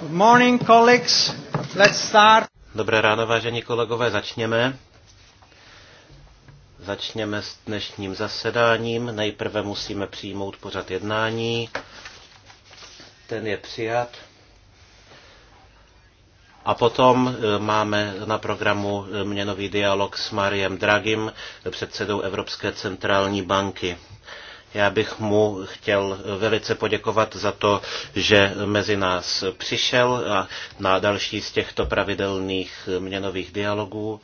Good morning, colleagues. Let's start. Dobré ráno, vážení kolegové, začněme. Začněme s dnešním zasedáním. Nejprve musíme přijmout pořad jednání. Ten je přijat. A potom e, máme na programu e, měnový dialog s Mariem Dragim, předsedou Evropské centrální banky. Já bych mu chtěl velice poděkovat za to, že mezi nás přišel a na další z těchto pravidelných e, měnových dialogů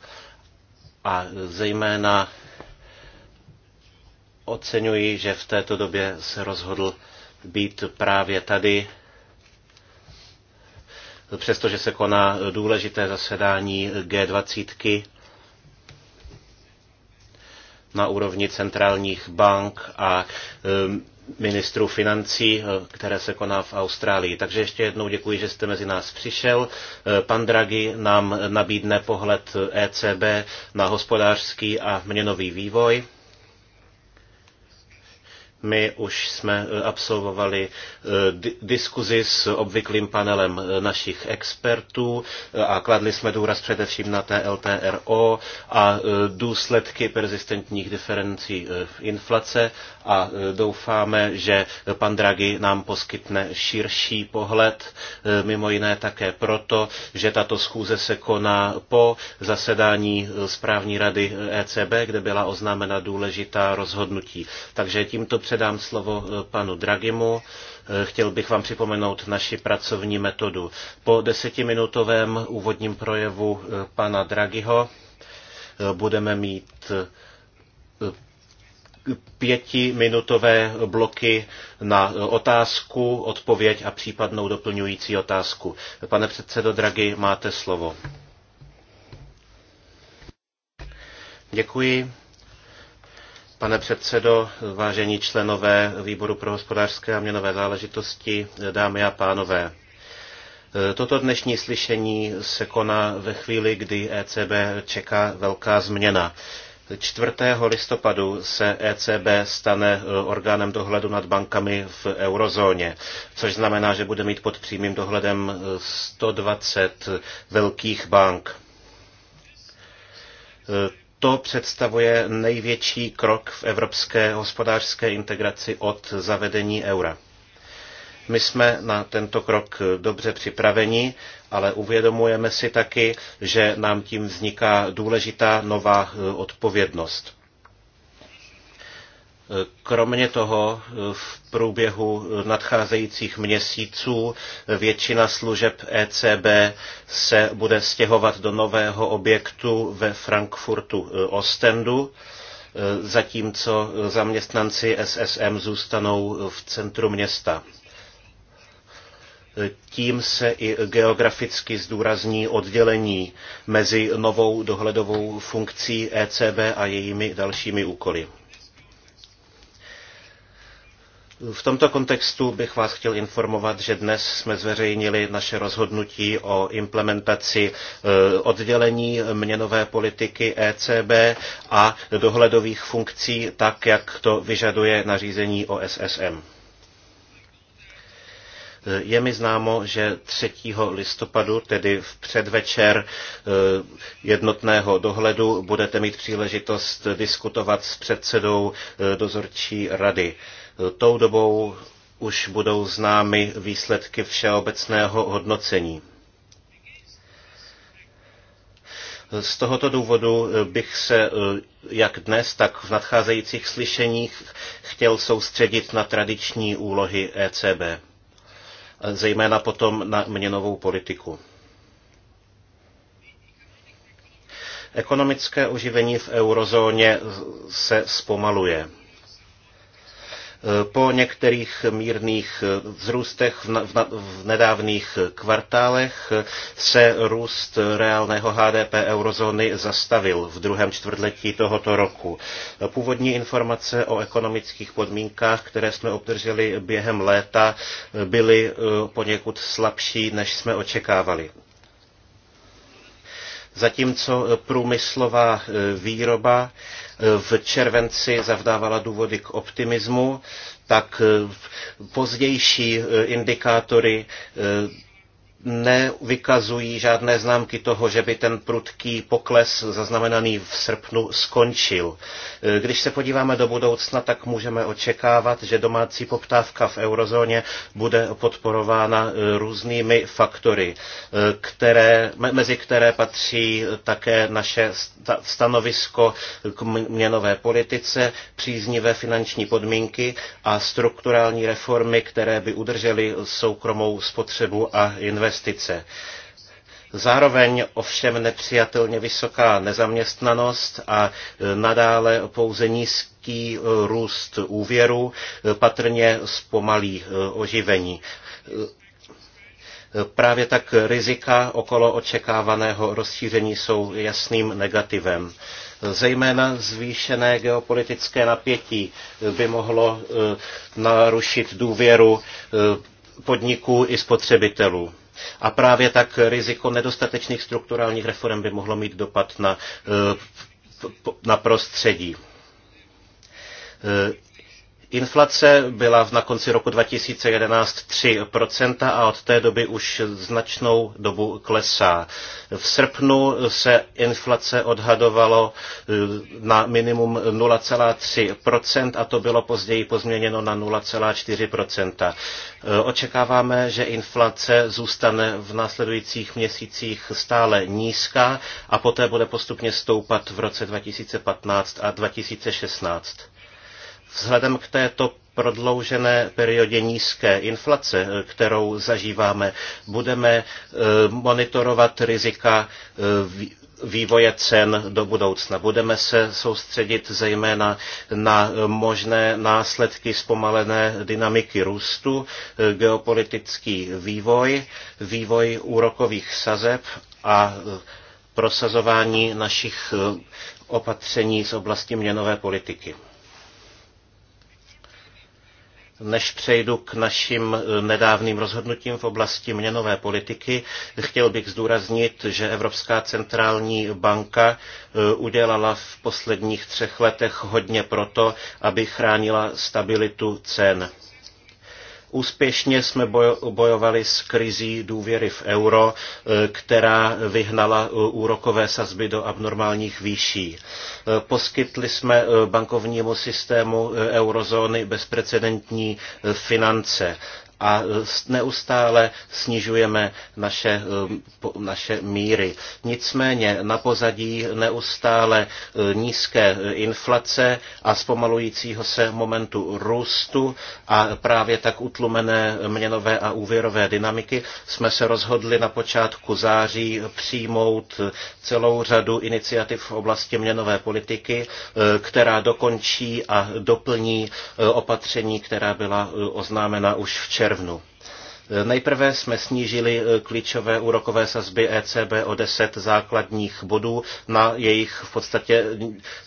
a zejména oceňuji, že v této době se rozhodl být právě tady přestože se koná důležité zasedání G20 na úrovni centrálních bank a e, ministrů financí, e, které se koná v Austrálii. Takže ještě jednou děkuji, že jste mezi nás přišel. E, pan Draghi nám nabídne pohled ECB na hospodářský a měnový vývoj. My už jsme eh, absolvovali eh, diskuzi s obvyklým panelem eh, našich expertů a kladli jsme důraz především na TLTRO a důsledky persistentních diferencí v inflace a doufáme, že pan Draghi nám poskytne širší pohled, mimo jiné také proto, že tato schůze se koná po zasedání správní rady ECB, e kde byla oznámena důležitá rozhodnutí. Takže tímto předám slovo eh, panu Dragimu, eh, chtěl bych vám připomenout naši pracovní metodu. Po desetiminutovém úvodním projevu eh, pana Dragiho budeme mít pětiminutové bloky na otázku, odpověď a případnou doplňující otázku. Pane předsedo Dragi, máte slovo. Děkuji. Pane předsedo, vážení členové Výboru pro hospodářské a měnové záležitosti, dámy a pánové, Toto dnešní slyšení se koná ve chvíli, kdy ECB čeká velká změna. 4. listopadu se ECB stane orgánem dohledu nad bankami v eurozóně, což znamená, že bude mít pod přímým dohledem 120 velkých bank to představuje největší krok v evropské hospodářské integraci od zavedení eura. My jsme na tento krok dobře připraveni, ale uvědomujeme si taky, že nám tím vzniká důležitá nová eh, odpovědnost. Kromě toho eh, v průběhu nadcházejících měsíců většina služeb ECB se bude stěhovat do nového objektu ve Frankfurtu eh, Ostendu, eh, zatímco zaměstnanci SSM zůstanou v centru města. Tím se i geograficky zdůrazní oddělení mezi novou dohledovou funkcí ECB a jejími dalšími úkoly. V tomto kontextu bych vás chtěl informovat, že dnes jsme zveřejnili naše rozhodnutí o implementaci eh, oddělení měnové politiky ECB a dohledových funkcí tak, jak to vyžaduje nařízení o SSM. Eh, je mi známo, že 3. listopadu, tedy v předvečer eh, jednotného dohledu, budete mít příležitost diskutovat s předsedou dozorčí rady. Tou dobou už budou známy výsledky všeobecného hodnocení. Z tohoto důvodu bych se eh, jak dnes, tak v nadcházejících slyšeních chtěl soustředit na tradiční úlohy ECB, zejména potom na měnovou politiku. Ekonomické oživení v eurozóně se zpomaluje. Po některých mírných eh, vzrůstech v nedávných kvartálech eh, se růst reálného HDP eurozóny zastavil v druhém čtvrtletí tohoto roku. Původní informace o ekonomických podmínkách, které jsme obdrželi během léta, eh, byly poněkud slabší, než jsme očekávali zatímco eh, průmyslová eh, výroba eh, v červenci zavdávala důvody k optimismu, tak pozdější indikátory nevykazují žádné známky toho, že by ten prudký pokles zaznamenaný v srpnu skončil. E, když se podíváme do budoucna, tak můžeme očekávat, že domácí poptávka v eurozóně bude podporována e, různými faktory, e, které, mezi které patří také naše stanovisko k měnové politice, příznivé finanční podmínky a strukturální reformy, které by udržely soukromou spotřebu a investice investice. Zároveň ovšem nepřijatelně vysoká nezaměstnanost a e, nadále pouze nízký e, růst úvěru e, patrně zpomalí oživení. Právě tak rizika okolo očekávaného rozšíření jsou jasným negativem. Zejména zvýšené geopolitické napětí by mohlo narušit důvěru podniků i spotřebitelů. A právě tak riziko nedostatečných strukturálních reform by mohlo mít dopad na, eh, na prostředí. Eh, Inflace byla na konci roku 2011 3% a od té doby už značnou dobu klesá. V srpnu se inflace odhadovalo eh, na minimum 0,3% a to bylo později pozměněno na 0,4%. Eh, očekáváme, že inflace zůstane v následujících měsících stále nízká a poté bude postupně stoupat v roce 2015 a 2016. Vzhledem k této prodloužené periodě nízké inflace, eh, kterou zažíváme, budeme eh, monitorovat rizika eh, vývoje cen do budoucna. Budeme se soustředit zejména na možné následky zpomalené dynamiky růstu, geopolitický vývoj, vývoj úrokových sazeb a prosazování našich opatření z oblasti měnové politiky. Než přejdu k našim eh, nedávným rozhodnutím v oblasti měnové politiky, chtěl bych zdůraznit, že Evropská centrální banka eh, udělala v posledních třech letech hodně proto, aby chránila stabilitu cen. Úspěšně jsme bojovali s krizí důvěry v euro, e, která vyhnala e, úrokové sazby do abnormálních výší. E, poskytli jsme bankovnímu systému eurozóny bezprecedentní finance a neustále snižujeme naše, um, naše míry. Nicméně na pozadí neustále uh, nízké uh, inflace a zpomalujícího se momentu růstu a právě tak utlumené měnové a úvěrové dynamiky jsme se rozhodli na počátku září přijmout uh, celou řadu iniciativ v oblasti měnové politiky, která dokončí a doplní opatření, která byla oznámena už včera červnu. Nejprve jsme snížili eh, klíčové úrokové sazby ECB o 10 základních bodů na jejich v podstatě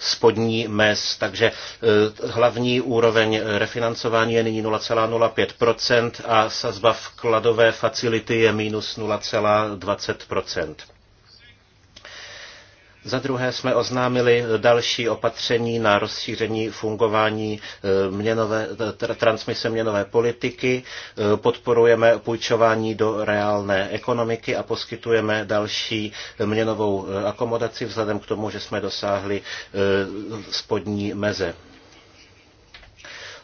spodní mez. Takže eh, hlavní úroveň refinancování je nyní 0,05% a sazba vkladové facility je minus 0,20%. Za druhé jsme oznámili další opatření na rozšíření fungování eh, měnové, transmise měnové politiky. Eh, podporujeme půjčování do reálné ekonomiky a poskytujeme další měnovou eh, akomodaci vzhledem k tomu, že jsme dosáhli spodní meze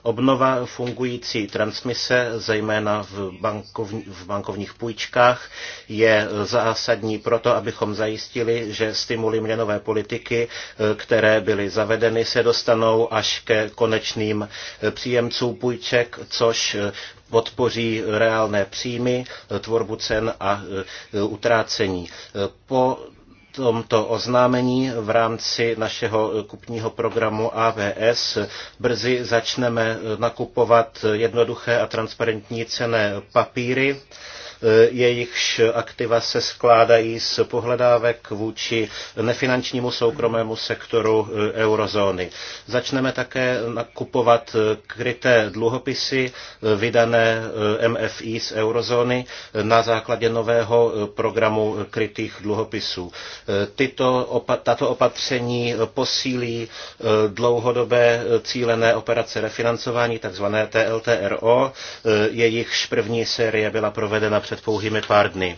Obnova fungující transmise, zejména v, bankovní, v bankovních půjčkách, je zásadní proto, abychom zajistili, že stimuly měnové politiky, eh, které byly zavedeny, se dostanou až ke konečným eh, příjemcům půjček, což eh, podpoří reálné příjmy, tvorbu cen a utrácení. Po tomto oznámení v rámci našeho eh, kupního programu AVS. Brzy začneme eh, nakupovat jednoduché a transparentní cené papíry Eh, jejichž aktiva se skládají z pohledávek vůči nefinančnímu soukromému sektoru eh, eurozóny. Začneme také nakupovat eh, kryté dluhopisy vydané MFI z eurozóny na základě nového programu krytých dluhopisů. Tyto, tato opatření posílí dlouhodobé cílené operace refinancování, takzvané TLTRO, jejichž první série byla provedena před před pouhými pár dny.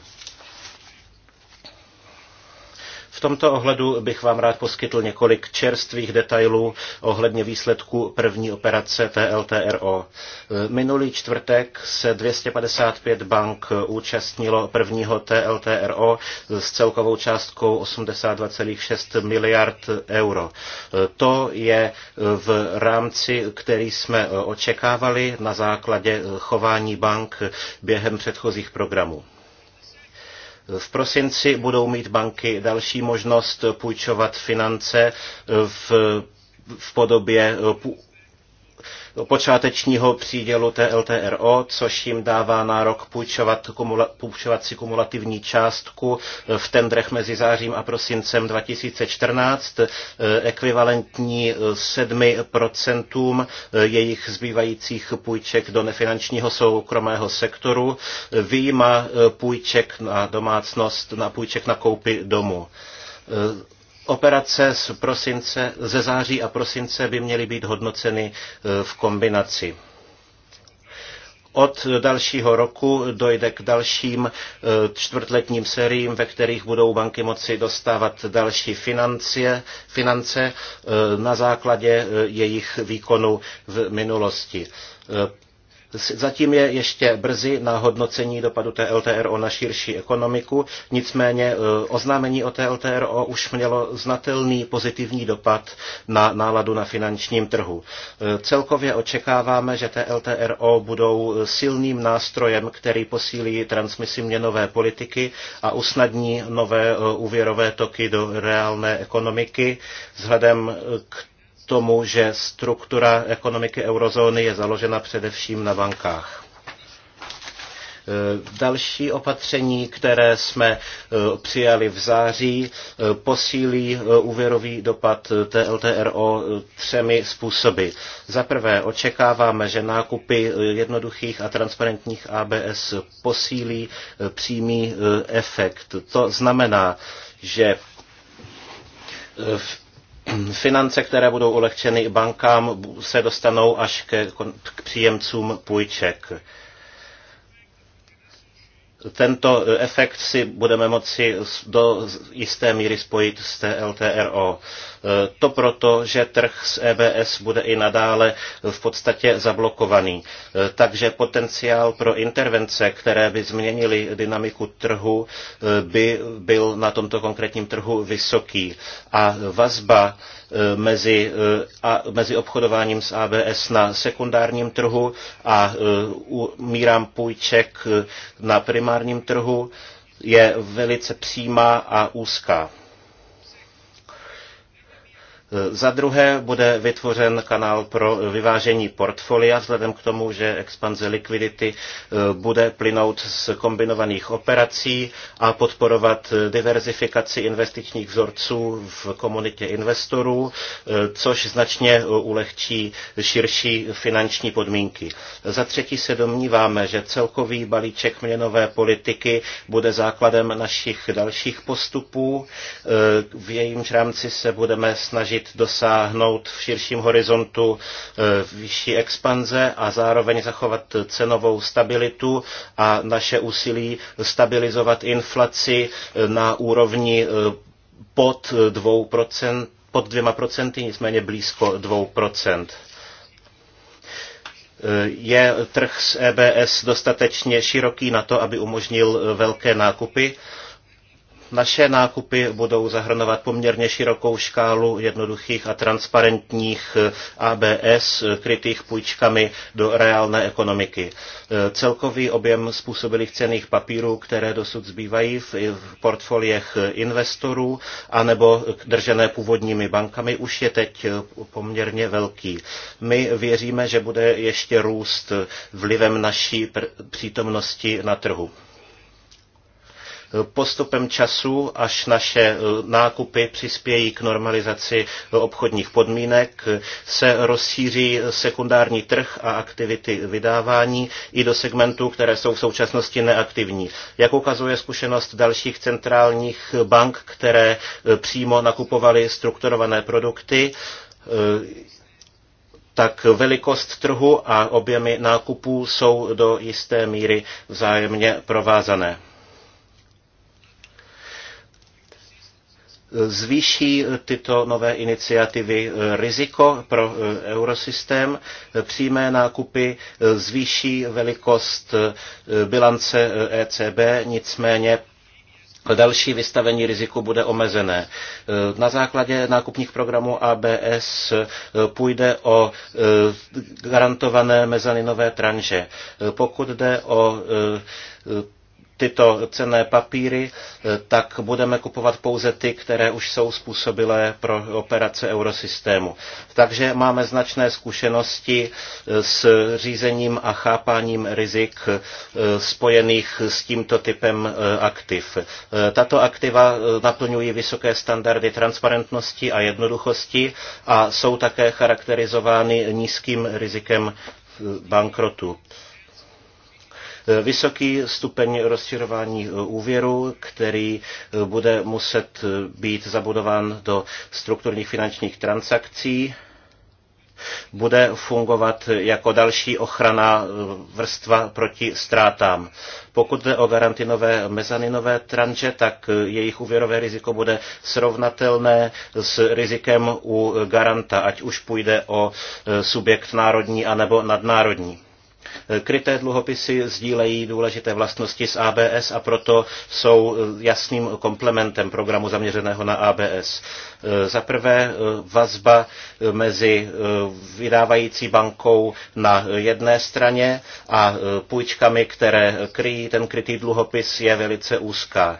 V tomto ohledu bych vám rád poskytl několik čerstvých detailů ohledně výsledků první operace TLTRO. Minulý čtvrtek se 255 bank účastnilo prvního TLTRO s celkovou částkou 82,6 miliard euro. To je v rámci, který jsme očekávali na základě chování bank během předchozích programů. V prosinci budou mít banky další možnost půjčovat finance v v podobě počátečního přídělu TLTRO, což jim dává nárok půjčovat, kumula, půjčovat si kumulativní částku v tendrech mezi zářím a prosincem 2014, eh, ekvivalentní 7% eh, eh, jejich zbývajících půjček do nefinančního soukromého sektoru, výjima půjček na domácnost, na půjček na koupi domu Operace z prosince, ze září a prosince by měly být hodnoceny e, v kombinaci. Od dalšího roku dojde k dalším e, čtvrtletním sériím, ve kterých budou banky moci dostávat další financie, finance e, na základě jejich výkonu v minulosti. Zatím je ještě brzy na hodnocení dopadu TLTRO na širší ekonomiku, nicméně e, oznámení o TLTRO už mělo znatelný pozitivní dopad na náladu na finančním trhu. E, celkově očekáváme, že TLTRO budou silným nástrojem, který posílí transmisi měnové politiky a usnadní nové e, úvěrové toky do reálné ekonomiky, vzhledem k tomu, že struktura ekonomiky eurozóny je založena především na bankách. E, další opatření, které jsme e, přijali v září, e, posílí úvěrový dopad TLTRO třemi způsoby. Za prvé očekáváme, že nákupy jednoduchých a transparentních ABS posílí přímý efekt. To znamená, že v finance, které budou ulehčeny bankám, se dostanou až ke, k příjemcům půjček. Tento eh, efekt si budeme moci do jisté míry spojit s TLTRO. Eh, to proto, že trh s EBS bude i nadále v podstatě zablokovaný. Eh, takže potenciál pro intervence, které by změnily dynamiku trhu, eh, by byl na tomto konkrétním trhu vysoký. A vazba mezi, a, mezi obchodováním s ABS na sekundárním trhu a mírám půjček na primárním trhu je velice přímá a úzká. Eh, za druhé bude vytvořen kanál pro vyvážení portfolia, vzhledem k tomu, že expanze likvidity eh, bude plynout z kombinovaných operací a podporovat eh, diverzifikaci investičních vzorců v komunitě investorů, což značně ulehčí širší finanční podmínky. Za třetí se domníváme, že celkový balíček měnové politiky bude základem našich dalších postupů. V jejímž rámci se budeme snažit snažit dosáhnout v širším horizontu e, vyšší expanze a zároveň zachovat cenovou stabilitu a naše úsilí stabilizovat inflaci e, na úrovni e, pod 2%, pod dvěma procenty, nicméně blízko 2% je trh s EBS dostatečně široký na to, aby umožnil velké nákupy naše nákupy budou zahrnovat poměrně širokou škálu jednoduchých a transparentních eh, ABS eh, krytých půjčkami do reálné ekonomiky. Eh, celkový objem způsobilých cených papírů, které dosud zbývají v portfoliech investorů anebo držené původními bankami, už je teď poměrně velký. My věříme, že bude ještě růst vlivem naší přítomnosti na trhu. Postupem času, až naše eh, nákupy přispějí k normalizaci eh, obchodních podmínek, se rozšíří sekundární trh a aktivity vydávání i do segmentů, které jsou v současnosti neaktivní. Jak ukazuje zkušenost dalších centrálních bank, které eh, přímo nakupovaly strukturované produkty, tak velikost trhu a objemy nákupů jsou do jisté míry vzájemně provázané. Zvýší tyto nové iniciativy eh, riziko pro eh, eurosystém, přímé nákupy eh, zvýší velikost bilance ECB, e nicméně Další vystavení riziku bude omezené. Na základě nákupních programů ABS půjde o garantované mezaninové tranže. Pokud jde o tyto cenné papíry, eh, tak budeme kupovat pouze ty, které už jsou způsobilé pro operace eurosystému. Takže máme značné zkušenosti eh, s řízením a chápáním rizik eh, spojených s tímto typem aktiv. Tato aktiva naplňují vysoké standardy transparentnosti a jednoduchosti a jsou také charakterizovány nízkým rizikem bankrotu. Vysoký stupeň rozširování e, úvěru, který e, bude muset e, být zabudován do strukturních finančních transakcí, bude fungovat jako další ochrana vrstva proti ztrátám. Pokud jde o garantinové mezaninové tranže, tak jejich úvěrové riziko bude srovnatelné s rizikem u garanta, ať už půjde o subjekt národní anebo nadnárodní. Eh, kryté dluhopisy sdílejí důležité vlastnosti s ABS a proto jsou eh, jasným komplementem programu zaměřeného na ABS. Eh, za prvé vazba mezi vydávající bankou na jedné straně a půjčkami, které kryjí ten krytý dluhopis, je velice úzká.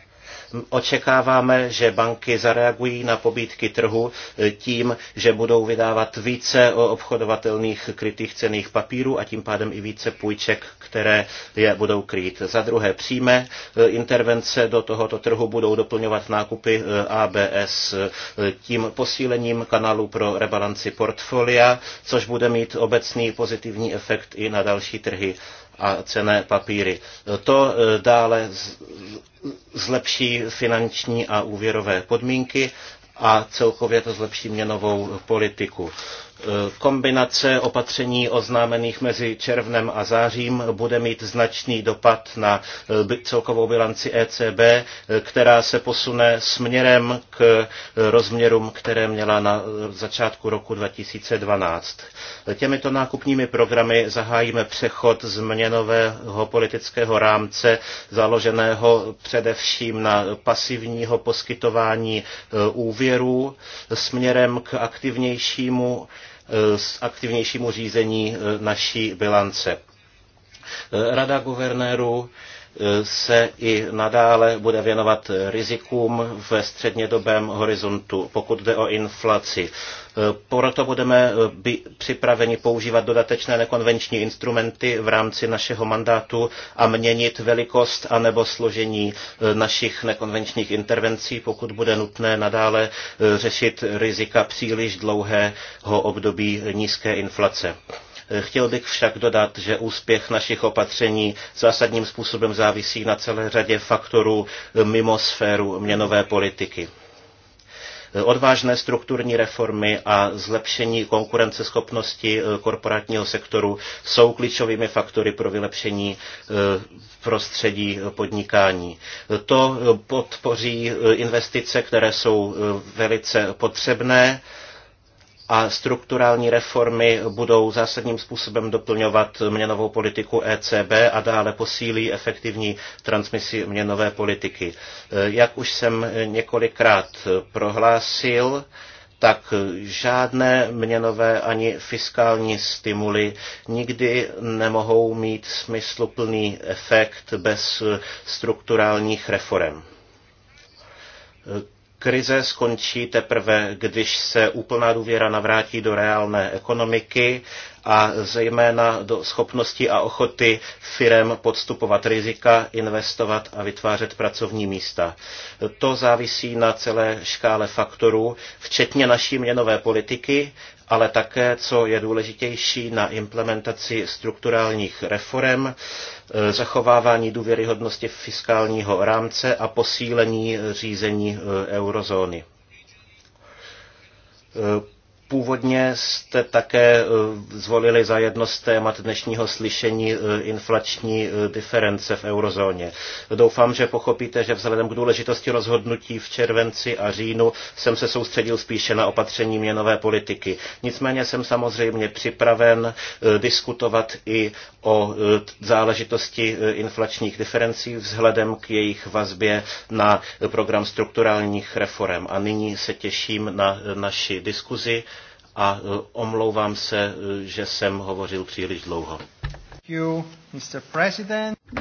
Očekáváme, že banky zareagují na pobídky trhu e, tím, že budou vydávat více obchodovatelných krytých cených papírů a tím pádem i více půjček které je budou krýt. Za druhé, přímé e, intervence do tohoto trhu budou doplňovat nákupy e, ABS e, tím posílením kanálu pro rebalanci portfolia, což bude mít obecný pozitivní efekt i na další trhy a cené papíry. To dále zlepší finanční a úvěrové podmínky a celkově to zlepší měnovou politiku. Eh, kombinace opatření oznámených mezi červnem a zářím bude mít značný dopad na eh, celkovou bilanci ECB, eh, která se posune směrem k rozměrům, které měla na začátku roku 2012. Těmito nákupními programy zahájíme přechod z měnového politického rámce založeného především na pasivního poskytování úvěrů směrem k aktivnějšímu Eh, s aktivnějšímu řízení eh, naší bilance. Eh, Rada guvernérů se i nadále bude věnovat rizikům ve střednědobém horizontu, pokud jde o inflaci. Proto budeme eh, připraveni používat dodatečné nekonvenční instrumenty v rámci našeho mandátu a měnit velikost anebo složení eh, našich nekonvenčních intervencí, pokud bude nutné nadále eh, řešit rizika příliš dlouhého období nízké inflace. Chtěl bych však dodat, že úspěch našich opatření zásadním způsobem závisí na celé řadě faktorů mimo sféru měnové politiky odvážné strukturní reformy a zlepšení konkurenceschopnosti eh, korporátního sektoru jsou klíčovými faktory pro vylepšení eh, prostředí eh, podnikání. To podpoří investice, které jsou velice potřebné a strukturální reformy budou zásadním způsobem doplňovat měnovou politiku ECB a dále posílí efektivní transmisi měnové politiky. Jak už jsem několikrát prohlásil, tak žádné měnové ani fiskální stimuly nikdy nemohou mít smysluplný efekt bez strukturálních reform Krize skončí teprve, když se úplná důvěra navrátí do reálné ekonomiky a zejména do schopnosti a ochoty firem podstupovat rizika, investovat a vytvářet pracovní místa. To závisí na celé škále faktorů, včetně naší měnové politiky, ale také, co je důležitější, na implementaci strukturálních reform, e, zachovávání důvěryhodnosti fiskálního rámce a posílení řízení e, eurozóny. E, Původně jste také e, zvolili za jedno z témat dnešního slyšení e, inflační e, diference v eurozóně. Doufám, že pochopíte, že vzhledem k důležitosti rozhodnutí v červenci a říjnu jsem se soustředil spíše na opatření měnové politiky. Nicméně jsem samozřejmě připraven diskutovat i o záležitosti inflačních diferencí vzhledem k jejich vazbě na program strukturálních reform. A nyní se těším na naši diskuzi a e, omlouvám se, e, že jsem hovořil příliš dlouho.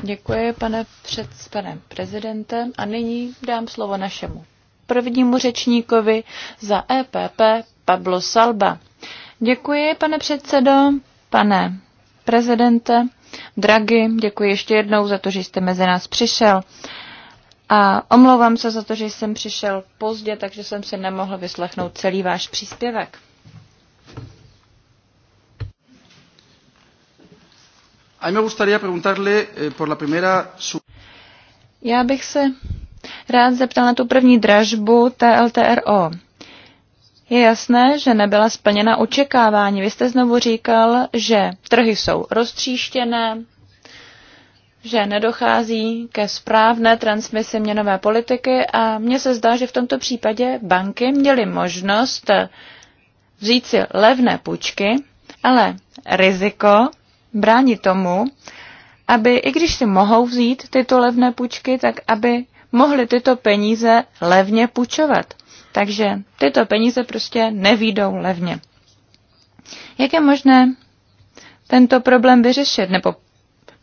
Děkuji, pane, před, pane prezidente. A nyní dám slovo našemu prvnímu řečníkovi za EPP Pablo Salba. Děkuji, pane předsedo, pane prezidente, Dragi, děkuji ještě jednou za to, že jste mezi nás přišel. A omlouvám se za to, že jsem přišel pozdě, takže jsem si nemohl vyslechnout celý váš příspěvek. A gustaría preguntarle eh, por la primera... Já bych se rád zeptal na tu první dražbu TLTRO. Je jasné, že nebyla splněna očekávání. Vy jste znovu říkal, že trhy jsou roztříštěné, že nedochází ke správné transmisi měnové politiky a mně se zdá, že v tomto případě banky měly možnost vzít si levné půjčky, ale riziko brání tomu, aby i když si mohou vzít tyto levné půjčky, tak aby mohli tyto peníze levně půjčovat. Takže tyto peníze prostě nevídou levně. Jak je možné tento problém vyřešit? Nebo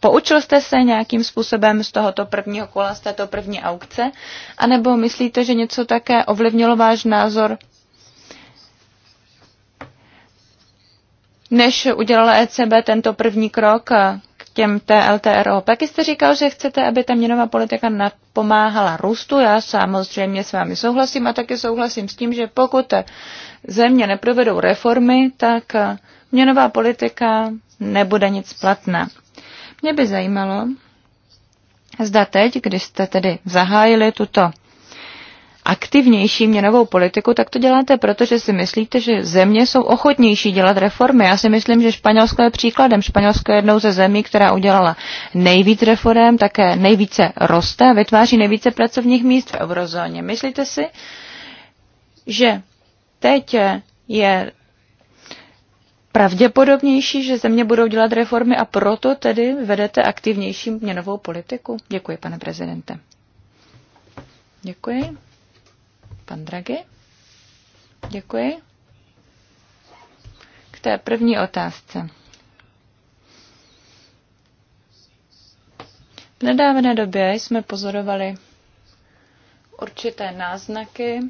poučil jste se nějakým způsobem z tohoto prvního kola, z této první aukce? A nebo myslíte, že něco také ovlivnilo váš názor než udělala ECB tento první krok k těm TLTRO. Pak jste říkal, že chcete, aby ta měnová politika napomáhala růstu. Já samozřejmě s vámi souhlasím a taky souhlasím s tím, že pokud země neprovedou reformy, tak měnová politika nebude nic platná. Mě by zajímalo, zda teď, když jste tedy zahájili tuto aktivnější měnovou politiku, tak to děláte, protože si myslíte, že země jsou ochotnější dělat reformy. Já si myslím, že Španělsko je příkladem. Španělsko je jednou ze zemí, která udělala nejvíc reform, také nejvíce roste a vytváří nejvíce pracovních míst v eurozóně. Myslíte si, že teď je pravděpodobnější, že země budou dělat reformy a proto tedy vedete aktivnější měnovou politiku? Děkuji, pane prezidente. Děkuji. Pan Draghi. Děkuji. K té první otázce. V nedávné době jsme pozorovali určité náznaky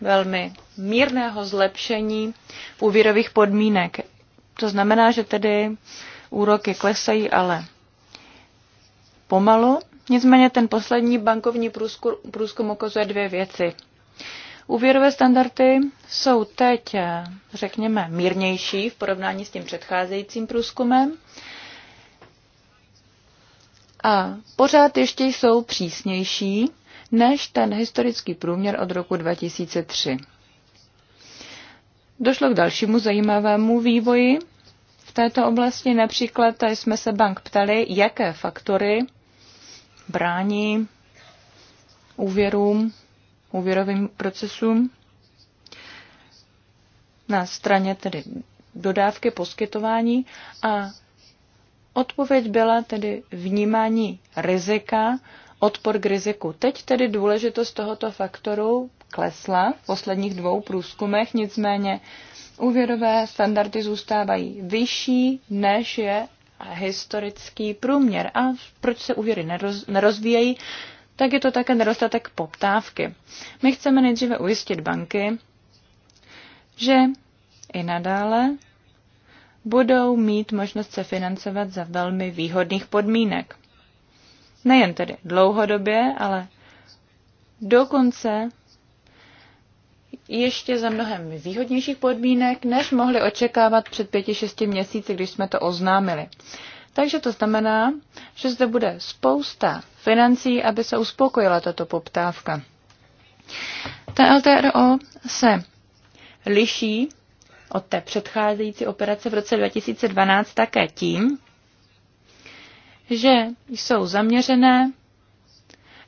velmi mírného zlepšení úvěrových podmínek. To znamená, že tedy úroky klesají, ale pomalu. Nicméně ten poslední bankovní průzkum ukazuje dvě věci. Úvěrové standardy jsou teď, eh, řekněme, mírnější v porovnání s tím předcházejícím průzkumem. A pořád ještě jsou přísnější než ten historický průměr od roku 2003. Došlo k dalšímu zajímavému vývoji. V této oblasti například jsme se bank ptali, jaké faktory brání úvěrům úvěrovým procesům. Na straně tedy dodávky, poskytování a odpověď byla tedy vnímání rizika, odpor k riziku. Teď tedy důležitost tohoto faktoru klesla v posledních dvou průzkumech, nicméně úvěrové standardy zůstávají vyšší, než je historický průměr. A proč se úvěry nerozvíjejí? tak je to také nedostatek poptávky. My chceme nejdříve ujistit banky, že i nadále budou mít možnost se financovat za velmi výhodných podmínek. Nejen tedy dlouhodobě, ale dokonce ještě za mnohem výhodnějších podmínek, než mohli očekávat před pěti, šesti měsíci, když jsme to oznámili. Takže to znamená, že zde bude spousta financí, aby se uspokojila tato poptávka. Ta LTRO se liší od té předcházející operace v roce 2012 také tím, že jsou zaměřené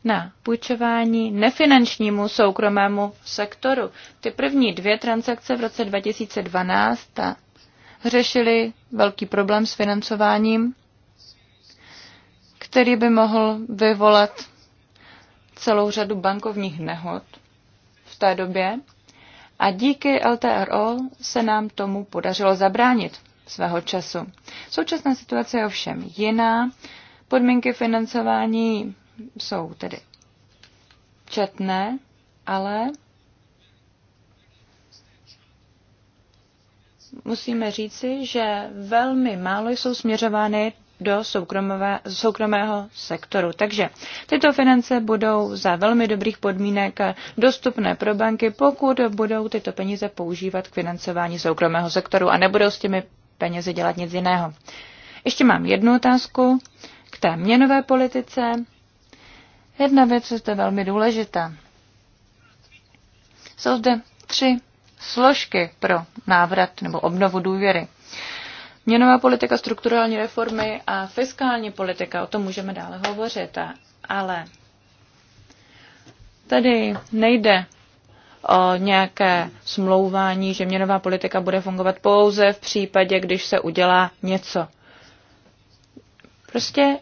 na půjčování nefinančnímu soukromému sektoru. Ty první dvě transakce v roce 2012 řešily velký problém s financováním který by mohl vyvolat celou řadu bankovních nehod v té době. A díky LTRO se nám tomu podařilo zabránit svého času. Současná situace je ovšem jiná. Podmínky financování jsou tedy četné, ale musíme říci, že velmi málo jsou směřovány do soukromého sektoru. Takže tyto finance budou za velmi dobrých podmínek dostupné pro banky, pokud budou tyto peníze používat k financování soukromého sektoru a nebudou s těmi penězi dělat nic jiného. Ještě mám jednu otázku k té měnové politice. Jedna věc je zde velmi důležitá. Jsou zde tři složky pro návrat nebo obnovu důvěry. Měnová politika, strukturální reformy a fiskální politika, o tom můžeme dále hovořit, ale tady nejde o nějaké smlouvání, že měnová politika bude fungovat pouze v případě, když se udělá něco. Prostě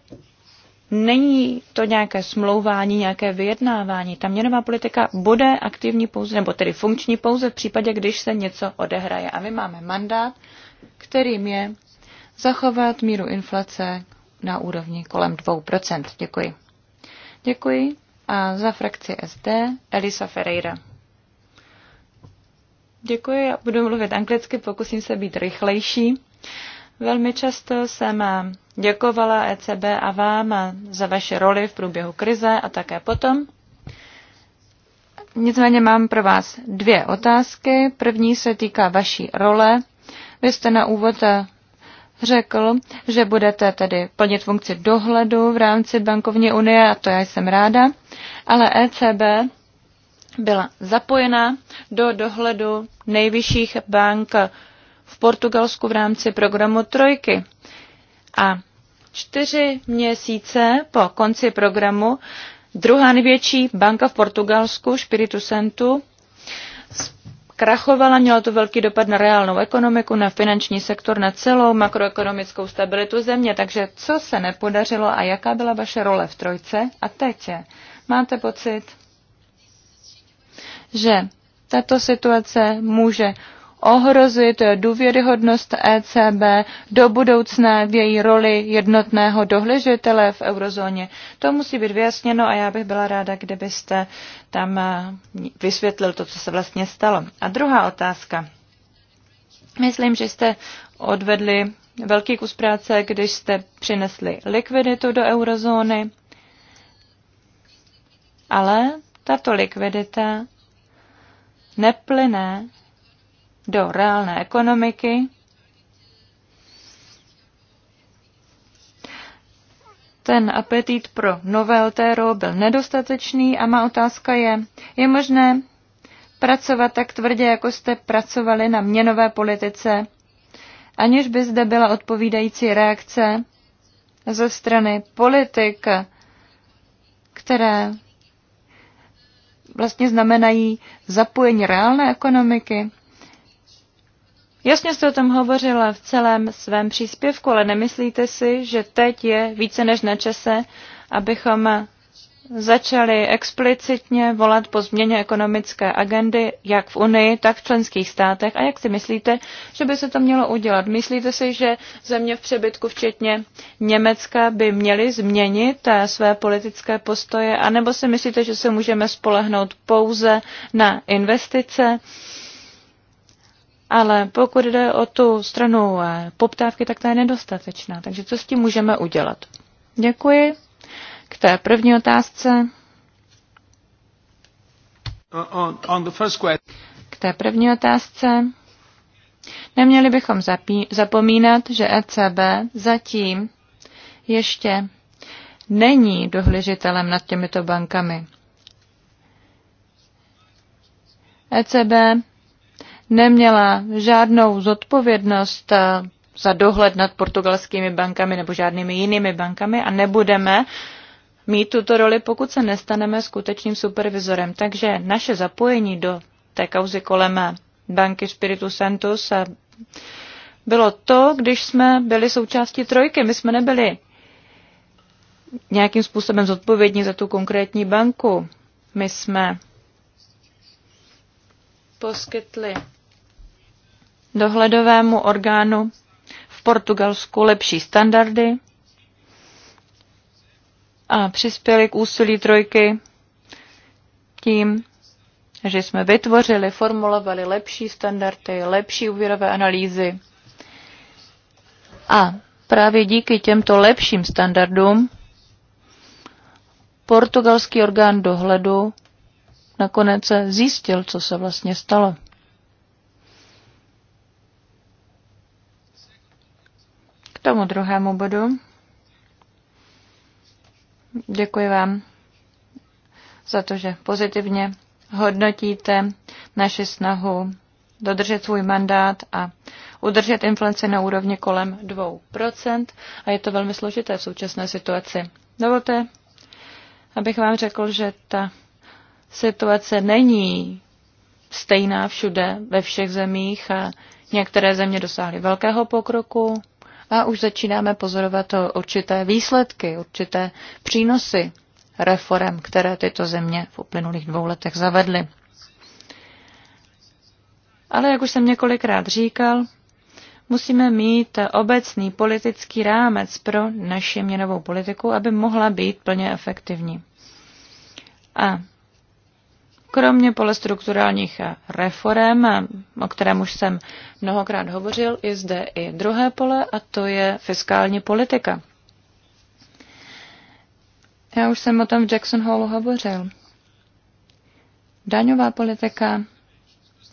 není to nějaké smlouvání, nějaké vyjednávání. Ta měnová politika bude aktivní pouze, nebo tedy funkční pouze v případě, když se něco odehraje. A my máme mandát kterým je zachovat míru inflace na úrovni kolem 2%. Děkuji. Děkuji. A za frakci SD Elisa Ferreira. Děkuji, já budu mluvit anglicky, pokusím se být rychlejší. Velmi často jsem děkovala ECB a vám za vaše roli v průběhu krize a také potom. Nicméně mám pro vás dvě otázky. První se týká vaší role vy jste na úvod eh, řekl, že budete tedy plnit funkci dohledu v rámci bankovní unie a to já jsem ráda, ale ECB byla zapojena do dohledu nejvyšších bank v Portugalsku v rámci programu Trojky. A čtyři měsíce po konci programu druhá největší banka v Portugalsku, Spiritu Santu, krachovala, mělo to velký dopad na reálnou ekonomiku, na finanční sektor, na celou makroekonomickou stabilitu země. Takže co se nepodařilo a jaká byla vaše role v trojce? A teď je. Máte pocit, že tato situace může ohrozit důvěryhodnost ECB do budoucna v její roli jednotného dohležitele v eurozóně. To musí být vyjasněno a já bych byla ráda, kdybyste tam eh, vysvětlil to, co se vlastně stalo. A druhá otázka. Myslím, že jste odvedli velký kus práce, když jste přinesli likviditu do eurozóny, ale tato likvidita neplyne do reálné ekonomiky, ten apetit pro nové Altero byl nedostatečný a má otázka je, je možné pracovat tak tvrdě, jako jste pracovali na měnové politice, aniž by zde byla odpovídající reakce ze strany politik, které vlastně znamenají zapojení reálné ekonomiky. Jasně jste o tom hovořila v celém svém příspěvku, ale nemyslíte si, že teď je více než na čase, abychom začali explicitně volat po změně ekonomické agendy jak v Unii, tak v členských státech. A jak si myslíte, že by se to mělo udělat? Myslíte si, že země v přebytku, včetně Německa, by měly změnit eh, své politické postoje? A nebo si myslíte, že se můžeme spolehnout pouze na investice? Uh, ale pokud jde o tu stranu eh, poptávky, tak ta je nedostatečná. Takže co s tím můžeme udělat? Děkuji. K té první otázce. K té první otázce. Neměli bychom zapomínat, že ECB zatím ještě není dohlížitelem nad těmito bankami. ECB neměla žádnou zodpovědnost eh, za dohled nad portugalskými bankami nebo žádnými jinými bankami a nebudeme mít tuto roli, pokud se nestaneme skutečným supervizorem. Takže naše zapojení do té kauzy kolem banky Spiritu Santos eh, bylo to, když jsme byli součástí trojky. My jsme nebyli nějakým způsobem zodpovědní za tu konkrétní banku. My jsme poskytli dohledovému orgánu v Portugalsku lepší standardy a přispěli k úsilí trojky tím, že jsme vytvořili, formulovali lepší standardy, lepší úvěrové analýzy. A právě díky těmto lepším standardům portugalský orgán dohledu nakonec zjistil, co se vlastně stalo. tomu druhému bodu. Děkuji vám za to, že pozitivně hodnotíte naši snahu dodržet svůj mandát a udržet inflaci na úrovni kolem 2%. A je to velmi složité v současné situaci. Dovolte, abych vám řekl, že ta situace není stejná všude ve všech zemích a některé země dosáhly velkého pokroku, a už začínáme pozorovat určité výsledky, určité přínosy reform, které tyto země v uplynulých dvou letech zavedly. Ale jak už jsem několikrát říkal, musíme mít obecný politický rámec pro naši měnovou politiku, aby mohla být plně efektivní. A Kromě pole strukturálních reform, o kterém už jsem mnohokrát hovořil, je zde i druhé pole a to je fiskální politika. Já už jsem o tom v Jackson Hallu hovořil. Daňová politika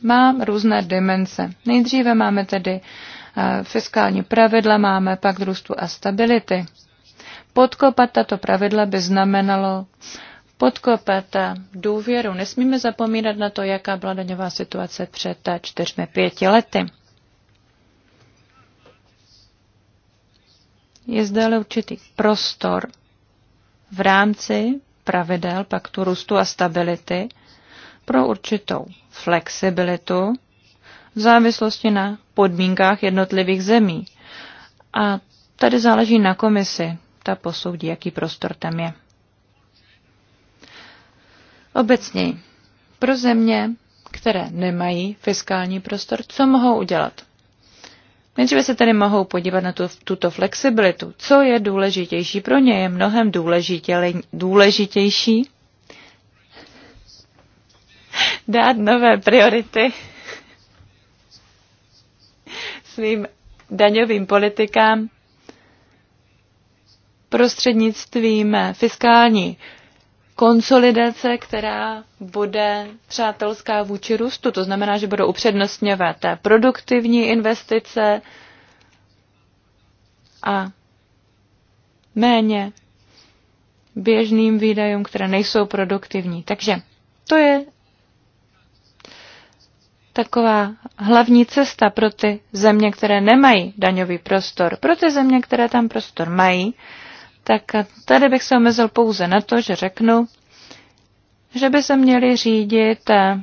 má různé dimenze. Nejdříve máme tedy eh, fiskální pravidla, máme pak růstu a stability. Podkopat tato pravidla by znamenalo uh, podkopat důvěru. Nesmíme zapomínat na to, jaká byla daňová situace před čtyřmi, pěti lety. Je zde ale určitý prostor v rámci pravidel paktu růstu a stability pro určitou flexibilitu v závislosti na podmínkách jednotlivých zemí. A tady záleží na komisi, ta posoudí, jaký prostor tam je. Obecněji, pro země, které nemají fiskální prostor, co mohou udělat? Nejdříve se tedy mohou podívat na tu, tuto flexibilitu. Co je důležitější pro ně? Je mnohem důležitě, důležitější dát nové priority svým daňovým politikám prostřednictvím fiskální konsolidace, která bude přátelská vůči růstu. To znamená, že budou upřednostňovat produktivní investice a méně běžným výdajům, které nejsou produktivní. Takže to je taková hlavní cesta pro ty země, které nemají daňový prostor. Pro ty země, které tam prostor mají, tak tady bych se omezil pouze na to, že řeknu, že by se měli řídit eh,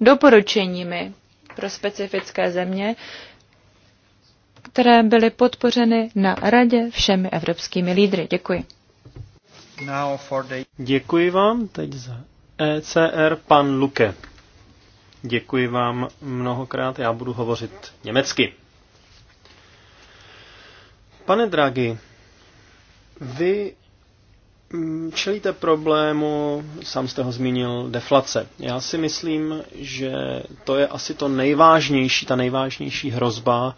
doporučeními pro specifické země, které byly podpořeny na radě všemi evropskými lídry. Děkuji. Děkuji vám teď za ECR pan Luke. Děkuji vám mnohokrát, já budu hovořit německy. Pane Draghi, vy mm, čelíte problému, sám jste ho zmínil, deflace. Já si myslím, že to je asi to nejvážnější, ta nejvážnější hrozba,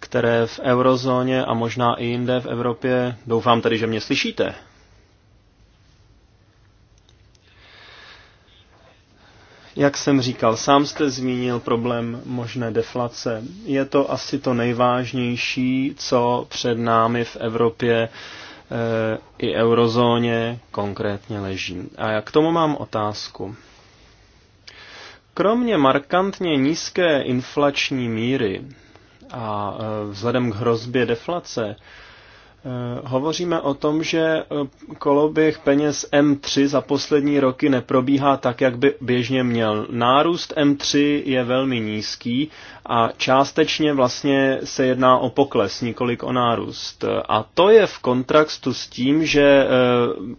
které v eurozóně a možná i jinde v Evropě, doufám tedy, že mě slyšíte, Jak jsem říkal, sám jste zmínil problém možné deflace. Je to asi to nejvážnější, co před námi v Evropě Eh, i eurozóně konkrétně leží. A já k tomu mám otázku. Kromě markantně nízké inflační míry a eh, vzhledem k hrozbě deflace, Eh, hovoříme o tom, že eh, koloběh peněz M3 za poslední roky neprobíhá tak, jak by běžně měl. Nárůst M3 je velmi nízký a částečně vlastně se jedná o pokles, nikolik o nárůst. A to je v kontrastu s tím, že eh,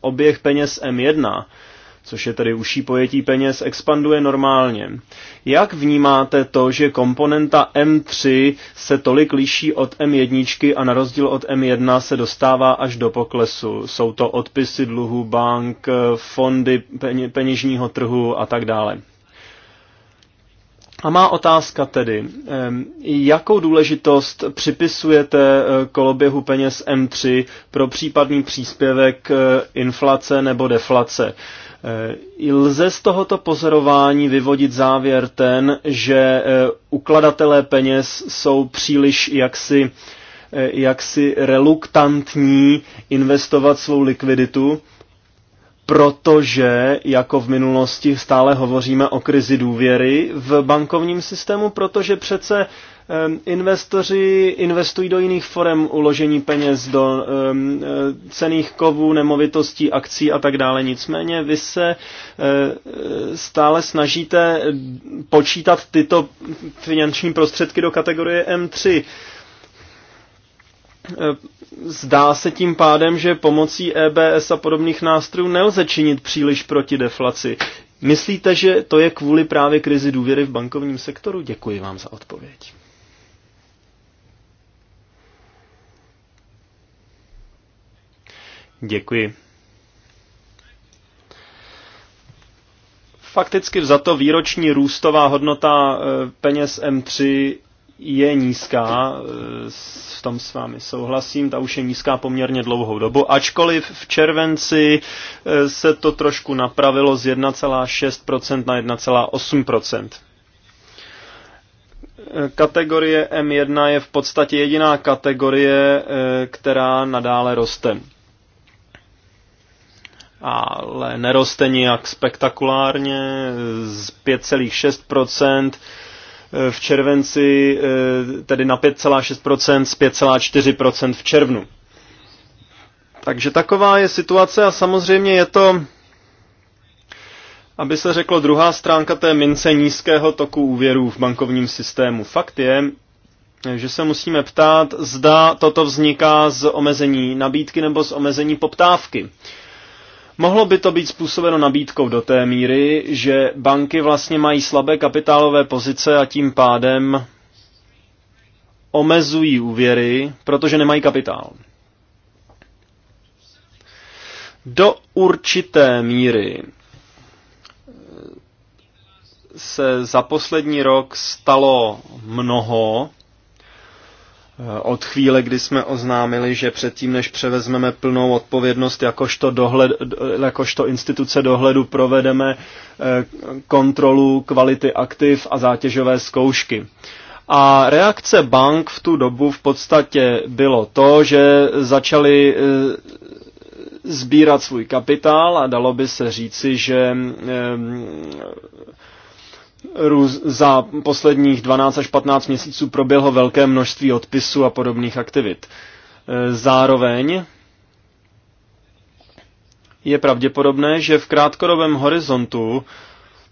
oběh peněz M1 což je tedy užší pojetí peněz, expanduje normálně. Jak vnímáte to, že komponenta M3 se tolik liší od M1 a na rozdíl od M1 se dostává až do poklesu? Jsou to odpisy dluhů bank, fondy peněžního trhu a tak dále. A má otázka tedy, jakou důležitost připisujete eh, koloběhu peněz M3 pro případný příspěvek eh, inflace nebo deflace? Eh, lze z tohoto pozorování vyvodit závěr ten, že eh, ukladatelé peněz jsou příliš jaksi, eh, jaksi reluktantní investovat svou likviditu, protože, jako v minulosti, stále hovoříme o krizi důvěry v bankovním systému, protože přece Ehm, investoři investují do jiných forem uložení peněz, do ehm, e, cených kovů, nemovitostí, akcí a tak dále. Nicméně vy se e, stále snažíte počítat tyto finanční prostředky do kategorie M3. E, zdá se tím pádem, že pomocí EBS a podobných nástrojů nelze činit příliš proti deflaci. Myslíte, že to je kvůli právě krizi důvěry v bankovním sektoru? Děkuji vám za odpověď. Děkuji. Fakticky vzato výroční růstová hodnota e, peněz M3 je nízká, e, v tom s vámi souhlasím, ta už je nízká poměrně dlouhou dobu, ačkoliv v červenci e, se to trošku napravilo z 1,6% na 1,8%. Kategorie M1 je v podstatě jediná kategorie, která nadále roste ale neroste nijak spektakulárně, z 5,6% v červenci, eh, tedy na 5,6% z 5,4% v červnu. Takže taková je situace a samozřejmě je to, aby se řeklo, druhá stránka té mince nízkého toku úvěrů v bankovním systému. Fakt je, že se musíme ptát, zda toto vzniká z omezení nabídky nebo z omezení poptávky. Mohlo by to být způsobeno nabídkou do té míry, že banky vlastně mají slabé kapitálové pozice a tím pádem omezují úvěry, protože nemají kapitál. Do určité míry se za poslední rok stalo mnoho, Eh, od chvíle, kdy jsme oznámili, že předtím, než převezmeme plnou odpovědnost, jakožto, dohled, jakožto instituce dohledu provedeme eh, kontrolu kvality aktiv a zátěžové zkoušky. A reakce bank v tu dobu v podstatě bylo to, že začaly eh, sbírat svůj kapitál a dalo by se říci, že růz, za posledních 12 až 15 měsíců proběhlo velké množství odpisů a podobných aktivit. E, zároveň je pravděpodobné, že v krátkodobém horizontu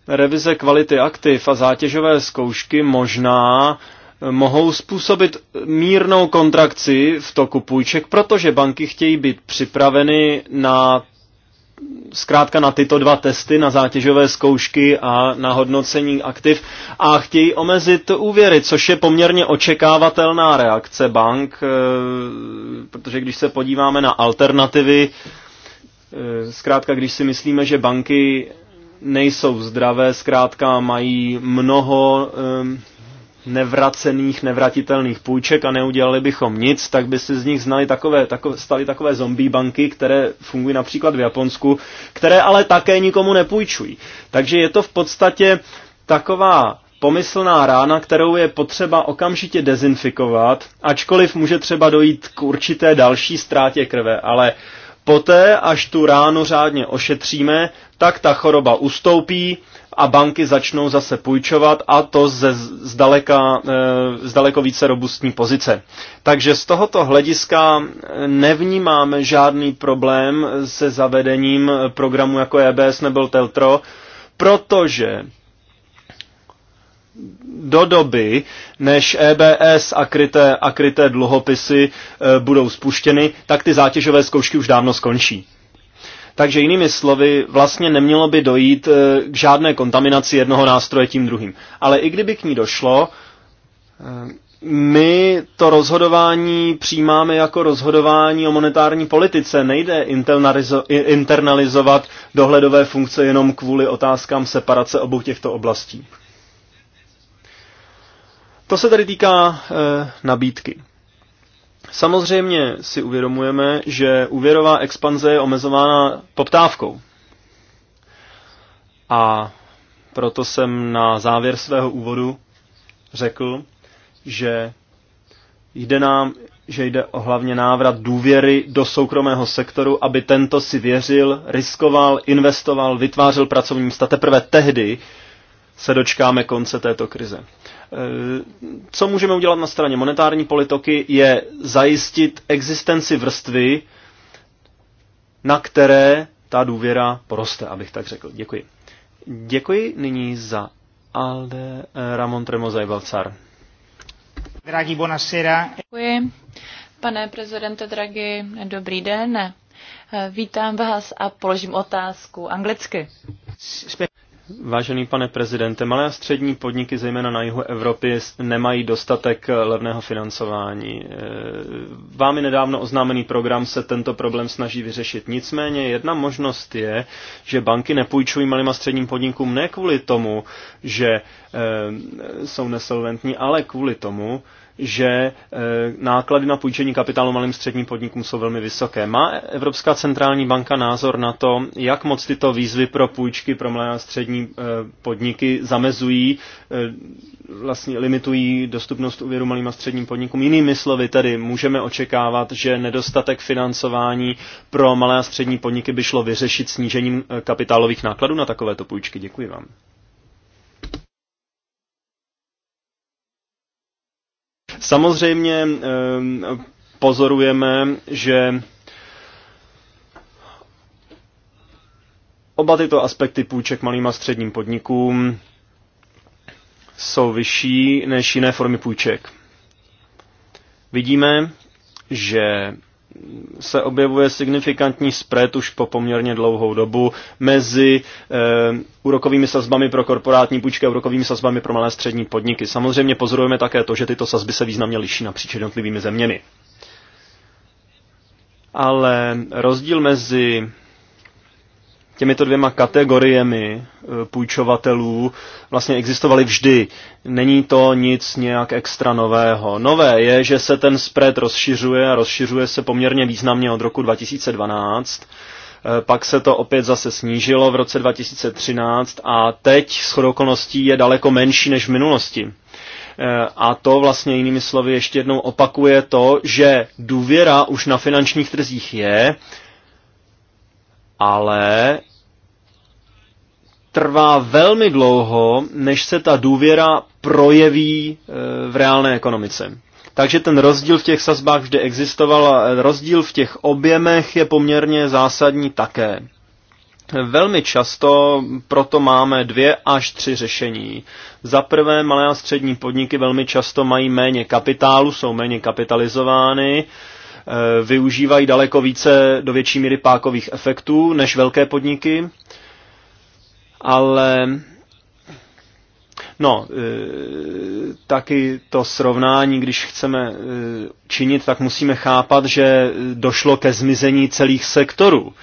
revize kvality aktiv a zátěžové zkoušky možná e, mohou způsobit mírnou kontrakci v toku půjček, protože banky chtějí být připraveny na zkrátka na tyto dva testy, na zátěžové zkoušky a na hodnocení aktiv a chtějí omezit úvěry, což je poměrně očekávatelná reakce bank, eh, protože když se podíváme na alternativy, eh, zkrátka když si myslíme, že banky nejsou zdravé, zkrátka mají mnoho eh, nevracených, nevratitelných půjček a neudělali bychom nic, tak by se z nich znali takové, takové, staly takové zombie banky, které fungují například v Japonsku, které ale také nikomu nepůjčují. Takže je to v podstatě taková pomyslná rána, kterou je potřeba okamžitě dezinfikovat, ačkoliv může třeba dojít k určité další ztrátě krve, ale Poté, až tu ráno řádně ošetříme, tak ta choroba ustoupí a banky začnou zase půjčovat a to ze zdaleka, eh, z daleko více robustní pozice. Takže z tohoto hlediska eh, nevnímáme žádný problém se zavedením programu jako EBS nebo Teltro, protože do doby, než EBS a kryté, a kryté dluhopisy e, budou spuštěny, tak ty zátěžové zkoušky už dávno skončí. Takže jinými slovy, vlastně nemělo by dojít e, k žádné kontaminaci jednoho nástroje tím druhým. Ale i kdyby k ní došlo, e, my to rozhodování přijímáme jako rozhodování o monetární politice. Nejde internalizovat dohledové funkce jenom kvůli otázkám separace obou těchto oblastí. To se tady týká e, nabídky. Samozřejmě si uvědomujeme, že úvěrová expanze je omezována poptávkou. A proto jsem na závěr svého úvodu řekl, že jde nám, že jde o hlavně návrat důvěry do soukromého sektoru, aby tento si věřil, riskoval, investoval, vytvářel pracovní místa. Teprve tehdy se dočkáme konce této krize. Eh, co můžeme udělat na straně monetární politiky, je zajistit existenci vrstvy, na které ta důvěra poroste, abych tak řekl. Děkuji. Děkuji nyní za Alde eh, Ramon Tremozaj Balcar. Dragi, buonasera. Děkuji. Pane prezidente dragi dobrý den. Eh, vítám vás a položím otázku anglicky. Vážený pane prezidente, malé a střední podniky, zejména na jihu Evropy, nemají dostatek eh, levného financování. Eh, vámi nedávno oznámený program se tento problém snaží vyřešit. Nicméně jedna možnost je, že banky nepůjčují malým a středním podnikům ne kvůli tomu, že eh, jsou nesolventní, ale kvůli tomu, že e, náklady na půjčení kapitálu malým středním podnikům jsou velmi vysoké. Má Evropská centrální banka názor na to, jak moc tyto výzvy pro půjčky pro malé a střední e, podniky zamezují, e, vlastně limitují dostupnost úvěru malým a středním podnikům. Jinými slovy tedy můžeme očekávat, že nedostatek financování pro malé a střední podniky by šlo vyřešit snížením kapitálových nákladů na takovéto půjčky. Děkuji vám. Samozřejmě pozorujeme, že oba tyto aspekty půjček malým a středním podnikům jsou vyšší než jiné formy půjček. Vidíme, že se objevuje signifikantní spread už po poměrně dlouhou dobu mezi e, úrokovými sazbami pro korporátní půjčky a úrokovými sazbami pro malé střední podniky. Samozřejmě pozorujeme také to, že tyto sazby se významně liší napříč jednotlivými zeměmi. Ale rozdíl mezi těmito dvěma kategoriemi eh, půjčovatelů vlastně existovaly vždy. Není to nic nějak extra nového. Nové je, že se ten spread rozšiřuje a rozšiřuje se poměrně významně od roku 2012. Eh, pak se to opět zase snížilo v roce 2013 a teď shodou okolností je daleko menší než v minulosti. Eh, a to vlastně jinými slovy ještě jednou opakuje to, že důvěra už na finančních trzích je, ale trvá velmi dlouho, než se ta důvěra projeví e, v reálné ekonomice. Takže ten rozdíl v těch sazbách vždy existoval a rozdíl v těch objemech je poměrně zásadní také. Velmi často proto máme dvě až tři řešení. Za prvé, malé a střední podniky velmi často mají méně kapitálu, jsou méně kapitalizovány, Eh, využívají daleko více do větší míry pákových efektů než velké podniky, ale No, eh, taky to srovnání, když chceme eh, činit, tak musíme chápat, že došlo ke zmizení celých sektorů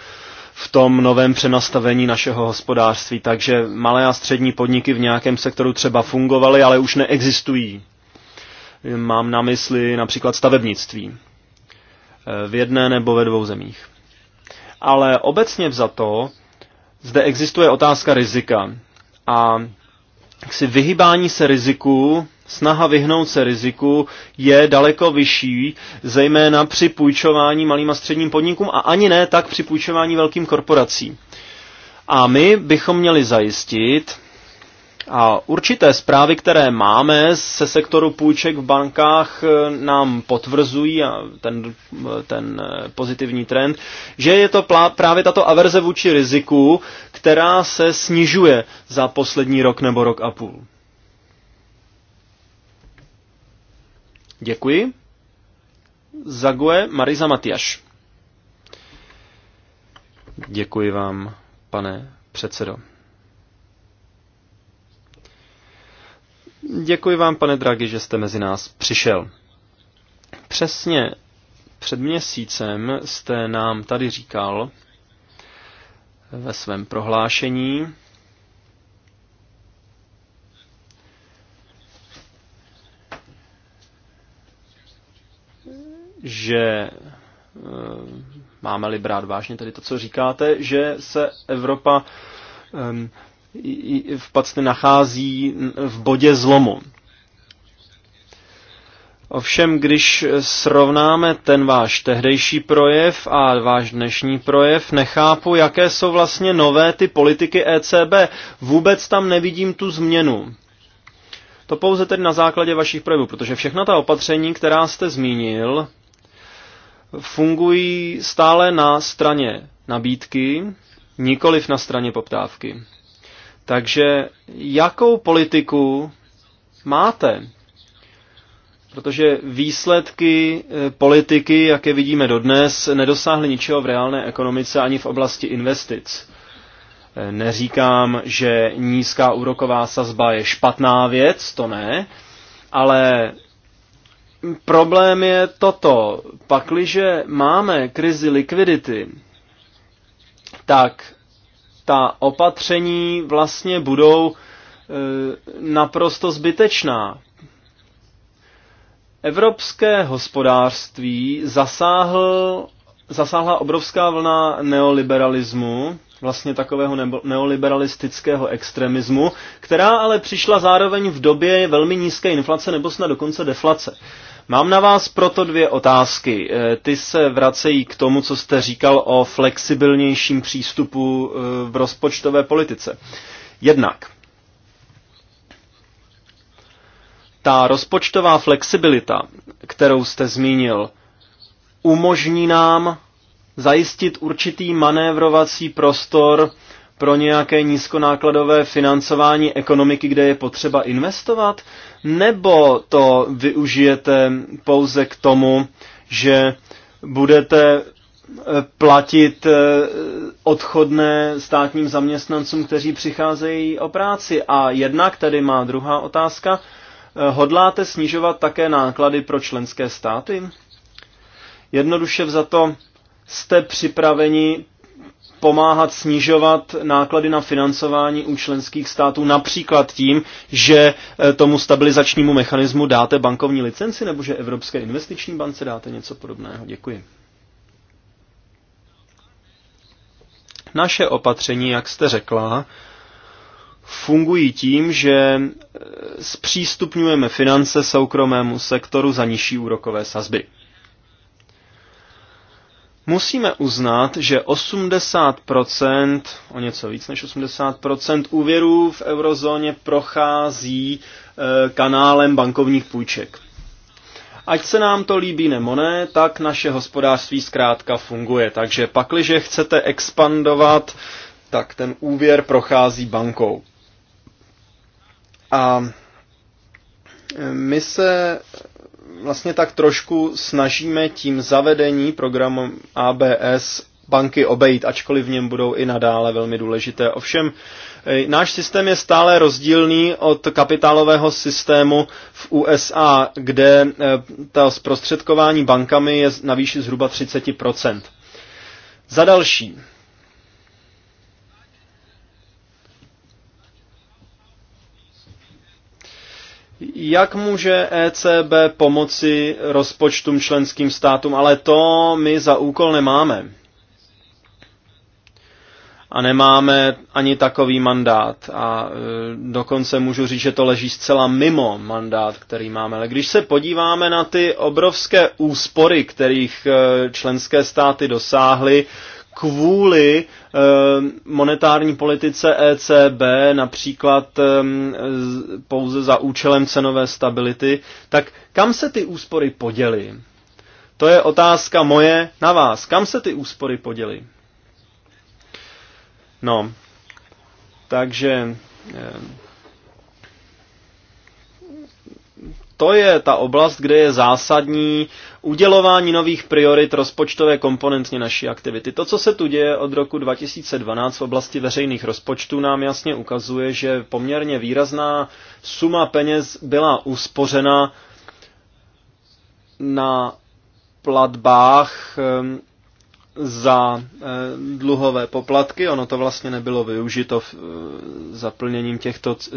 v tom novém přenastavení našeho hospodářství. Takže malé a střední podniky v nějakém sektoru třeba fungovaly, ale už neexistují. Mám na mysli například stavebnictví v jedné nebo ve dvou zemích. Ale obecně vzato zde existuje otázka rizika a si vyhybání se riziku, snaha vyhnout se riziku je daleko vyšší, zejména při půjčování malým a středním podnikům a ani ne tak při půjčování velkým korporacím. A my bychom měli zajistit, a určité zprávy, které máme se sektoru půjček v bankách, eh, nám potvrzují a ten, eh, ten eh, pozitivní trend, že je to plá, právě tato averze vůči riziku, která se snižuje za poslední rok nebo rok a půl. Děkuji. Zague Mariza Matiaš. Děkuji vám, pane předsedo. Děkuji vám, pane Dragi, že jste mezi nás přišel. Přesně před měsícem jste nám tady říkal ve svém prohlášení, že eh, máme-li brát vážně tady to, co říkáte, že se Evropa v podstatě nachází v bodě zlomu. Ovšem, když srovnáme ten váš tehdejší projev a váš dnešní projev, nechápu, jaké jsou vlastně nové ty politiky ECB. Vůbec tam nevidím tu změnu. To pouze tedy na základě vašich projevů, protože všechna ta opatření, která jste zmínil, fungují stále na straně nabídky, nikoliv na straně poptávky. Takže jakou politiku máte? Protože výsledky eh, politiky, jak je vidíme dodnes, nedosáhly ničeho v reálné ekonomice ani v oblasti investic. Eh, neříkám, že nízká úroková sazba je špatná věc, to ne, ale problém je toto. Pakliže máme krizi likvidity, tak ta opatření vlastně budou e, naprosto zbytečná. Evropské hospodářství zasáhl, zasáhla obrovská vlna neoliberalismu, vlastně takového neoliberalistického extremismu, která ale přišla zároveň v době velmi nízké inflace nebo snad dokonce deflace. Mám na vás proto dvě otázky. Eh, ty se vracejí k tomu, co jste říkal o flexibilnějším přístupu eh, v rozpočtové politice. Jednak, ta rozpočtová flexibilita, kterou jste zmínil, umožní nám zajistit určitý manévrovací prostor pro nějaké nízkonákladové financování ekonomiky, kde je potřeba investovat? Nebo to využijete pouze k tomu, že budete eh, platit eh, odchodné státním zaměstnancům, kteří přicházejí o práci. A jednak tedy má druhá otázka. Eh, hodláte snižovat také náklady pro členské státy? Jednoduše za to jste připraveni pomáhat snižovat náklady na financování u členských států, například tím, že e, tomu stabilizačnímu mechanismu dáte bankovní licenci nebo že Evropské investiční bance dáte něco podobného. Děkuji. Naše opatření, jak jste řekla, fungují tím, že e, zpřístupňujeme finance soukromému sektoru za nižší úrokové sazby. Musíme uznat, že 80%, o něco víc než 80% úvěrů v eurozóně prochází e, kanálem bankovních půjček. Ať se nám to líbí nebo ne, tak naše hospodářství zkrátka funguje. Takže pakliže chcete expandovat, tak ten úvěr prochází bankou. A eh, my se vlastně tak trošku snažíme tím zavedení programu ABS banky obejít, ačkoliv v něm budou i nadále velmi důležité. Ovšem, eh, náš systém je stále rozdílný od kapitálového systému v USA, kde eh, to zprostředkování bankami je na výši zhruba 30%. Za další, Jak může ECB pomoci rozpočtům členským státům? Ale to my za úkol nemáme. A nemáme ani takový mandát. A e, dokonce můžu říct, že to leží zcela mimo mandát, který máme. Ale když se podíváme na ty obrovské úspory, kterých e, členské státy dosáhly, kvůli eh, monetární politice ECB, například eh, pouze za účelem cenové stability, tak kam se ty úspory poděly? To je otázka moje na vás. Kam se ty úspory poděly? No, takže eh, to je ta oblast, kde je zásadní udělování nových priorit rozpočtové komponentně naší aktivity. To, co se tu děje od roku 2012 v oblasti veřejných rozpočtů, nám jasně ukazuje, že poměrně výrazná suma peněz byla uspořena na platbách ehm, za eh, dluhové poplatky. Ono to vlastně nebylo využito eh, za plněním těchto, eh,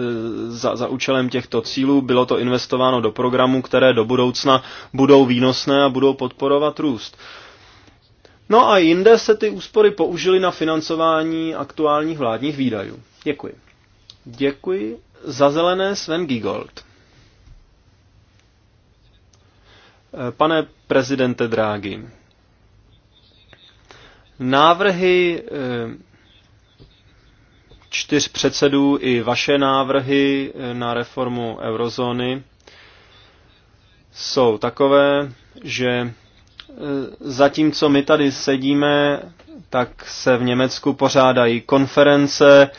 za, za účelem těchto cílů. Bylo to investováno do programů, které do budoucna budou výnosné a budou podporovat růst. No a jinde se ty úspory použily na financování aktuálních vládních výdajů. Děkuji. Děkuji. Za zelené Sven Gigold. Pane prezidente Drági, Návrhy eh, čtyř předsedů i vaše návrhy eh, na reformu eurozóny jsou takové, že eh, zatímco my tady sedíme, tak se v Německu pořádají konference,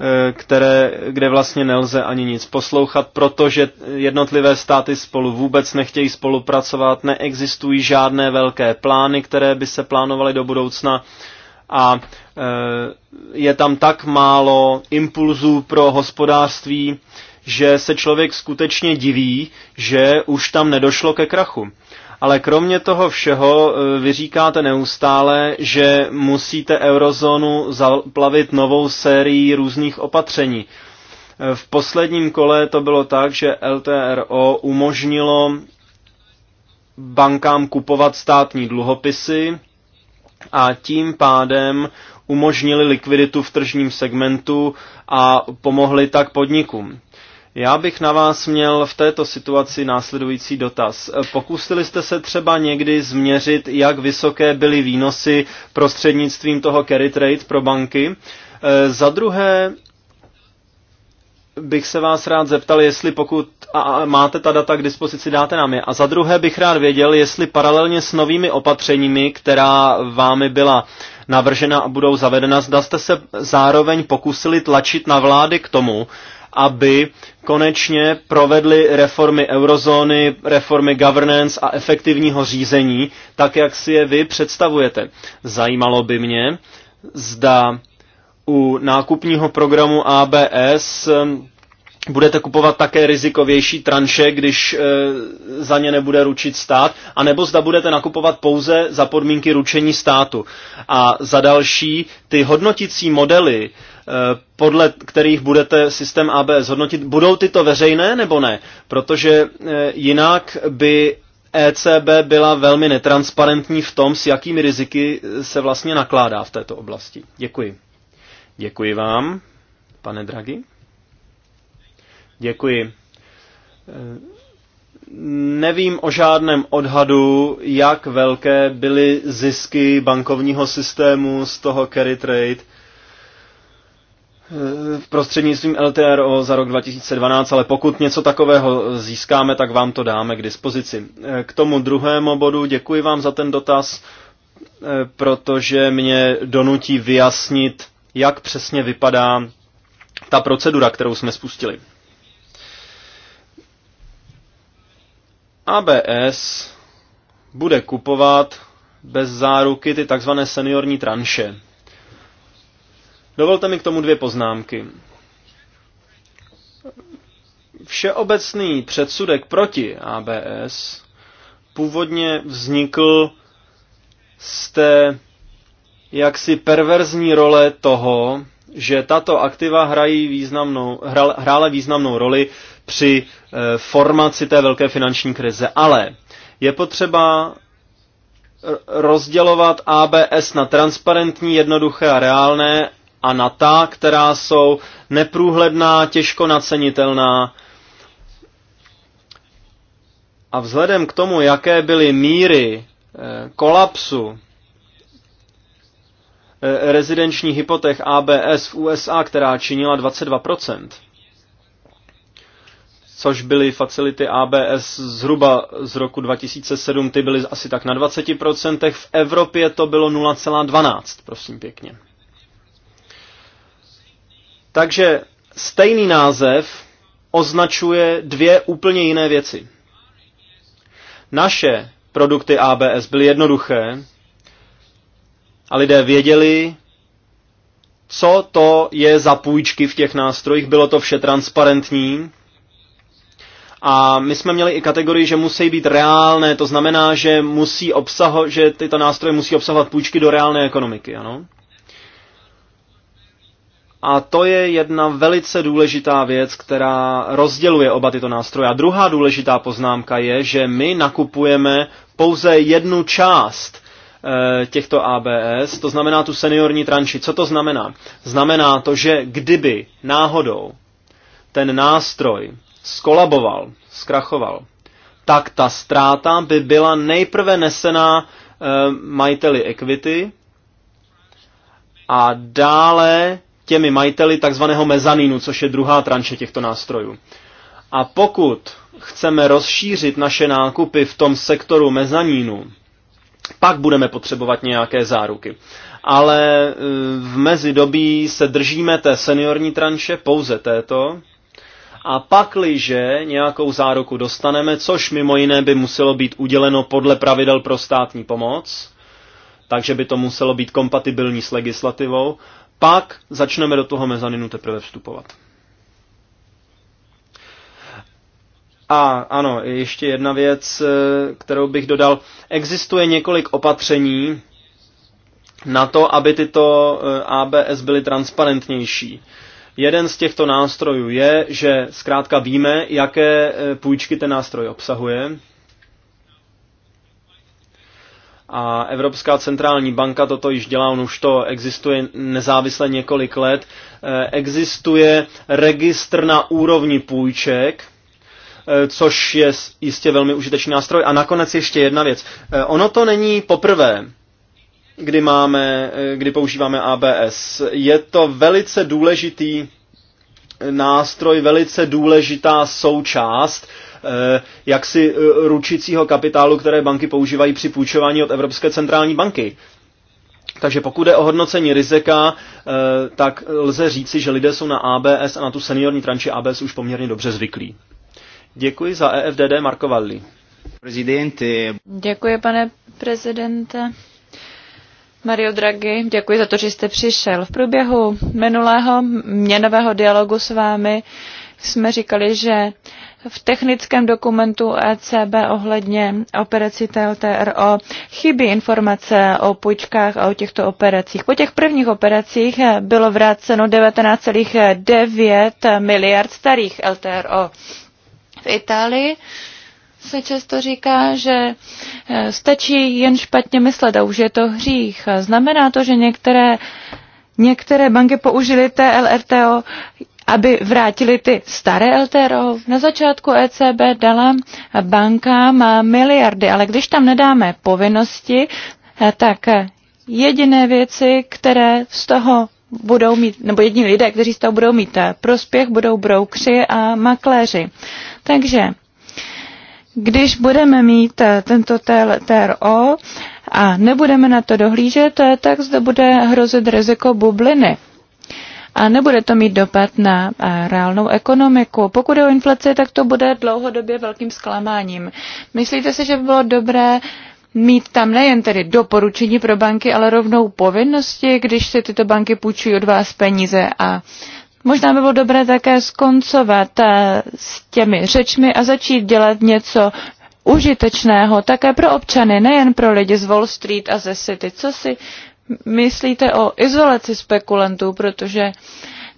Eh, které, kde vlastně nelze ani nic poslouchat, protože jednotlivé státy spolu vůbec nechtějí spolupracovat, neexistují žádné velké plány, které by se plánovaly do budoucna a eh, je tam tak málo impulzů pro hospodářství, že se člověk skutečně diví, že už tam nedošlo ke krachu ale kromě toho všeho eh, vy říkáte neustále, že musíte eurozónu zaplavit novou sérií různých opatření. Eh, v posledním kole to bylo tak, že LTRO umožnilo bankám kupovat státní dluhopisy a tím pádem umožnili likviditu v tržním segmentu a pomohli tak podnikům. Já bych na vás měl v této situaci následující dotaz. Pokusili jste se třeba někdy změřit, jak vysoké byly výnosy prostřednictvím toho carry trade pro banky? E, za druhé, bych se vás rád zeptal, jestli pokud a máte ta data k dispozici, dáte nám je. A za druhé bych rád věděl, jestli paralelně s novými opatřeními, která vámi byla navržena a budou zavedena, zda jste se zároveň pokusili tlačit na vlády k tomu, aby konečně provedli reformy eurozóny, reformy governance a efektivního řízení, tak jak si je vy představujete. Zajímalo by mě, zda u nákupního programu ABS um, budete kupovat také rizikovější tranše, když e, za ně nebude ručit stát, anebo zda budete nakupovat pouze za podmínky ručení státu. A za další, ty hodnotící modely Eh, podle kterých budete systém ABS hodnotit, budou tyto veřejné nebo ne? Protože eh, jinak by ECB byla velmi netransparentní v tom, s jakými riziky se vlastně nakládá v této oblasti. Děkuji. Děkuji vám, pane Dragi. Děkuji. Eh, nevím o žádném odhadu, jak velké byly zisky bankovního systému z toho carry trade Eh, prostřednictvím LTRO za rok 2012, ale pokud něco takového získáme, tak vám to dáme k dispozici. Eh, k tomu druhému bodu děkuji vám za ten dotaz, eh, protože mě donutí vyjasnit, jak přesně vypadá ta procedura, kterou jsme spustili. ABS bude kupovat bez záruky ty takzvané seniorní tranše Dovolte mi k tomu dvě poznámky. Všeobecný předsudek proti ABS původně vznikl z té jaksi perverzní role toho, že tato aktiva hrají významnou, hral, hrála významnou roli při eh, formaci té velké finanční krize. Ale je potřeba rozdělovat ABS na transparentní, jednoduché a reálné a na ta, která jsou neprůhledná, těžko nacenitelná. A vzhledem k tomu, jaké byly míry eh, kolapsu eh, rezidenčních hypoték ABS v USA, která činila 22%, což byly facility ABS zhruba z roku 2007, ty byly asi tak na 20%, v Evropě to bylo 0,12, prosím pěkně. Takže stejný název označuje dvě úplně jiné věci. Naše produkty ABS byly jednoduché a lidé věděli, co to je za půjčky v těch nástrojích, bylo to vše transparentní. A my jsme měli i kategorii, že musí být reálné, to znamená, že, musí obsaho, že tyto nástroje musí obsahovat půjčky do reálné ekonomiky. Ano? A to je jedna velice důležitá věc, která rozděluje oba tyto nástroje. A druhá důležitá poznámka je, že my nakupujeme pouze jednu část eh, těchto ABS, to znamená tu seniorní tranči. Co to znamená? Znamená to, že kdyby náhodou ten nástroj skolaboval, zkrachoval, tak ta ztráta by byla nejprve nesená eh, majiteli equity a dále těmi majiteli takzvaného mezanínu, což je druhá tranše těchto nástrojů. A pokud chceme rozšířit naše nákupy v tom sektoru mezanínu, pak budeme potřebovat nějaké záruky. Ale e, v mezidobí se držíme té seniorní tranše, pouze této, a pakliže nějakou záruku dostaneme, což mimo jiné by muselo být uděleno podle pravidel pro státní pomoc, takže by to muselo být kompatibilní s legislativou, pak začneme do toho mezaninu teprve vstupovat. A ano, ještě jedna věc, eh, kterou bych dodal. Existuje několik opatření na to, aby tyto eh, ABS byly transparentnější. Jeden z těchto nástrojů je, že zkrátka víme, jaké eh, půjčky ten nástroj obsahuje, a Evropská centrální banka toto již dělá, on už to existuje nezávisle několik let. E, existuje registr na úrovni půjček, e, což je jistě velmi užitečný nástroj. A nakonec ještě jedna věc. E, ono to není poprvé, kdy, máme, kdy používáme ABS. Je to velice důležitý nástroj, velice důležitá součást Eh, jaksi eh, ručicího kapitálu, které banky používají při půjčování od Evropské centrální banky. Takže pokud je o hodnocení rizika, eh, tak lze říci, že lidé jsou na ABS a na tu seniorní tranči ABS už poměrně dobře zvyklí. Děkuji za EFDD Marko Valli. Prezidente. Děkuji, pane prezidente. Mario Draghi, děkuji za to, že jste přišel. V průběhu minulého měnového dialogu s vámi jsme říkali, že v technickém dokumentu ECB ohledně operací TLTRO chybí informace o půjčkách a o těchto operacích. Po těch prvních operacích bylo vráceno 19,9 miliard starých LTRO. V Itálii se často říká, že eh, stačí jen špatně myslet a už je to hřích. Znamená to, že některé Některé banky použily TLRTO aby vrátili ty staré LTRO. Na začátku ECB dala bankám miliardy, ale když tam nedáme povinnosti, eh, tak eh, jediné věci, které z toho budou mít, nebo jediní lidé, kteří z toho budou mít eh, prospěch, budou broukři a makléři. Takže když budeme mít tento TRO a nebudeme na to dohlížet, tak zde bude hrozit riziko bubliny a nebude to mít dopad na reálnou ekonomiku. Pokud je o inflaci, tak to bude dlouhodobě velkým zklamáním. Myslíte si, že by bylo dobré mít tam nejen tedy doporučení pro banky, ale rovnou povinnosti, když si tyto banky půjčují od vás peníze a Možná by bylo dobré také skoncovat s těmi řečmi a začít dělat něco užitečného také pro občany, nejen pro lidi z Wall Street a ze City. Co si myslíte o izolaci spekulantů, protože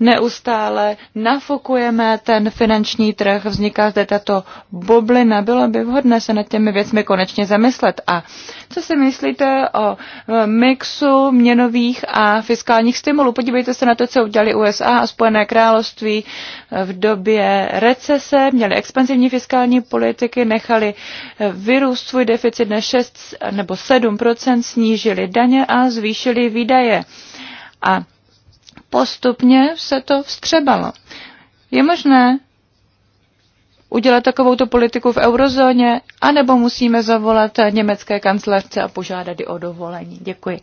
neustále nafokujeme ten finanční trh, vzniká zde tato bublina, bylo by vhodné se nad těmi věcmi konečně zamyslet. A co si myslíte o e, mixu měnových a fiskálních stimulů? Podívejte se na to, co udělali USA a Spojené království e, v době recese, měli expanzivní fiskální politiky, nechali e, vyrůst svůj deficit na 6 nebo 7 snížili daně a zvýšili výdaje. A postupně se to vstřebalo. Je možné udělat takovou politiku v eurozóně, anebo musíme zavolat německé kancelářce a požádat i o dovolení. Děkuji.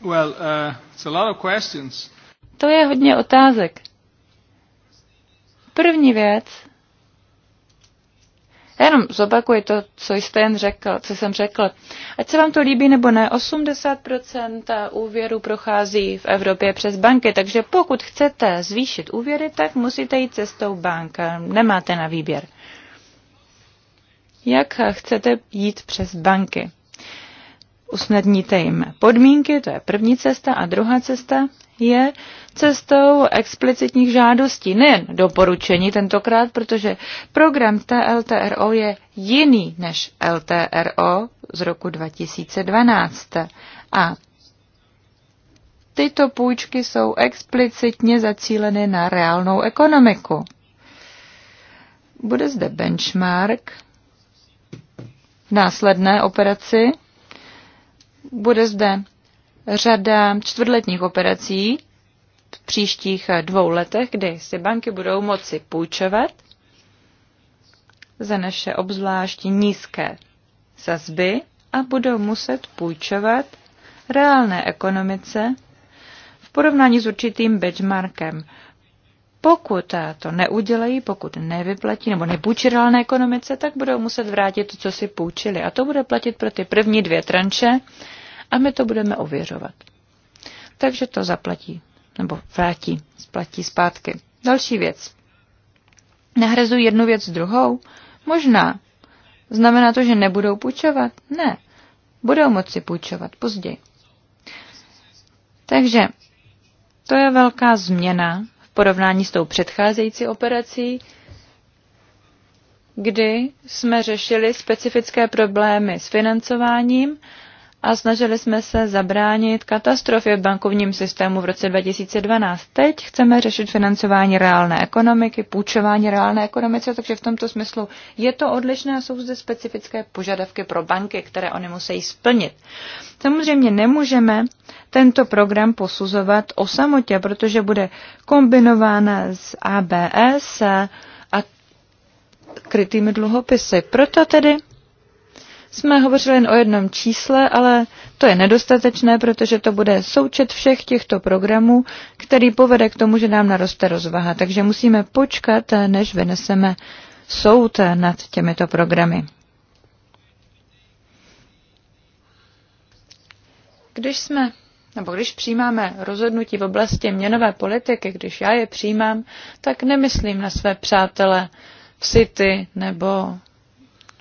Well, uh, it's a lot of questions. To je hodně otázek. První věc já jenom zopakuji to, co jste jen řekl, co jsem řekl. Ať se vám to líbí nebo ne, 80% úvěru prochází v Evropě přes banky, takže pokud chcete zvýšit úvěry, tak musíte jít cestou bank. Nemáte na výběr. Jak chcete jít přes banky? Usnadníte jim podmínky, to je první cesta, a druhá cesta je cestou explicitních žádostí, nejen doporučení tentokrát, protože program TLTRO je jiný než LTRO z roku 2012. A tyto půjčky jsou explicitně zacíleny na reálnou ekonomiku. Bude zde benchmark v následné operaci. Bude zde řada čtvrtletních operací v příštích eh, dvou letech, kdy si banky budou moci půjčovat za naše obzvlášť nízké sazby a budou muset půjčovat reálné ekonomice v porovnání s určitým benchmarkem. Pokud eh, to neudělají, pokud nevyplatí nebo nepůjčí reálné ekonomice, tak budou muset vrátit to, co si půjčili. A to bude platit pro ty první dvě tranše, a my to budeme ověřovat. Takže to zaplatí, nebo vrátí, splatí zpátky. Další věc. Nahrazují jednu věc druhou? Možná. Znamená to, že nebudou půjčovat? Ne. Budou moci půjčovat později. Takže to je velká změna v porovnání s tou předcházející operací, kdy jsme řešili specifické problémy s financováním a snažili jsme se zabránit katastrofě v bankovním systému v roce 2012. Teď chceme řešit financování reálné ekonomiky, půjčování reálné ekonomice, takže v tomto smyslu je to odlišné a jsou zde specifické požadavky pro banky, které oni musí splnit. Samozřejmě nemůžeme tento program posuzovat o samotě, protože bude kombinována s ABS a krytými dluhopisy. Proto tedy jsme hovořili jen o jednom čísle, ale to je nedostatečné, protože to bude součet všech těchto programů, který povede k tomu, že nám naroste rozvaha. Takže musíme počkat, než vyneseme soud nad těmito programy. Když jsme nebo když přijímáme rozhodnutí v oblasti měnové politiky, když já je přijímám, tak nemyslím na své přátele v City nebo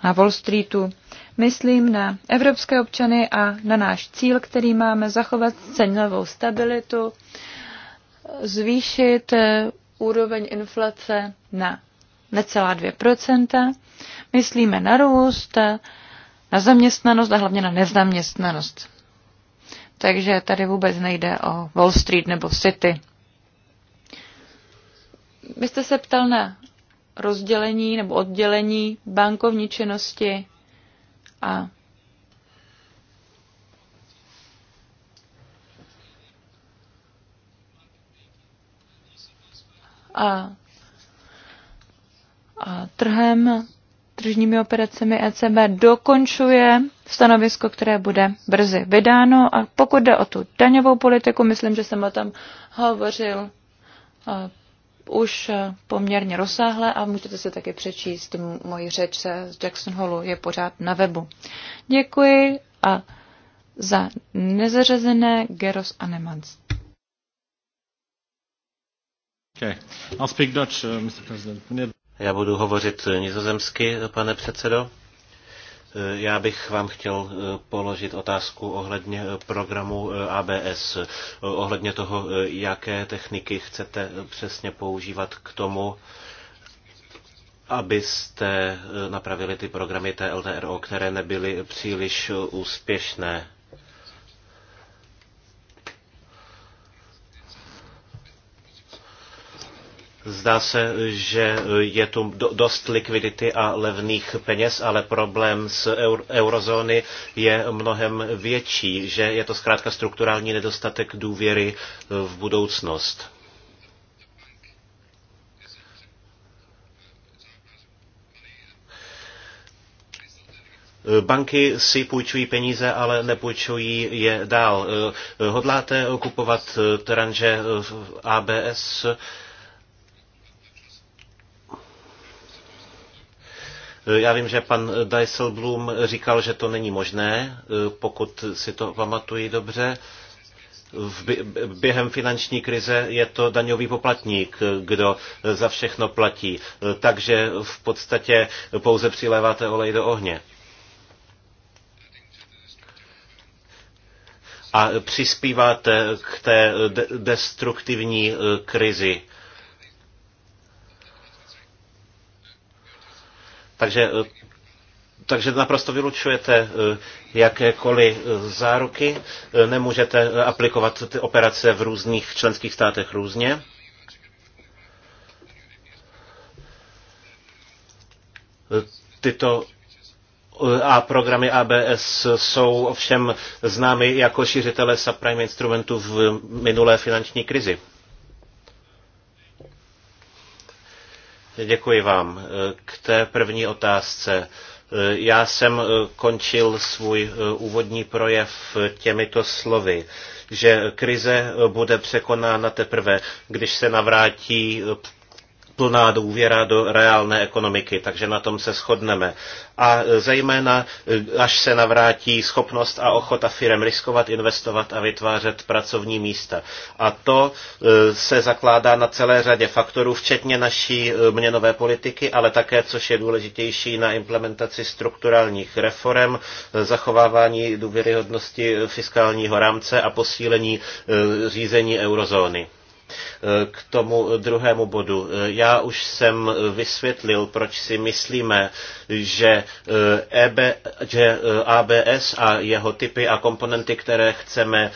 na Wall Streetu myslím na evropské občany a na náš cíl, který máme zachovat cenovou stabilitu, zvýšit eh, úroveň inflace na necelá 2%. Myslíme na růst, eh, na zaměstnanost a hlavně na nezaměstnanost. Takže tady vůbec nejde o Wall Street nebo City. Vy jste se ptal na rozdělení nebo oddělení bankovní činnosti a a, a trhem, tržními operacemi ECB dokončuje stanovisko, které bude brzy vydáno. A pokud jde o tu daňovou politiku, myslím, že jsem o tom hovořil už poměrně rozsáhlé a můžete se taky přečíst moji řeč se z Jackson Hallu, je pořád na webu. Děkuji a za nezařazené Geros Anemans. Okay. I'll speak Dutch, uh, Mr. President. Já budu hovořit nizozemsky, pane předsedo. Já bych vám chtěl eh, položit otázku ohledně eh, programu eh, ABS, ohledně toho, jaké techniky chcete přesně používat k tomu, abyste napravili ty programy TLTRO, které nebyly příliš úspěšné. Zdá se, že je tu dost likvidity a levných peněz, ale problém s eurozóny je mnohem větší, že je to zkrátka strukturální nedostatek důvěry v budoucnost. Banky si půjčují peníze, ale nepůjčují je dál. Hodláte kupovat tranže ABS? Já vím, že pan Dijsselblum říkal, že to není možné, e, pokud si to pamatuji dobře. V během finanční krize je to daňový poplatník, e, kdo e, za všechno platí. Takže v podstatě pouze přiléváte olej do ohně. A přispíváte k té destruktivní krizi Takže eh, takže naprosto vylučujete eh, jakékoliv eh, záruky, nemůžete aplikovat ty operace v různých členských státech různě. Tyto a programy ABS jsou ovšem známy jako šířitele subprime instrumentů v minulé finanční krizi. Děkuji vám. K té první otázce. Já jsem eh, končil svůj eh, úvodní projev eh, těmito slovy, že krize bude překonána teprve, když se navrátí plná důvěra do reálné ekonomiky, takže na tom se shodneme. A e, zejména, e, až se navrátí schopnost a ochota firem riskovat, investovat a vytvářet pracovní místa. A to e, se zakládá na celé řadě faktorů, včetně naší měnové politiky, ale také, což je důležitější, na implementaci strukturálních reform, zachovávání důvěryhodnosti fiskálního rámce a posílení řízení eurozóny. Eh, k tomu druhému bodu. Eh, já už jsem vysvětlil, proč si myslíme, že, EB, eh, e že ABS a jeho typy a komponenty, které chceme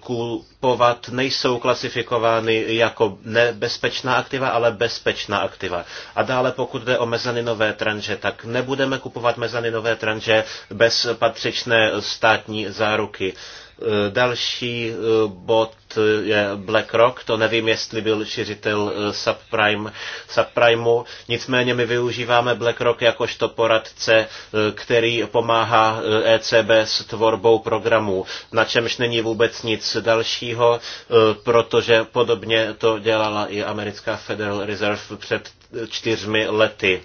kupovat, nejsou klasifikovány jako nebezpečná aktiva, ale bezpečná aktiva. A dále, pokud jde o mezaninové tranže, tak nebudeme kupovat mezaninové tranže bez patřičné státní záruky. Eh, další eh, bod je BlackRock, to nevím, jestli byl šiřitel eh, subprime, subprimeu, nicméně my využíváme BlackRock jakožto poradce, který pomáhá ECB e s tvorbou programů, na čemž není vůbec nic dalšího, protože podobně to dělala i americká Federal Reserve před čtyřmi lety.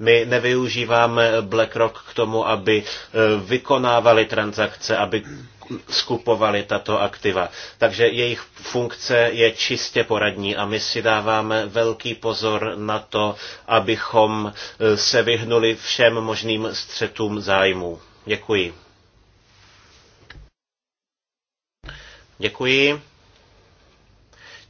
My nevyužíváme BlackRock k tomu, aby vykonávali transakce, aby skupovali tato aktiva. Takže jejich funkce je čistě poradní a my si dáváme velký pozor na to, abychom eh, se vyhnuli všem možným střetům zájmů. Děkuji. Děkuji.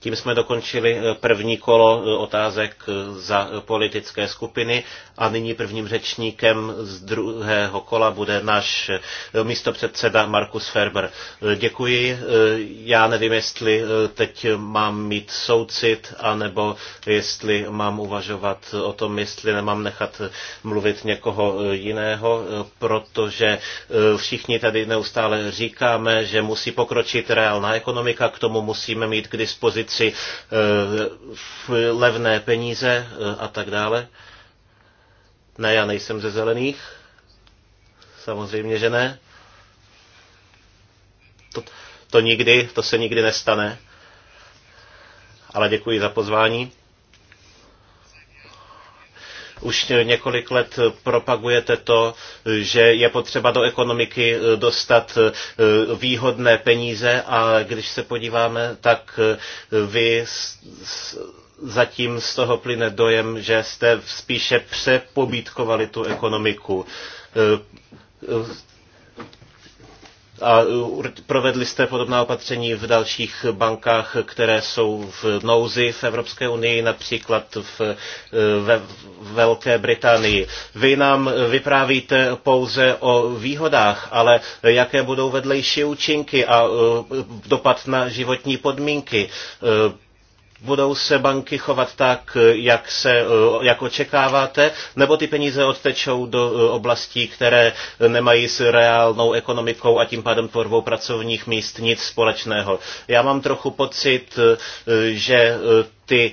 Tím jsme dokončili eh, první kolo eh, otázek eh, za politické skupiny a nyní prvním řečníkem z druhého kola bude náš místopředseda Markus Ferber. Děkuji. Já nevím, jestli teď mám mít soucit, anebo jestli mám uvažovat o tom, jestli nemám nechat mluvit někoho jiného, protože všichni tady neustále říkáme, že musí pokročit reálná ekonomika, k tomu musíme mít k dispozici věci, eh, levné peníze eh, a tak dále. Ne, já nejsem ze zelených. Samozřejmě, že ne. To, to nikdy, to se nikdy nestane. Ale děkuji za pozvání. Už několik let propagujete to, že je potřeba do ekonomiky dostat eh, výhodné peníze a když se podíváme, tak eh, vy zatím z toho plyne dojem, že jste spíše přepobítkovali tu ekonomiku eh, a uh, provedli jste podobná opatření v dalších bankách, které jsou v nouzi v Evropské unii, například v, uh, ve Velké Británii. Vy nám vyprávíte pouze o výhodách, ale jaké budou vedlejší účinky a uh, dopad na životní podmínky? Budou se banky chovat tak, jak, se, eh, jak očekáváte, nebo ty peníze odtečou do eh, oblastí, které nemají s reálnou ekonomikou a tím pádem tvorbou pracovních míst nic společného? Já mám trochu pocit, eh, že ty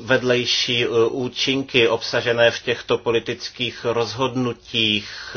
vedlejší účinky obsažené v těchto politických rozhodnutích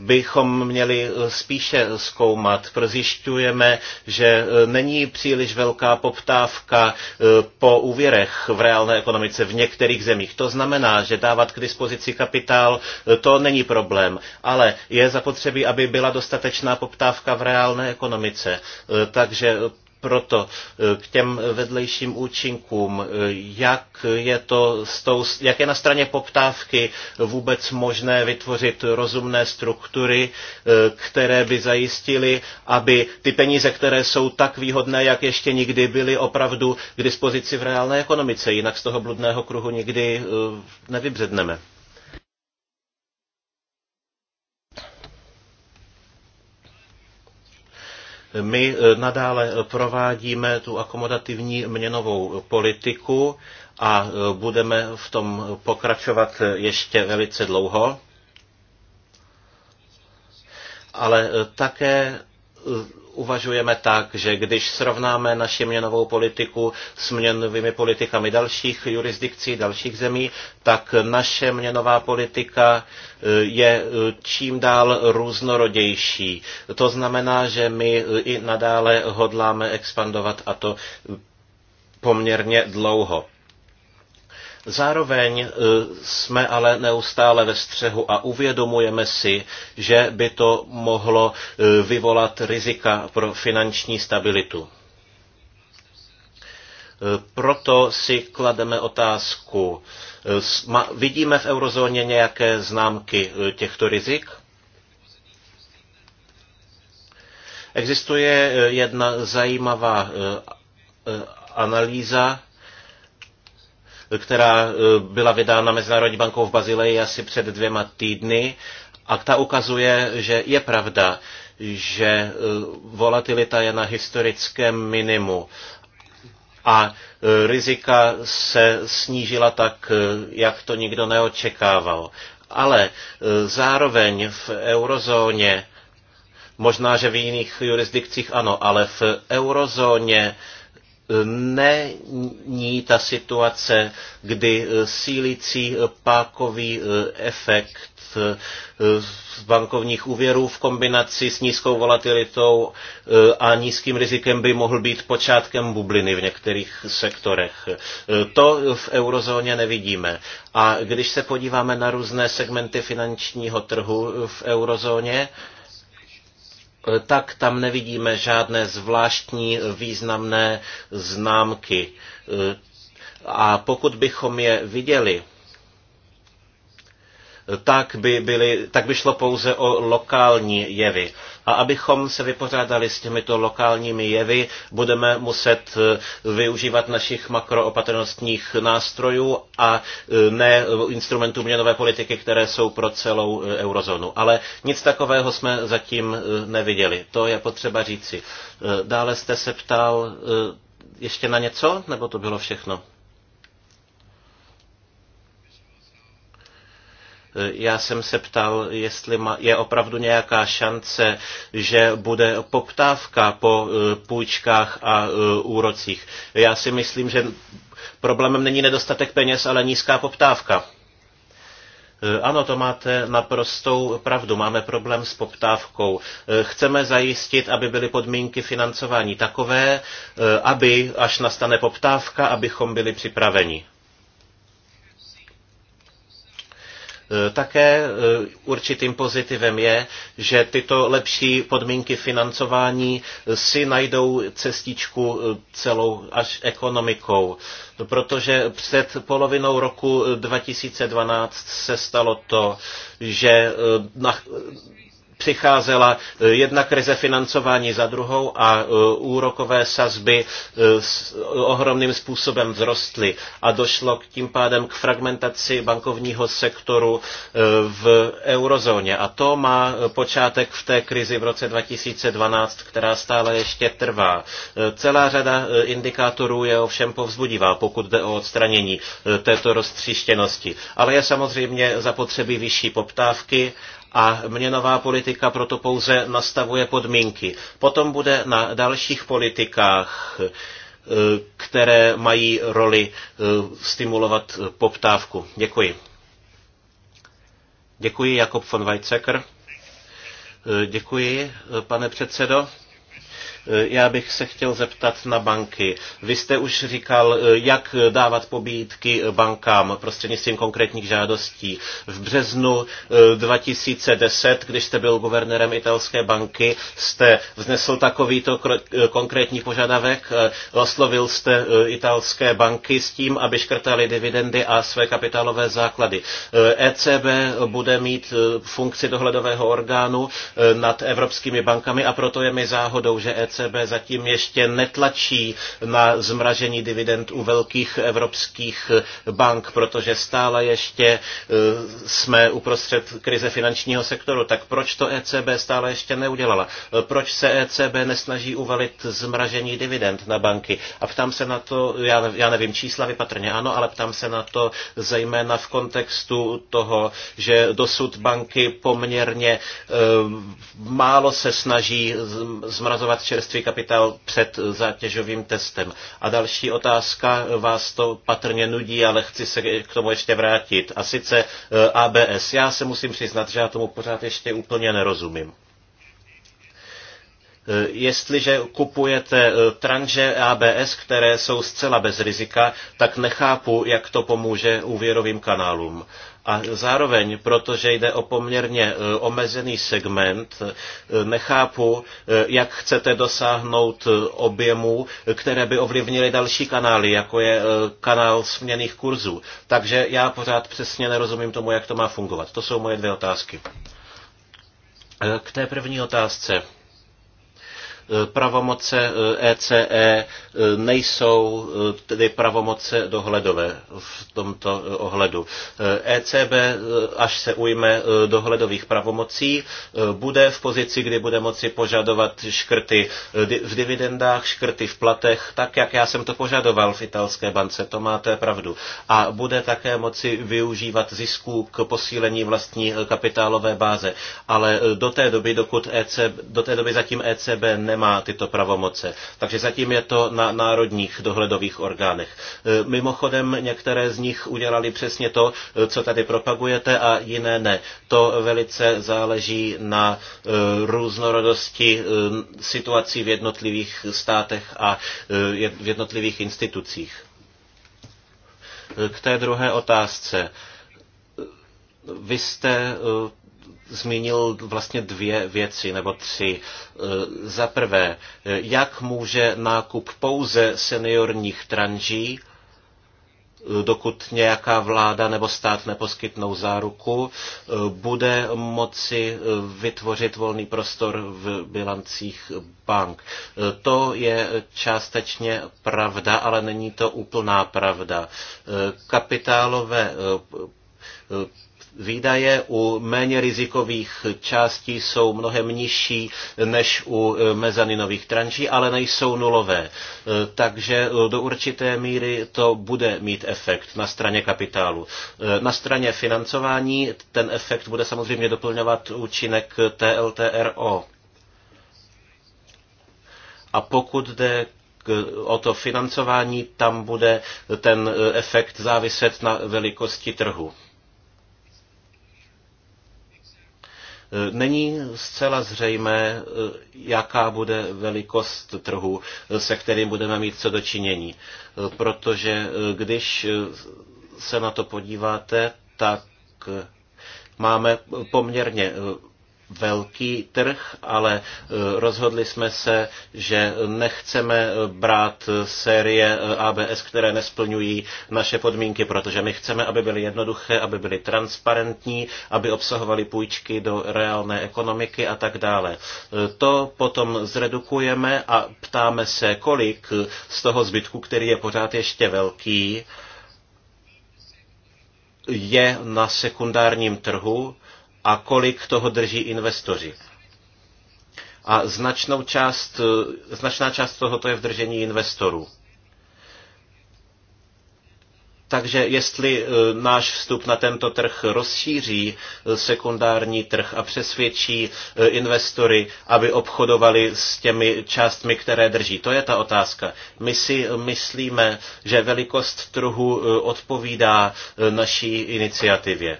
bychom měli spíše zkoumat. Prozjišťujeme, že není příliš velká poptávka eh, po úvěrech v reálné ekonomice v některých zemích. To znamená, že dávat k dispozici kapitál, eh, to není problém, ale je zapotřebí, aby byla dostatečná poptávka v reálné ekonomice. Eh, takže proto eh, k těm vedlejším účinkům, eh, jak je to s tou, jak je na straně poptávky vůbec možné vytvořit rozumné struktury, eh, které by zajistily, aby ty peníze, které jsou tak výhodné, jak ještě nikdy byly opravdu k dispozici v reálné ekonomice, jinak z toho bludného kruhu nikdy nevybředneme. My eh, nadále eh, provádíme tu akomodativní měnovou politiku a eh, budeme v tom pokračovat ještě velice dlouho. Ale také Eh, uvažujeme tak, že když srovnáme naši měnovou politiku s měnovými politikami dalších jurisdikcí, dalších zemí, tak naše měnová politika eh, je eh, čím dál různorodější. To znamená, že my i nadále hodláme expandovat a to poměrně dlouho. Zároveň e, jsme ale neustále ve střehu a uvědomujeme si, že by to mohlo e, vyvolat rizika pro finanční stabilitu. E, proto si klademe otázku, vidíme v eurozóně nějaké známky těchto rizik? Existuje jedna zajímavá analýza, která e, byla vydána Mezinárodní bankou v Bazileji asi před dvěma týdny a ta ukazuje, že je pravda, že e, volatilita je na historickém minimu a e, rizika se snížila tak, jak to nikdo neočekával. Ale zároveň v eurozóně, možná, že v jiných jurisdikcích ano, ale v eurozóně není ta situace, kdy eh, sílící eh, pákový eh, efekt z bankovních úvěrů v kombinaci s nízkou volatilitou a nízkým rizikem by mohl být počátkem bubliny v některých sektorech. To v eurozóně nevidíme. A když se podíváme na různé segmenty finančního trhu v eurozóně, Eh, tak tam nevidíme žádné zvláštní významné známky. Eh, a pokud bychom je viděli, tak by, byly, tak by šlo pouze o lokální jevy. A abychom se vypořádali s těmito lokálními jevy, budeme muset e, využívat našich makroopatrnostních nástrojů a e, ne instrumentů měnové politiky, které jsou pro celou e, eurozónu. Ale nic takového jsme zatím neviděli. To je potřeba říci. Dále jste se ptal ještě na něco, nebo to bylo všechno? Já jsem se ptal, jestli je opravdu nějaká šance, že bude poptávka po e, půjčkách a e, úrocích. Já si myslím, že problémem není nedostatek peněz, ale nízká poptávka. E, ano, to máte naprostou pravdu. Máme problém s poptávkou. Chceme zajistit, aby byly podmínky financování takové, aby, až nastane poptávka, abychom byli připraveni. Eh, také eh, určitým pozitivem je, že tyto lepší podmínky financování eh, si najdou cestičku celou až ekonomikou, protože před polovinou roku 2012 se stalo to, že přicházela eh, jedna krize financování za druhou a eh, úrokové sazby eh, ohromným způsobem vzrostly a došlo k tím pádem k fragmentaci bankovního sektoru v eurozóně. A to má počátek v té krizi v roce 2012, která stále ještě trvá. Celá řada indikátorů je ovšem povzbudivá, pokud jde o odstranění této roztříštěnosti. Ale je samozřejmě zapotřebí vyšší poptávky a měnová politika proto pouze nastavuje podmínky. Potom bude na dalších politikách, e, které mají roli e, stimulovat poptávku. Děkuji. Děkuji, Jakob von Weizsäcker. E, děkuji, pane předsedo. Eh, já bych se chtěl zeptat na banky. Vy jste už říkal, eh, jak dávat pobídky bankám prostřednictvím konkrétních žádostí. V březnu 2010, eh, když jste byl guvernérem italské banky, jste vznesl takovýto konkrétní požadavek. Oslovil jste italské banky s tím, aby škrtali dividendy a své kapitálové základy. ECB e bude mít funkci dohledového orgánu nad evropskými bankami a proto je mi záhodou, že ECB ECB zatím ještě netlačí na zmražení dividend u velkých evropských bank, protože stále ještě e, jsme uprostřed krize finančního sektoru. Tak proč to ECB stále ještě neudělala? E, proč se ECB nesnaží uvalit zmražení dividend na banky? A ptám se na to, já, nevím, čísla vypatrně ano, ale ptám se na to zejména v kontextu toho, že dosud banky poměrně e, málo se snaží zmrazovat čerstvý kapitál před zátěžovým testem. A další otázka vás to patrně nudí, ale chci se k tomu ještě vrátit. A sice eh, ABS. Já se musím přiznat, že já tomu pořád ještě úplně nerozumím eh, jestliže kupujete eh, tranže ABS, které jsou zcela bez rizika, tak nechápu, jak to pomůže úvěrovým kanálům. A zároveň, protože jde o poměrně e, omezený segment, e, nechápu, e, jak chcete dosáhnout objemů, které by ovlivnily další kanály, jako je kanál směných kurzů. Takže já pořád přesně nerozumím tomu, jak to má fungovat. To jsou moje dvě otázky. K té první otázce. Eh, pravomoce ECE eh, e, eh, nejsou tedy pravomoce dohledové v tomto ohledu. ECB, e až se ujme dohledových pravomocí, bude v pozici, kdy bude moci požadovat škrty v dividendách, škrty v platech, tak jak já jsem to požadoval v italské bance, to máte pravdu. A bude také moci využívat zisků k posílení vlastní kapitálové báze. Ale do té doby, dokud ECB, do té doby zatím ECB nemá nemá tyto pravomoce. Takže zatím je to na národních dohledových orgánech. E, mimochodem některé z nich udělali přesně to, e, co tady propagujete a jiné ne. To velice záleží na e, různorodosti situací v jednotlivých státech a v jednotlivých institucích. K té druhé otázce. Vy jste zmínil vlastně dvě věci nebo tři. E, za prvé, e, jak může nákup pouze seniorních tranží e, dokud nějaká vláda nebo stát neposkytnou záruku, bude moci vytvořit volný prostor v bilancích bank. To je částečně pravda, ale není to úplná pravda. Kapitálové Výdaje u méně rizikových částí jsou mnohem nižší než u e, mezaninových tranží, ale nejsou nulové. E, takže e, do určité míry to bude mít efekt na straně kapitálu. Na straně financování ten efekt bude samozřejmě doplňovat účinek TLTRO. A pokud jde o to financování, tam bude ten efekt záviset na velikosti trhu. Eh, není zcela zřejmé, eh, jaká bude velikost trhu, eh, se kterým budeme mít co dočinění, protože když se na to podíváte, tak máme poměrně velký trh, ale eh, rozhodli jsme se, že nechceme eh, brát eh, série ABS, které nesplňují naše podmínky, protože my chceme, aby byly jednoduché, aby byly transparentní, aby obsahovaly půjčky do reálné ekonomiky a tak dále. To potom zredukujeme a ptáme se, kolik z toho zbytku, který je pořád ještě velký, je na sekundárním trhu a kolik toho drží investoři. A značnou část, značná část tohoto je v držení investorů. Takže jestli e, náš vstup na tento trh rozšíří e, sekundární trh a přesvědčí e, investory, aby obchodovali s těmi částmi, které drží, to je ta otázka. My si myslíme, že velikost trhu odpovídá naší iniciativě.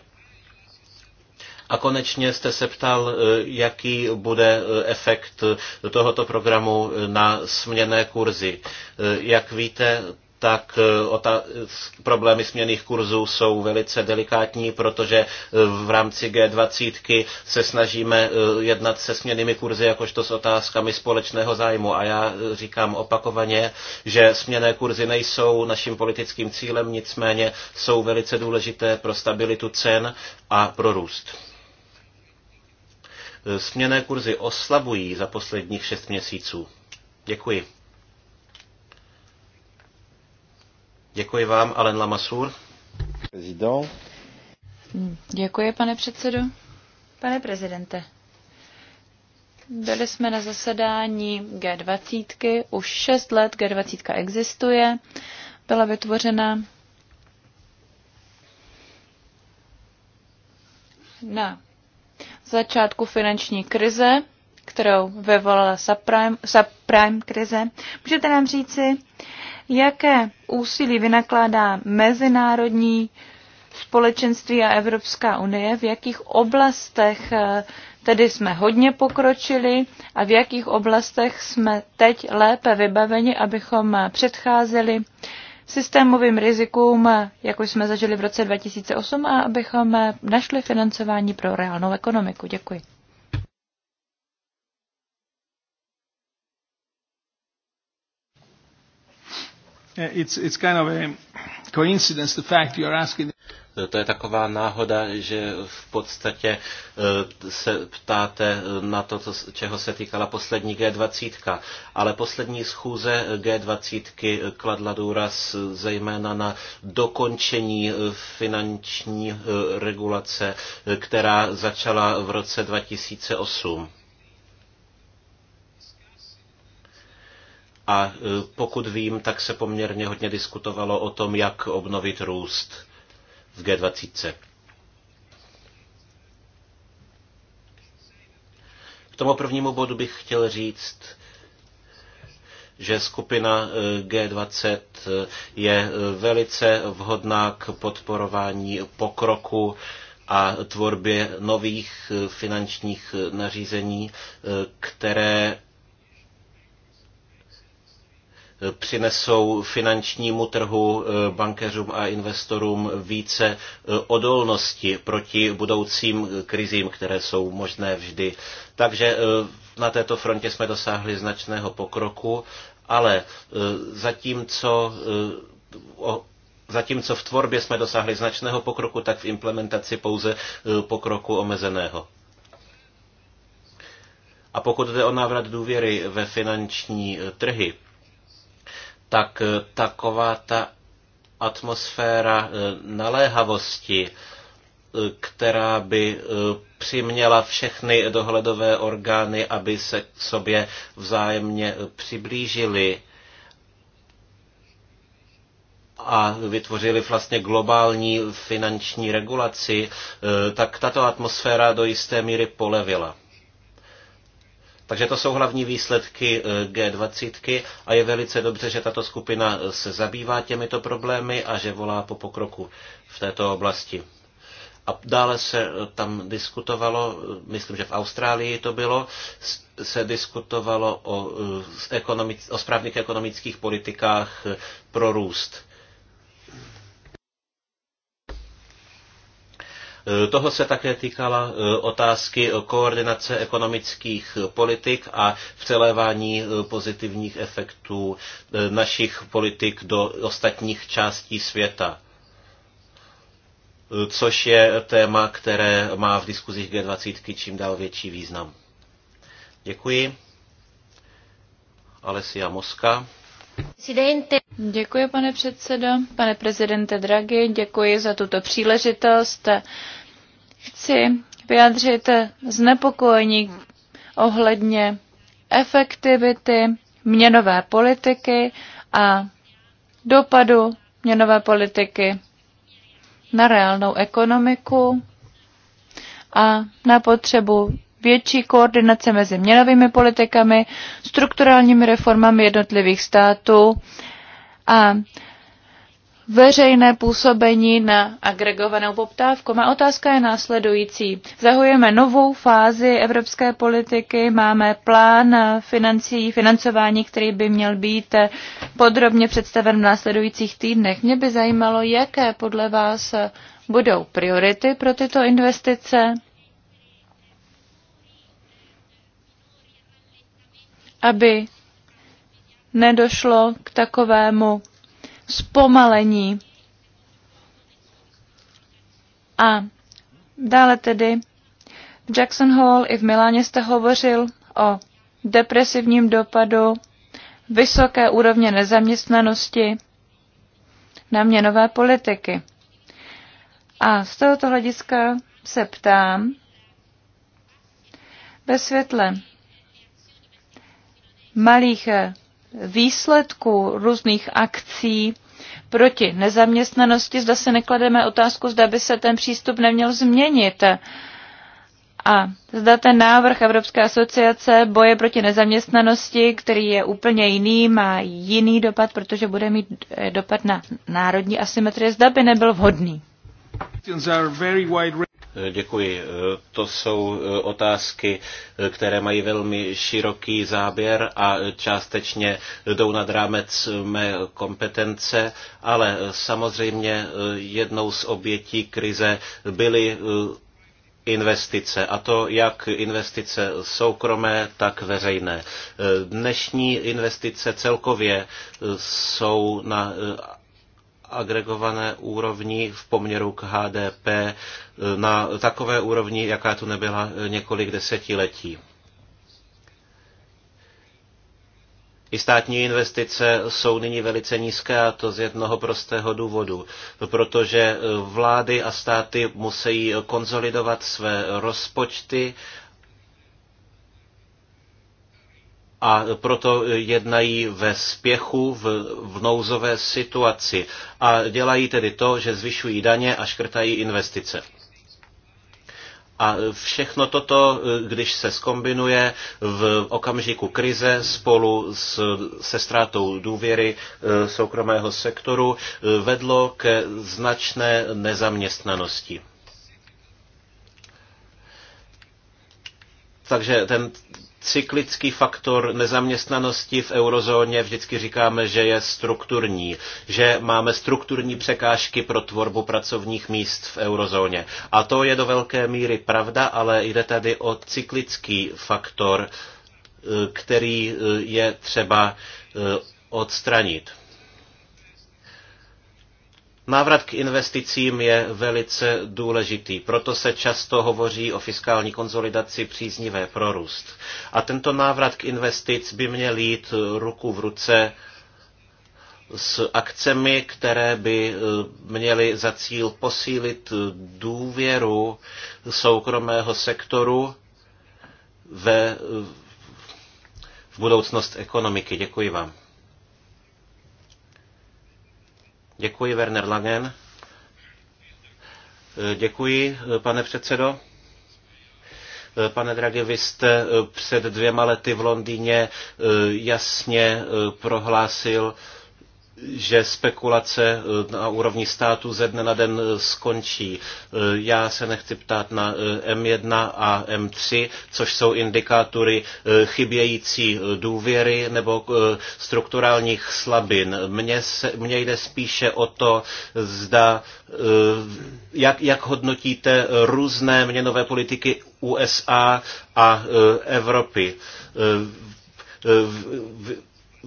A konečně jste se ptal, e, jaký bude e, efekt tohoto programu na směné kurzy. E, jak víte, tak ta, problémy směných kurzů jsou velice delikátní, protože v rámci G20 se snažíme jednat se směnými kurzy jakožto s otázkami společného zájmu. A já říkám opakovaně, že směné kurzy nejsou naším politickým cílem, nicméně jsou velice důležité pro stabilitu cen a pro růst směné kurzy oslabují za posledních šest měsíců. Děkuji. Děkuji vám, Alen Lamasur. Prezident. Děkuji, pane předsedo. Pane prezidente, byli jsme na zasedání G20. Už šest let G20 existuje. Byla vytvořena na začátku finanční krize, kterou vyvolala subprime, subprime krize. Můžete nám říci, jaké úsilí vynakládá mezinárodní společenství a Evropská unie, v jakých oblastech eh, tedy jsme hodně pokročili a v jakých oblastech jsme teď lépe vybaveni, abychom eh, předcházeli systémovým rizikům, jako jsme zažili v roce 2008, a abychom našli financování pro reálnou ekonomiku. Děkuji. It's, it's kind of a coincidence the fact you are asking. To je taková náhoda, že v podstatě e, se ptáte na to, co, čeho se týkala poslední G20. Ale poslední schůze G20 kladla důraz zejména na dokončení finanční e, regulace, která začala v roce 2008. A e, pokud vím, tak se poměrně hodně diskutovalo o tom, jak obnovit růst v G20. K tomu prvnímu bodu bych chtěl říct, že skupina eh, G20 eh, je eh, velice vhodná k podporování pokroku a tvorbě nových finančních nařízení, které přinesou finančnímu trhu, eh, bankéřům a investorům více eh, odolnosti proti budoucím krizím, které jsou možné vždy. Takže eh, na této frontě jsme dosáhli značného pokroku, ale zatímco Zatímco v tvorbě jsme dosáhli značného pokroku, tak v implementaci pouze pokroku omezeného. A pokud jde o návrat důvěry ve finanční trhy, tak eh, taková ta atmosféra eh, naléhavosti, eh, která by přiměla všechny dohledové orgány, aby se k sobě vzájemně přiblížili a vytvořili vlastně globální finanční regulaci, tak tato atmosféra do jisté míry polevila. Takže to jsou hlavní výsledky eh, G20 a je velice dobře, že tato skupina eh, se zabývá těmito problémy a že volá po pokroku v této oblasti. A dále se eh, tam diskutovalo, myslím, že v Austrálii to bylo, se diskutovalo o, o správných ekonomických politikách pro růst. Eh, Toho se také týkala eh, otázky koordinace ekonomických politik a vcelévání eh, pozitivních efektů našich politik do ostatních částí světa což je téma, které má v diskuzích G20 čím dál větší význam. Děkuji. Alessia Moska. Děkuji, pane předsedo. Pane prezidente Draghi, děkuji za tuto příležitost chci vyjádřit znepokojení ohledně efektivity měnové politiky a dopadu měnové politiky na reálnou ekonomiku a na potřebu větší koordinace mezi měnovými politikami, strukturálními reformami jednotlivých států a veřejné působení na agregovanou poptávku. Má otázka je následující. Zahujeme novou fázi evropské politiky, máme plán financí, financování, který by měl být podrobně představen v následujících týdnech. Mě by zajímalo, jaké podle vás budou priority pro tyto investice. aby nedošlo k takovému zpomalení. A dále tedy v Jackson Hall i v Miláně jste hovořil o depresivním dopadu vysoké úrovně nezaměstnanosti na měnové politiky. A z tohoto hlediska se ptám ve světle malých výsledků různých akcí proti nezaměstnanosti, zda se neklademe otázku, zda by se ten přístup neměl změnit. A zda ten návrh Evropské asociace boje proti nezaměstnanosti, který je úplně jiný, má jiný dopad, protože bude mít eh, dopad na národní asymetrie, zda by nebyl vhodný. Děkuji. To jsou e, otázky, e, které mají velmi široký záběr a částečně jdou nad rámec mé kompetence, ale samozřejmě e, jednou z obětí krize byly investice, a to jak investice soukromé, tak veřejné. Dnešní investice celkově jsou na agregované úrovni v poměru k HDP e, na takové úrovni, jaká tu nebyla e, několik desetiletí. I státní investice jsou nyní velice nízké a to z jednoho prostého důvodu, protože e, vlády a státy musí konzolidovat své rozpočty a proto jednají ve spěchu, v, v nouzové situaci a dělají tedy to, že zvyšují daně a škrtají investice. A všechno toto, když se skombinuje v okamžiku krize spolu s, se ztrátou důvěry e, soukromého sektoru, e, vedlo ke značné nezaměstnanosti. Takže ten cyklický faktor nezaměstnanosti v eurozóně vždycky říkáme, že je strukturní, že máme strukturní překážky pro tvorbu pracovních míst v eurozóně. A to je do velké míry pravda, ale jde tady o cyklický faktor, eh, který eh, je třeba eh, odstranit. Návrat k investicím je velice důležitý, proto se často hovoří o fiskální konzolidaci příznivé pro růst. A tento návrat k investic by měl jít ruku v ruce s akcemi, které by eh, měly za cíl posílit důvěru soukromého sektoru ve, v budoucnost ekonomiky. Děkuji vám. Děkuji, Werner Langen. Eh, děkuji, eh, pane předsedo. Eh, pane Draghi, vy jste před dvěma lety v Londýně jasně prohlásil, že spekulace eh, na úrovni státu ze dne na den eh, skončí. Eh, já se nechci ptát na M1 a M3, což jsou indikátory chybějící důvěry nebo strukturálních slabin. Mně, se, mně jde spíše o to, zda, jak, jak hodnotíte různé měnové politiky USA a Evropy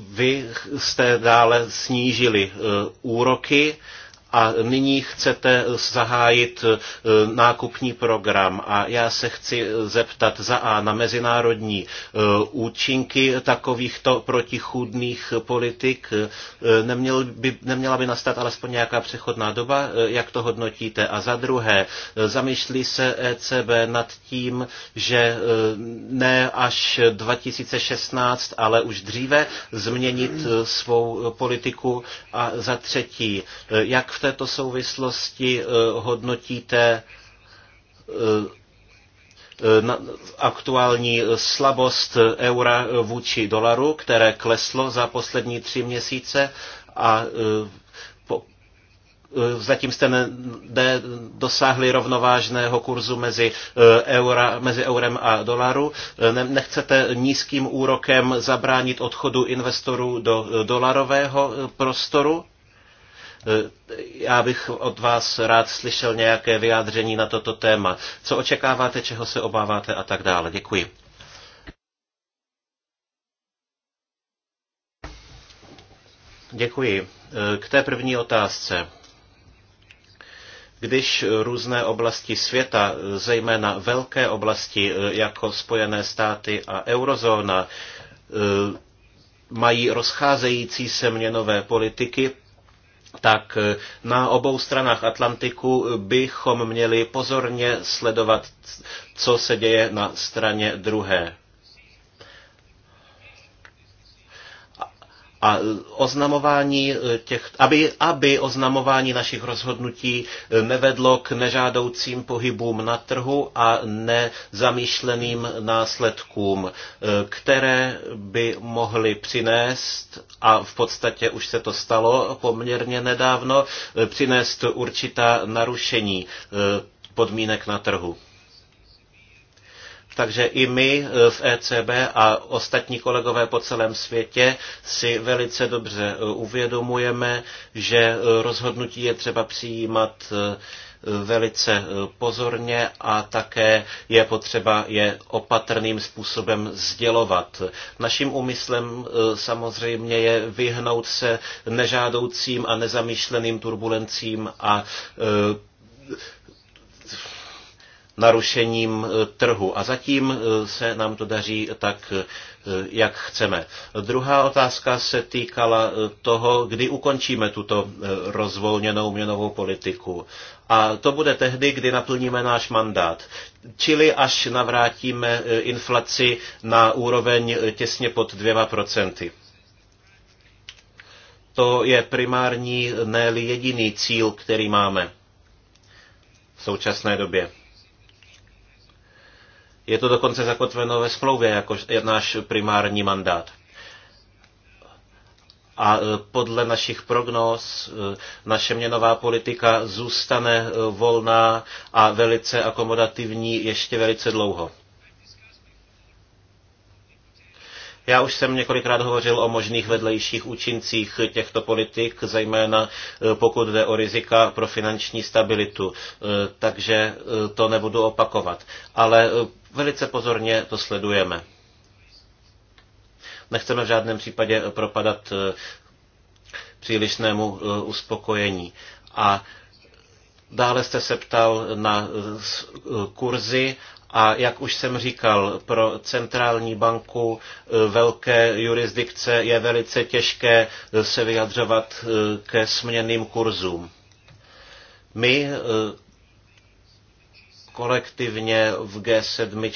vy jste dále snížili eh, úroky a nyní chcete zahájit e, nákupní program a já se chci zeptat za A na mezinárodní e, účinky takovýchto protichůdných politik. E, neměl by, neměla by nastat alespoň nějaká přechodná doba, jak to hodnotíte? A za druhé, zamýšlí se ECB nad tím, že ne až 2016, ale už dříve změnit svou politiku a za třetí, jak v této souvislosti eh, hodnotíte eh, eh, aktuální slabost eura vůči dolaru, které kleslo za poslední tři měsíce a zatím jste ne, dosáhli rovnovážného kurzu mezi, eura, mezi eurem a dolaru. nechcete nízkým úrokem zabránit odchodu investorů do dolarového prostoru? Eh, já bych od vás rád slyšel nějaké vyjádření na toto téma. Co očekáváte, čeho se obáváte a tak dále. Děkuji. Děkuji. Eh, k té první otázce. Když různé oblasti světa, zejména velké oblasti eh, jako Spojené státy a eurozóna, mají rozcházející se měnové politiky, tak eh, na obou stranách Atlantiku bychom měli pozorně sledovat, co se děje na straně druhé. a oznamování eh, těch, aby, aby oznamování našich rozhodnutí eh, nevedlo k nežádoucím pohybům na trhu a nezamýšleným následkům, eh, které by mohly přinést, a v podstatě už se to stalo poměrně nedávno, přinést určitá narušení podmínek na trhu. Takže i my eh, v ECB a ostatní kolegové po celém světě si velice dobře eh, uvědomujeme, že eh, rozhodnutí je třeba přijímat velice pozorně a také je potřeba je opatrným způsobem sdělovat. Naším úmyslem samozřejmě je vyhnout se nežádoucím a nezamýšleným turbulencím a narušením eh, trhu. A zatím eh, se nám to daří tak, eh, jak chceme. Druhá otázka se týkala toho, kdy ukončíme tuto rozvolněnou měnovou politiku. A to bude tehdy, kdy naplníme náš mandát. Čili až navrátíme inflaci na úroveň těsně pod dvěma procenty. To je primární, ne jediný cíl, který máme v současné době. Je to dokonce zakotveno ve smlouvě jako náš primární mandát. A e, podle našich prognóz e, naše měnová politika zůstane e, volná a velice akomodativní ještě velice dlouho. Já už jsem několikrát hovořil o možných vedlejších účincích těchto politik, zejména e, pokud jde o rizika pro finanční stabilitu, e, takže e, to nebudu opakovat. Ale velice pozorně to sledujeme. Nechceme v žádném případě propadat přílišnému uspokojení. A Dále jste se ptal na kurzy a jak už jsem říkal, pro centrální banku e, velké jurisdikce je velice těžké e, se vyjadřovat e, ke směným kurzům. My kolektivně v G7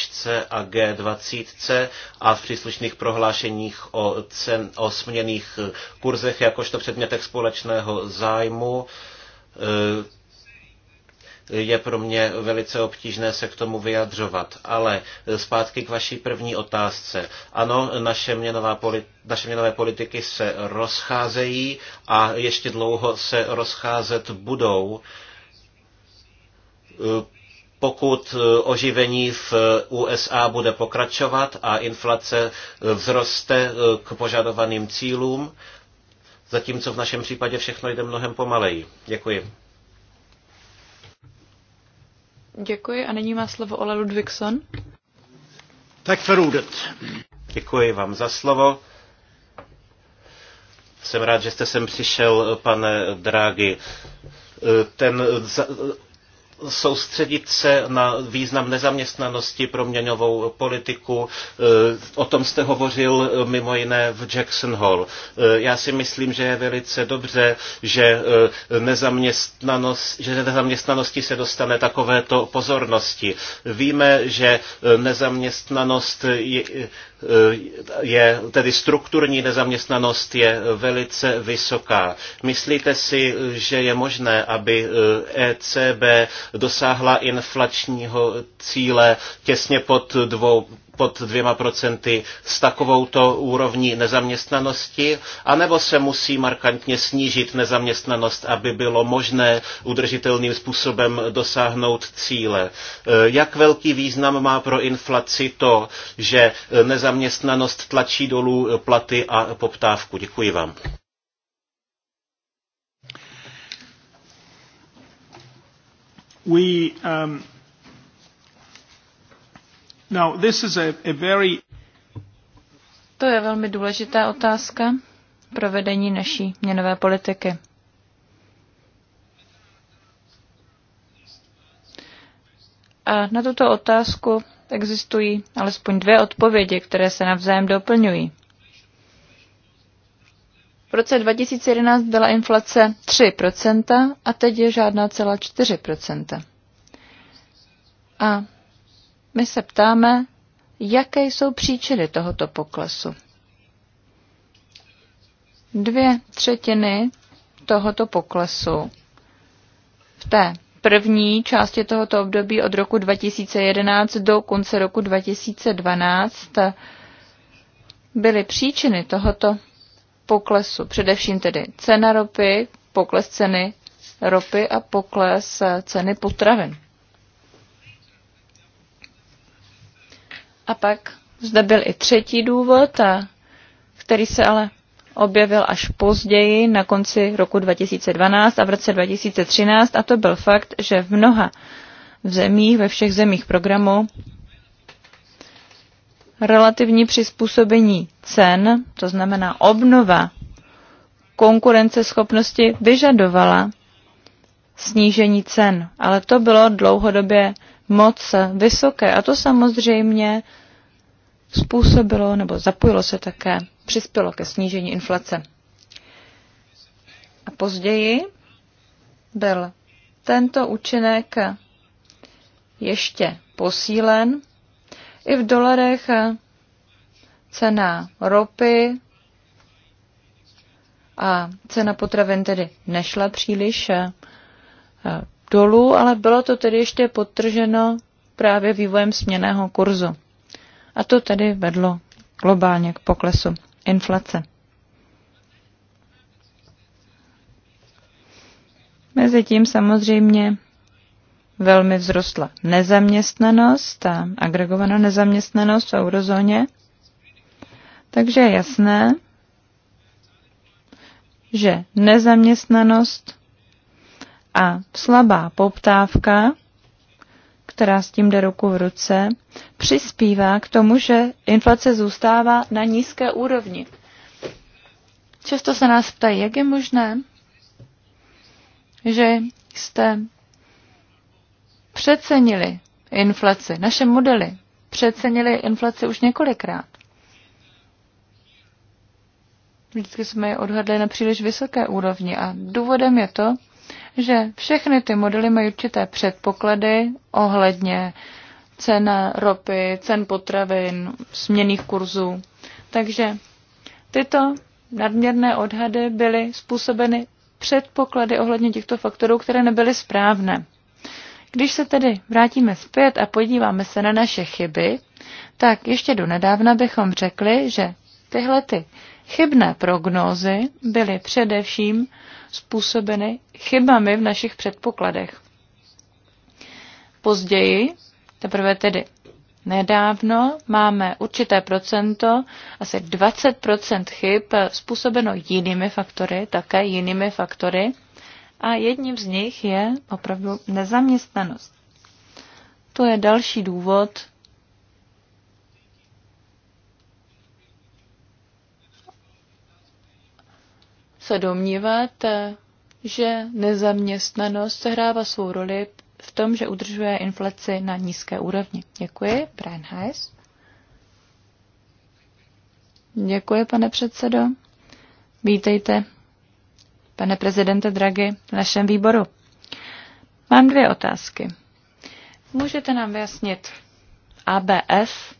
a G20 a v příslušných prohlášeních o, cen, o směných kurzech jakožto předmětech společného zájmu je pro mě velice obtížné se k tomu vyjadřovat. Ale zpátky k vaší první otázce. Ano, naše, měnová politi- naše měnové politiky se rozcházejí a ještě dlouho se rozcházet budou pokud oživení v USA bude pokračovat a inflace vzroste k požadovaným cílům, zatímco v našem případě všechno jde mnohem pomaleji. Děkuji. Děkuji a nyní má slovo Ola Ludvigson. Tak Ferudet. Děkuji vám za slovo. Jsem rád, že jste sem přišel, pane Drági. Ten soustředit se na význam nezaměstnanosti, pro měnovou politiku. Eh, o tom jste hovořil eh, mimo jiné v Jackson Hall. Eh, já si myslím, že je velice dobře, že, nezaměstnanost, že nezaměstnanosti se dostane takovéto pozornosti. Víme, že nezaměstnanost je, Eh, je tedy strukturní nezaměstnanost je velice vysoká. Myslíte si, že je možné, aby ECB eh, e dosáhla inflačního cíle těsně pod dvou pod dvěma procenty s takovouto úrovní nezaměstnanosti, anebo se musí markantně snížit nezaměstnanost, aby bylo možné udržitelným způsobem dosáhnout cíle. E, jak velký význam má pro inflaci to, že nezaměstnanost tlačí dolů platy a poptávku? Děkuji vám. We um, Now, this is a, a very... To je velmi důležitá otázka pro vedení naší měnové politiky. A na tuto otázku existují alespoň dvě odpovědi, které se navzájem doplňují. V roce 2011 byla inflace 3% a teď je žádná celá 4%. A my se ptáme, jaké jsou příčiny tohoto poklesu. Dvě třetiny tohoto poklesu v té první části tohoto období od roku 2011 do konce roku 2012 byly příčiny tohoto poklesu. Především tedy cena ropy, pokles ceny ropy a pokles ceny potravin. A pak zde byl i třetí důvod, a který se ale objevil až později na konci roku 2012 a v roce 2013 a to byl fakt, že v mnoha zemích, ve všech zemích programu relativní přizpůsobení cen, to znamená obnova konkurenceschopnosti, vyžadovala snížení cen, ale to bylo dlouhodobě moc vysoké. A to samozřejmě způsobilo nebo zapojilo se také, přispělo ke snížení inflace. A později byl tento účinek ještě posílen. I v dolarech cena ropy a cena potravin tedy nešla příliš dolů, ale bylo to tedy ještě podtrženo právě vývojem směného kurzu. A to tedy vedlo globálně k poklesu inflace. Mezitím samozřejmě velmi vzrostla nezaměstnanost a agregovaná nezaměstnanost v eurozóně. Takže je jasné, že nezaměstnanost a slabá poptávka, která s tím jde ruku v ruce, přispívá k tomu, že inflace zůstává na nízké úrovni. Často se nás ptají, jak je možné, že jste přecenili inflaci, naše modely přecenili inflaci už několikrát. Vždycky jsme je odhadli na příliš vysoké úrovni a důvodem je to, že všechny ty modely mají určité předpoklady ohledně cen ropy, cen potravin, směných kurzů. Takže tyto nadměrné odhady byly způsobeny předpoklady ohledně těchto faktorů, které nebyly správné. Když se tedy vrátíme zpět a podíváme se na naše chyby, tak ještě do nedávna bychom řekli, že tyhle ty chybné prognózy byly především způsobeny chybami v našich předpokladech. Později, teprve tedy nedávno, máme určité procento, asi 20 chyb způsobeno jinými faktory, také jinými faktory, a jedním z nich je opravdu nezaměstnanost. To je další důvod, se domnívat, že nezaměstnanost sehrává svou roli v tom, že udržuje inflaci na nízké úrovni. Děkuji, Brian Hayes. Děkuji, pane předsedo. Vítejte, pane prezidente Draghi, v našem výboru. Mám dvě otázky. Můžete nám vyjasnit ABS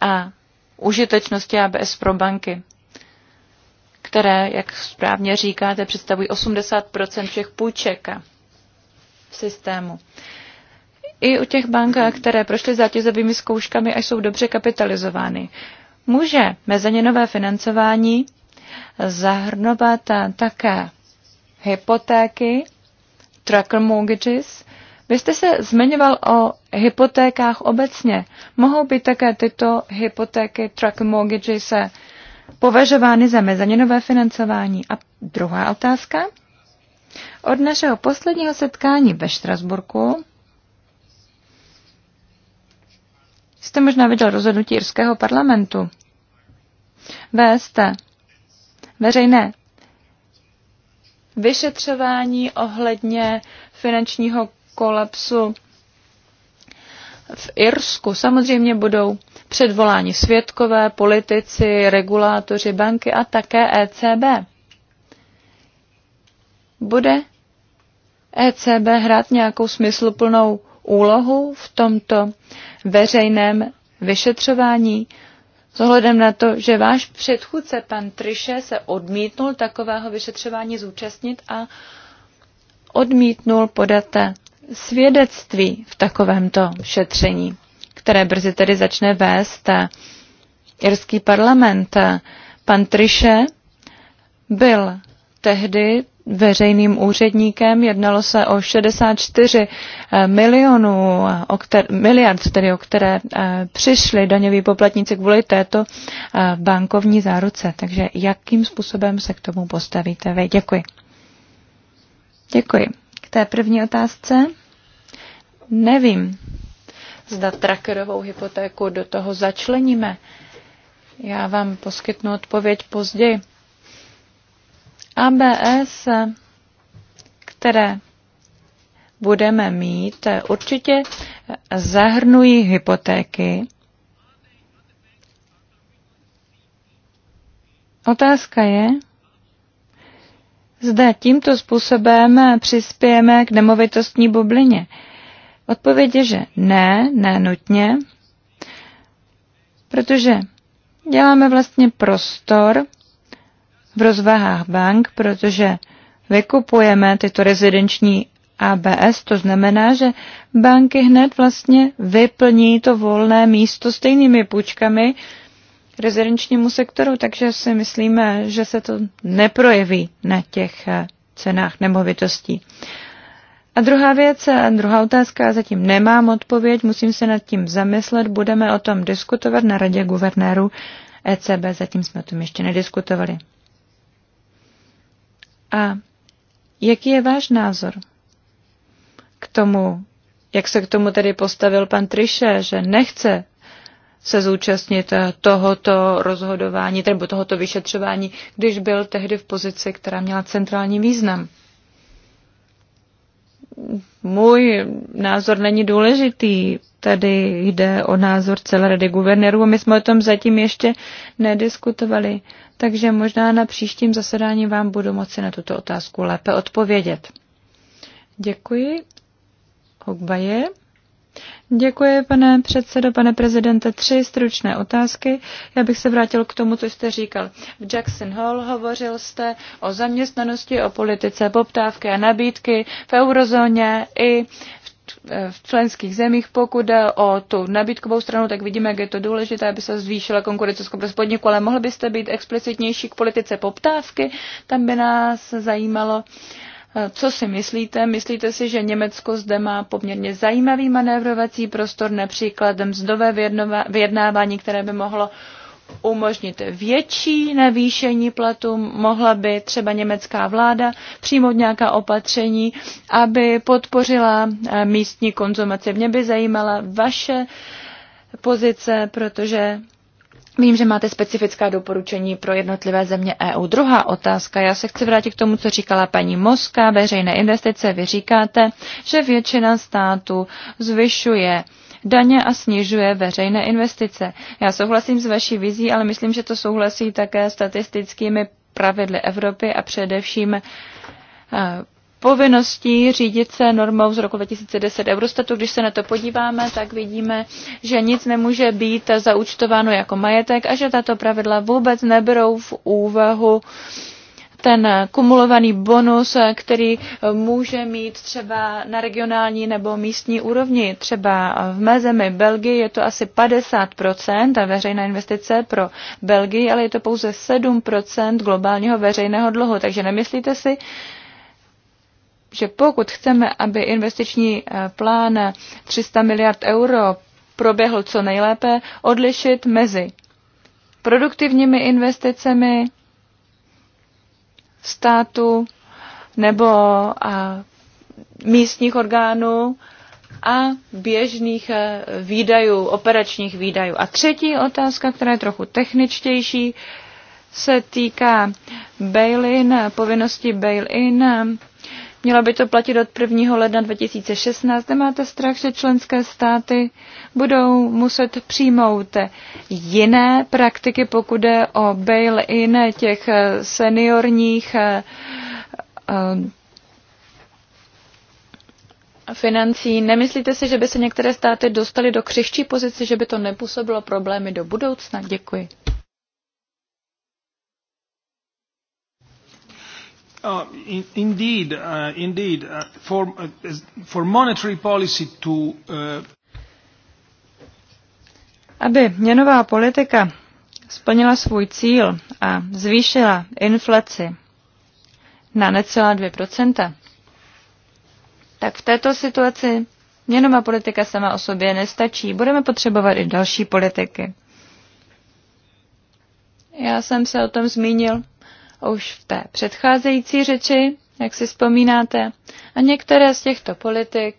a užitečnosti ABS pro banky? které, jak správně říkáte, představují 80 všech půjček v systému. I u těch bank, které prošly zátěžovými zkouškami a jsou dobře kapitalizovány, může mezaninové financování zahrnovat také hypotéky, tracker mortgages. Vy jste se zmiňoval o hypotékách obecně. Mohou být také tyto hypotéky, tracker mortgages považovány za mezaninové financování? A druhá otázka. Od našeho posledního setkání ve Štrasburku jste možná viděl rozhodnutí irského parlamentu vést veřejné vyšetřování ohledně finančního kolapsu v Irsku. Samozřejmě budou předvoláni svědkové, politici, regulátoři, banky a také ECB. Bude ECB hrát nějakou smysluplnou úlohu v tomto veřejném vyšetřování? Zohledem na to, že váš předchůdce, pan Triše, se odmítnul takového vyšetřování zúčastnit a odmítnul podat svědectví v takovémto šetření které brzy tedy začne vést irský parlament. Pan Triše byl tehdy veřejným úředníkem. Jednalo se o 64 eh, milionů, o kter, miliard, tedy o které eh, přišli daňoví poplatníci kvůli této eh, bankovní záruce. Takže jakým způsobem se k tomu postavíte vy? Děkuji. Děkuji. K té první otázce? Nevím zda trackerovou hypotéku do toho začleníme. Já vám poskytnu odpověď později. ABS, které budeme mít, určitě zahrnují hypotéky. Otázka je, zda tímto způsobem přispějeme k nemovitostní bublině. Odpověď je, že ne, ne nutně, protože děláme vlastně prostor v rozvahách bank, protože vykupujeme tyto rezidenční ABS, to znamená, že banky hned vlastně vyplní to volné místo stejnými půjčkami rezidenčnímu sektoru, takže si myslíme, že se to neprojeví na těch cenách nemovitostí. A druhá věc, a druhá otázka, zatím nemám odpověď, musím se nad tím zamyslet, budeme o tom diskutovat na radě guvernéru ECB, zatím jsme o tom ještě nediskutovali. A jaký je váš názor k tomu, jak se k tomu tedy postavil pan Triše, že nechce se zúčastnit tohoto rozhodování, nebo tohoto vyšetřování, když byl tehdy v pozici, která měla centrální význam? můj názor není důležitý. Tady jde o názor celé rady guvernérů a my jsme o tom zatím ještě nediskutovali. Takže možná na příštím zasedání vám budu moci na tuto otázku lépe odpovědět. Děkuji. Hokbaje. Děkuji, pane předsedo, pane prezidente. Tři stručné otázky. Já bych se vrátil k tomu, co jste říkal. V Jackson Hall hovořil jste o zaměstnanosti, o politice poptávky a nabídky v eurozóně i v členských zemích. Pokud jde o tu nabídkovou stranu, tak vidíme, jak je to důležité, aby se zvýšila konkurenceschopnost podniku, ale mohl byste být explicitnější k politice poptávky? Tam by nás zajímalo, uh, co si myslíte? Myslíte si, že Německo zde má poměrně zajímavý manévrovací prostor, například mzdové vyjednávání, které by mohlo umožnit větší navýšení platu, mohla by třeba německá vláda přijmout nějaká opatření, aby podpořila eh, místní konzumaci. Mě by zajímala vaše pozice, protože Vím, že máte specifická doporučení pro jednotlivé země EU. Druhá otázka. Já se chci vrátit k tomu, co říkala paní Moska, veřejné investice. Vy říkáte, že většina států zvyšuje daně a snižuje veřejné investice. Já souhlasím s vaší vizí, ale myslím, že to souhlasí také statistickými pravidly Evropy a především eh, povinností řídit se normou z roku 2010 Eurostatu. Když se na to podíváme, tak vidíme, že nic nemůže být zaúčtováno jako majetek a že tato pravidla vůbec neberou v úvahu ten kumulovaný bonus, který může mít třeba na regionální nebo místní úrovni. Třeba v mé zemi Belgii je to asi 50% a veřejná investice pro Belgii, ale je to pouze 7% globálního veřejného dluhu. Takže nemyslíte si, že pokud chceme, aby investiční eh, plán 300 miliard euro proběhl co nejlépe, odlišit mezi produktivními investicemi státu nebo a eh, místních orgánů a běžných eh, výdajů, operačních výdajů. A třetí otázka, která je trochu techničtější, se týká bail-in, povinnosti bail-in Mělo by to platit od 1. ledna 2016. Nemáte strach, že členské státy budou muset přijmout jiné praktiky, pokud jde o bail-in těch eh, seniorních eh, eh, financí. Nemyslíte si, že by se některé státy dostaly do křehčí pozice, že by to nepůsobilo problémy do budoucna? Děkuji. Uh, in, indeed, uh, indeed. Uh, for, uh, for monetary policy to, uh... Aby měnová politika splnila svůj cíl a zvýšila inflaci na necelá 2%, tak v této situaci měnová politika sama o sobě nestačí. Budeme potřebovat i další politiky. Já jsem se o tom zmínil už v té předcházející řeči, jak si vzpomínáte. A některé z těchto politik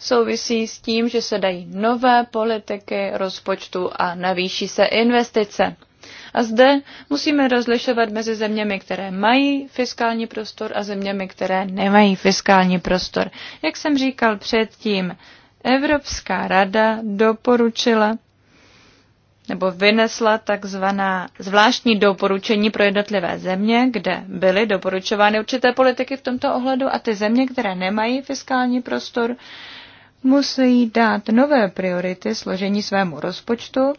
souvisí s tím, že se dají nové politiky rozpočtu a navýší se investice. A zde musíme rozlišovat mezi zeměmi, které mají fiskální prostor a zeměmi, které nemají fiskální prostor. Jak jsem říkal předtím, Evropská rada doporučila nebo vynesla takzvaná zvláštní doporučení pro jednotlivé země, kde byly doporučovány určité politiky v tomto ohledu a ty země, které nemají fiskální prostor, musí dát nové priority složení svému rozpočtu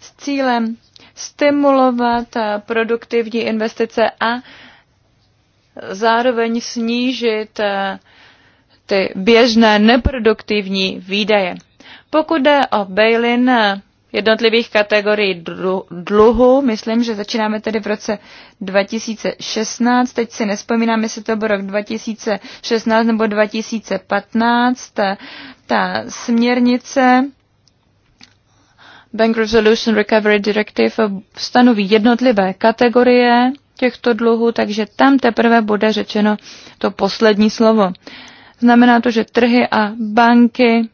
s cílem stimulovat produktivní investice a zároveň snížit eh, ty běžné neproduktivní výdaje. Pokud jde o bail-in eh, jednotlivých kategorií dluhu. Myslím, že začínáme tedy v roce 2016. Teď si nespomínám, jestli to byl rok 2016 nebo 2015. Ta, ta směrnice Bank Resolution Recovery Directive stanoví jednotlivé kategorie těchto dluhů, takže tam teprve bude řečeno to poslední slovo. Znamená to, že trhy a banky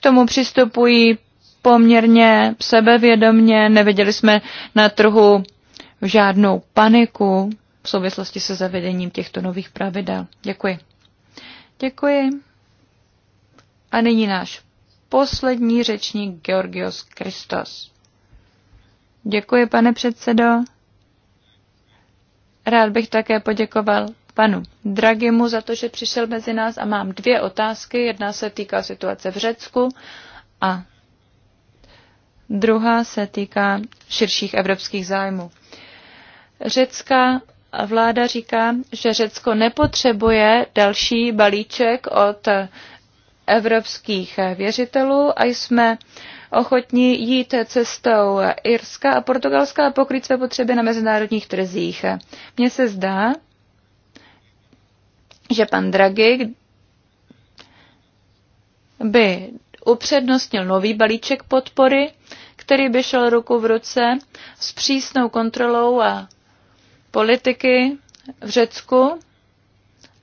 k tomu přistupují poměrně sebevědomně. Neviděli jsme na trhu žádnou paniku v souvislosti se zavedením těchto nových pravidel. Děkuji. Děkuji. A nyní náš poslední řečník Georgios Christos. Děkuji, pane předsedo. Rád bych také poděkoval panu Dragimu za to, že přišel mezi nás a mám dvě otázky. Jedna se týká situace v Řecku a druhá se týká širších evropských zájmů. Řecká vláda říká, že Řecko nepotřebuje další balíček od evropských věřitelů a jsme ochotní jít cestou Irska a Portugalska a pokryt své potřeby na mezinárodních trzích. Mně se zdá, že pan Draghi by upřednostnil nový balíček podpory, který by šel ruku v ruce s přísnou kontrolou a politiky v Řecku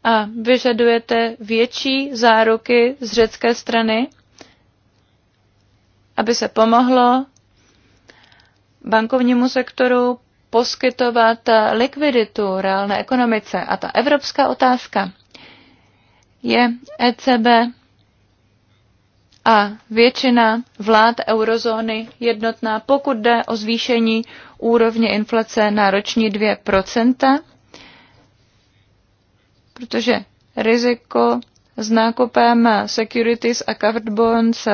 a vyžadujete větší záruky z řecké strany, aby se pomohlo bankovnímu sektoru, poskytovat likviditu reálné ekonomice. A ta evropská otázka je ECB a většina vlád eurozóny jednotná, pokud jde o zvýšení úrovně inflace na roční 2%, protože riziko s nákupem securities a covered bonds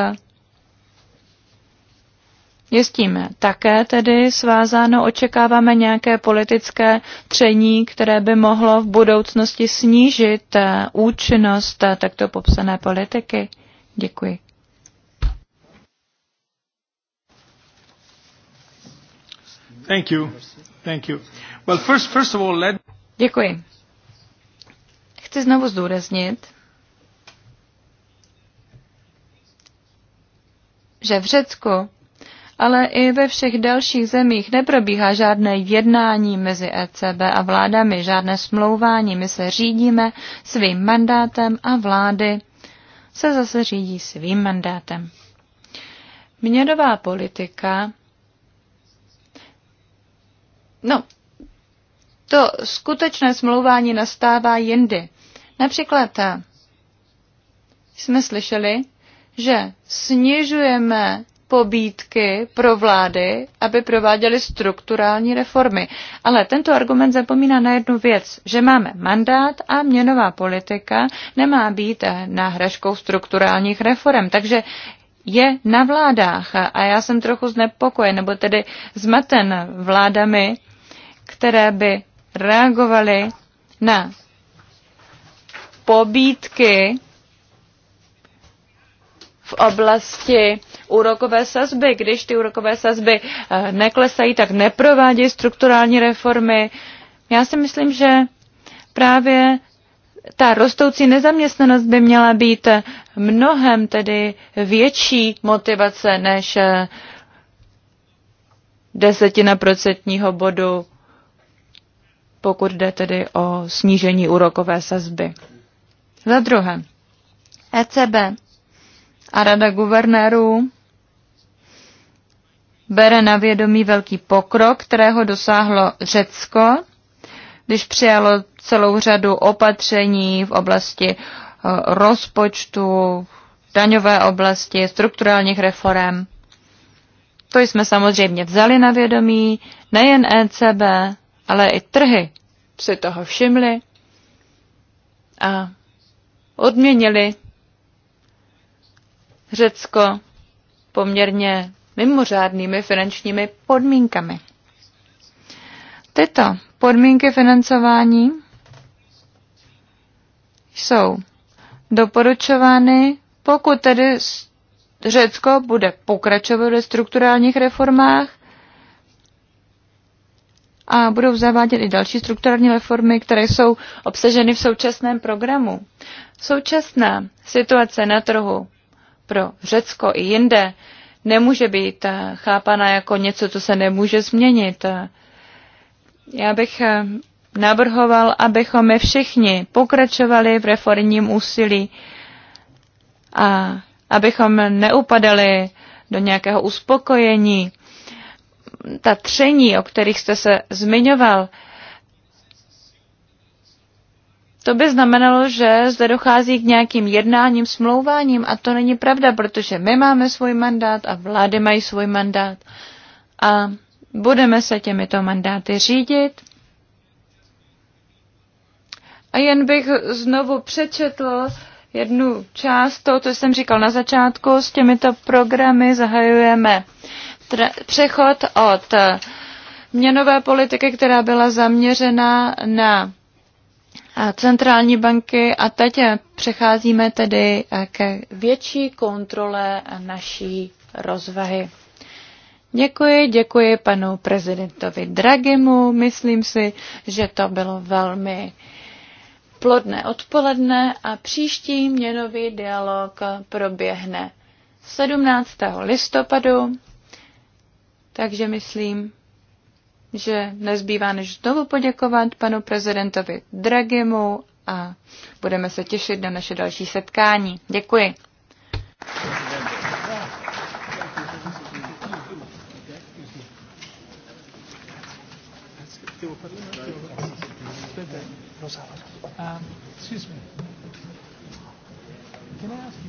je s tím také tedy svázáno, očekáváme nějaké politické tření, které by mohlo v budoucnosti snížit eh, účinnost eh, takto popsané politiky? Děkuji. Thank you. Thank you. Well, first, first of all, let... Děkuji. Chci znovu zdůraznit, že v Řecku ale i ve všech dalších zemích neprobíhá žádné jednání mezi ECB a vládami, žádné smlouvání. My se řídíme svým mandátem a vlády se zase řídí svým mandátem. Měnová politika. No, to skutečné smlouvání nastává jindy. Například eh, jsme slyšeli, že snižujeme pobídky pro vlády, aby prováděly strukturální reformy. Ale tento argument zapomíná na jednu věc, že máme mandát a měnová politika nemá být náhražkou strukturálních reform. Takže je na vládách a já jsem trochu znepokojen, nebo tedy zmaten vládami, které by reagovaly na pobídky v oblasti úrokové sazby. Když ty úrokové sazby eh, neklesají, tak neprovádějí strukturální reformy. Já si myslím, že právě ta rostoucí nezaměstnanost by měla být mnohem tedy větší motivace než eh, desetina procentního bodu, pokud jde tedy o snížení úrokové sazby. Za druhé, ECB a Rada guvernérů bere na vědomí velký pokrok, kterého dosáhlo Řecko, když přijalo celou řadu opatření v oblasti eh, rozpočtu, daňové oblasti, strukturálních reform. To jsme samozřejmě vzali na vědomí, nejen ECB, ale i trhy si toho všimli a odměnili Řecko poměrně mimořádnými finančními podmínkami. Tyto podmínky financování jsou doporučovány, pokud tedy Řecko bude pokračovat ve strukturálních reformách a budou zavádět i další strukturální reformy, které jsou obsaženy v současném programu. Současná situace na trhu pro Řecko i jinde nemůže být chápána jako něco, co se nemůže změnit. Já bych eh, navrhoval, abychom my všichni pokračovali v reformním úsilí a abychom neupadali do nějakého uspokojení. Ta tření, o kterých jste se zmiňoval, to by znamenalo, že zde dochází k nějakým jednáním, smlouváním a to není pravda, protože my máme svůj mandát a vlády mají svůj mandát a budeme se těmito mandáty řídit. A jen bych znovu přečetl jednu část toho, co jsem říkal na začátku. S těmito programy zahajujeme přechod od měnové politiky, která byla zaměřena na centrální banky a teď přecházíme tedy ke větší kontrole naší rozvahy. Děkuji, děkuji panu prezidentovi Dragimu. Myslím si, že to bylo velmi plodné odpoledne a příští měnový dialog proběhne 17. listopadu, takže myslím, že nezbývá než znovu poděkovat panu prezidentovi Dragimu a budeme se těšit na naše další setkání. Děkuji. Um, Can I ask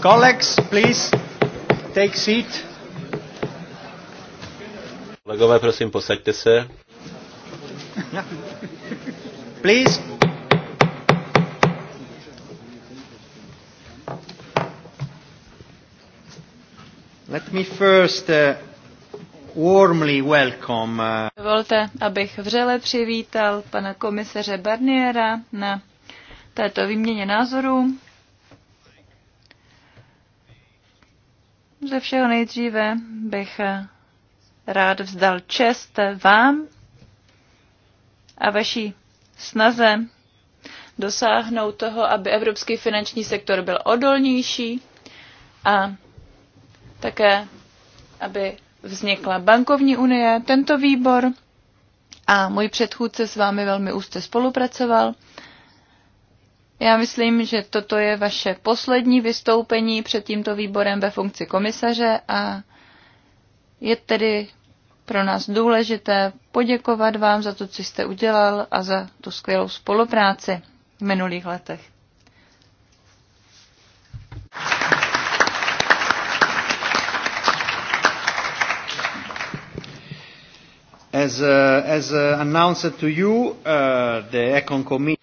Colleagues, please take seat. Kolegové, prosím, posaďte se. please. Let me first uh, warmly welcome. Uh... Dovolte, abych vřele přivítal pana komisaře Barniera na této výměně názorů Ze všeho nejdříve bych eh, rád vzdal čest vám a vaší snaze dosáhnout toho, aby evropský finanční sektor byl odolnější a také, aby vznikla bankovní unie. Tento výbor a můj předchůdce s vámi velmi úzce spolupracoval já myslím, že toto je vaše poslední vystoupení před tímto výborem ve funkci komisaře a je tedy pro nás důležité poděkovat vám za to, co jste udělal a za tu skvělou spolupráci v minulých letech. As, uh, as uh, announced to you, uh, the Econ Committee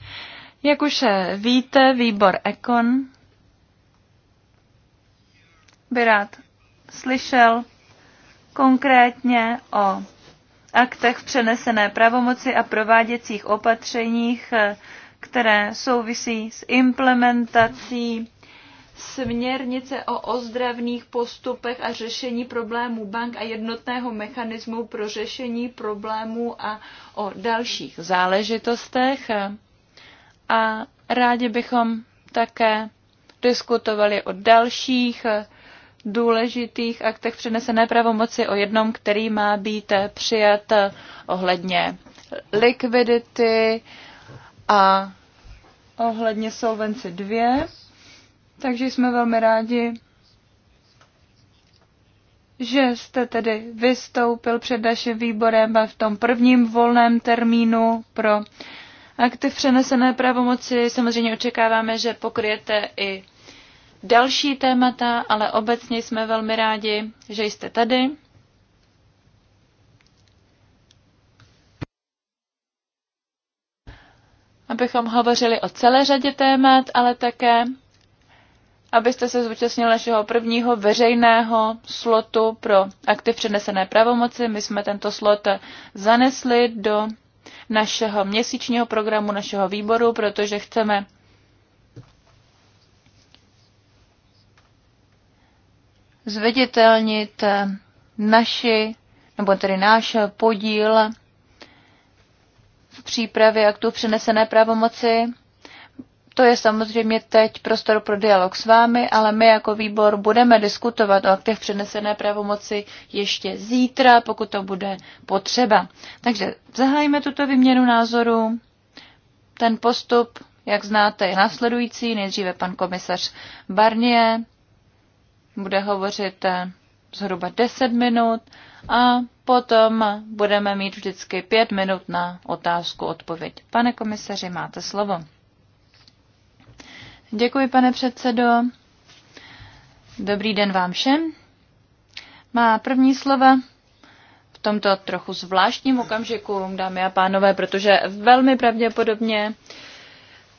jak už víte, výbor Ekon by rád slyšel konkrétně o aktech přenesené pravomoci a prováděcích opatřeních, které souvisí s implementací směrnice o ozdravných postupech a řešení problémů bank a jednotného mechanismu pro řešení problémů a o dalších záležitostech a rádi bychom také diskutovali o dalších eh, důležitých aktech přenesené pravomoci, o jednom, který má být eh, přijat eh, ohledně likvidity a ohledně solvenci 2. Takže jsme velmi rádi, že jste tedy vystoupil před naším výborem v tom prvním volném termínu pro ty přenesené pravomoci. Samozřejmě očekáváme, že pokryjete i další témata, ale obecně jsme velmi rádi, že jste tady. Abychom hovořili o celé řadě témat, ale také, abyste se zúčastnili našeho prvního veřejného slotu pro aktiv přenesené pravomoci. My jsme tento slot zanesli do našeho měsíčního programu, našeho výboru, protože chceme zveditelnit naši, nebo tedy náš podíl v přípravě aktu přenesené pravomoci to je samozřejmě teď prostor pro dialog s vámi, ale my jako výbor budeme diskutovat o aktech přenesené pravomoci ještě zítra, pokud to bude potřeba. Takže zahájíme tuto vyměnu názoru. Ten postup, jak znáte, je následující. Nejdříve pan komisař Barnier bude hovořit eh, zhruba 10 minut a potom budeme mít vždycky 5 minut na otázku odpověď. Pane komisaři, máte slovo. Děkuji, pane předsedo. Dobrý den vám všem. Má první slova v tomto trochu zvláštním okamžiku, dámy a pánové, protože velmi pravděpodobně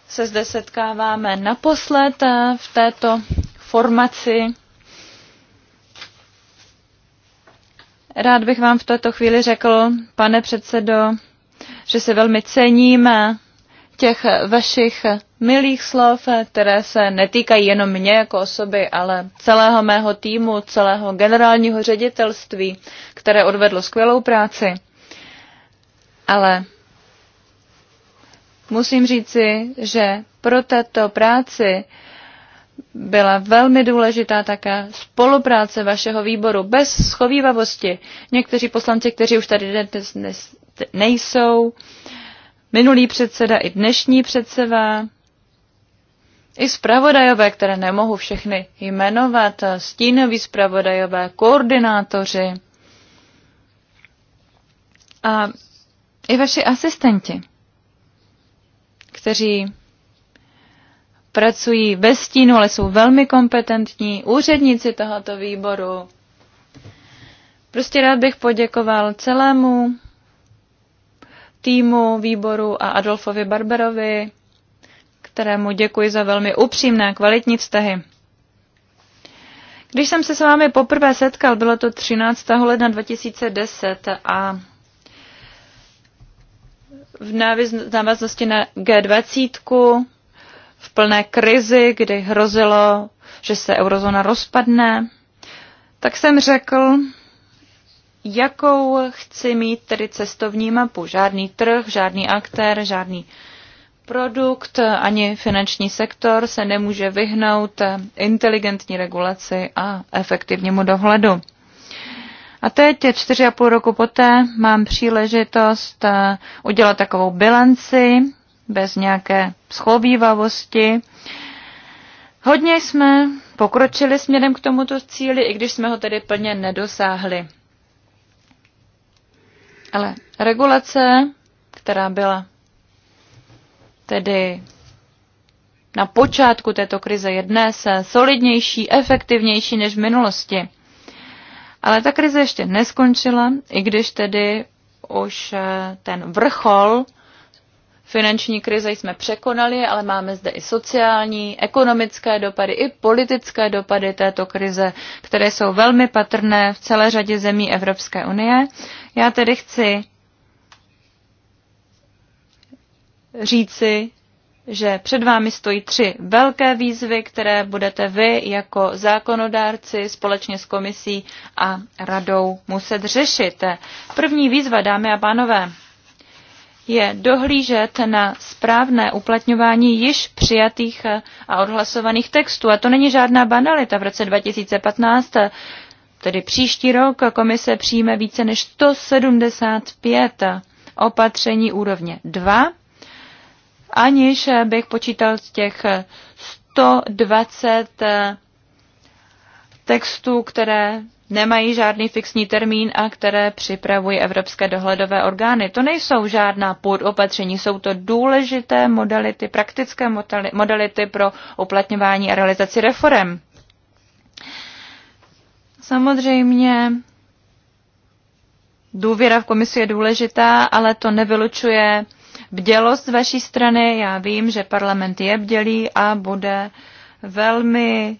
se zde setkáváme naposled v této formaci. Rád bych vám v této chvíli řekl, pane předsedo, že se velmi cením těch vašich milých slov, eh, které se netýkají jenom mě jako osoby, ale celého mého týmu, celého generálního ředitelství, které odvedlo skvělou práci. Ale musím říci, že pro tato práci byla velmi důležitá také spolupráce vašeho výboru bez schovývavosti. Někteří poslanci, kteří už tady dnes nejsou, minulý předseda i dnešní předseda, i zpravodajové, které nemohu všechny jmenovat, stínoví zpravodajové, koordinátoři a i vaši asistenti, kteří pracují ve stínu, ale jsou velmi kompetentní, úředníci tohoto výboru. Prostě rád bych poděkoval celému týmu výboru a Adolfovi Barberovi kterému děkuji za velmi upřímné kvalitní vztahy. Když jsem se s vámi poprvé setkal, bylo to 13. ledna 2010 a v návaznosti na G20 v plné krizi, kdy hrozilo, že se eurozóna rozpadne, tak jsem řekl, jakou chci mít tedy cestovní mapu. Žádný trh, žádný aktér, žádný produkt ani finanční sektor se nemůže vyhnout inteligentní regulaci a efektivnímu dohledu. A teď, čtyři a půl roku poté, mám příležitost eh, udělat takovou bilanci bez nějaké schovývavosti. Hodně jsme pokročili směrem k tomuto cíli, i když jsme ho tedy plně nedosáhli. Ale regulace, která byla tedy na počátku této krize je dnes solidnější, efektivnější než v minulosti. Ale ta krize ještě neskončila, i když tedy už eh, ten vrchol finanční krize jsme překonali, ale máme zde i sociální, ekonomické dopady, i politické dopady této krize, které jsou velmi patrné v celé řadě zemí Evropské unie. Já tedy chci říci, že před vámi stojí tři velké výzvy, které budete vy jako zákonodárci společně s komisí a radou muset řešit. První výzva, dámy a pánové, je dohlížet na správné uplatňování již přijatých a odhlasovaných textů. A to není žádná banalita. V roce 2015, tedy příští rok, komise přijme více než 175 opatření úrovně 2 aniž bych počítal z těch 120 eh, textů, které nemají žádný fixní termín a které připravují evropské dohledové orgány. To nejsou žádná podopatření, jsou to důležité modality, praktické modality pro uplatňování a realizaci reform. Samozřejmě důvěra v komisi je důležitá, ale to nevylučuje bdělost z vaší strany. Já vím, že parlament je bdělý a bude velmi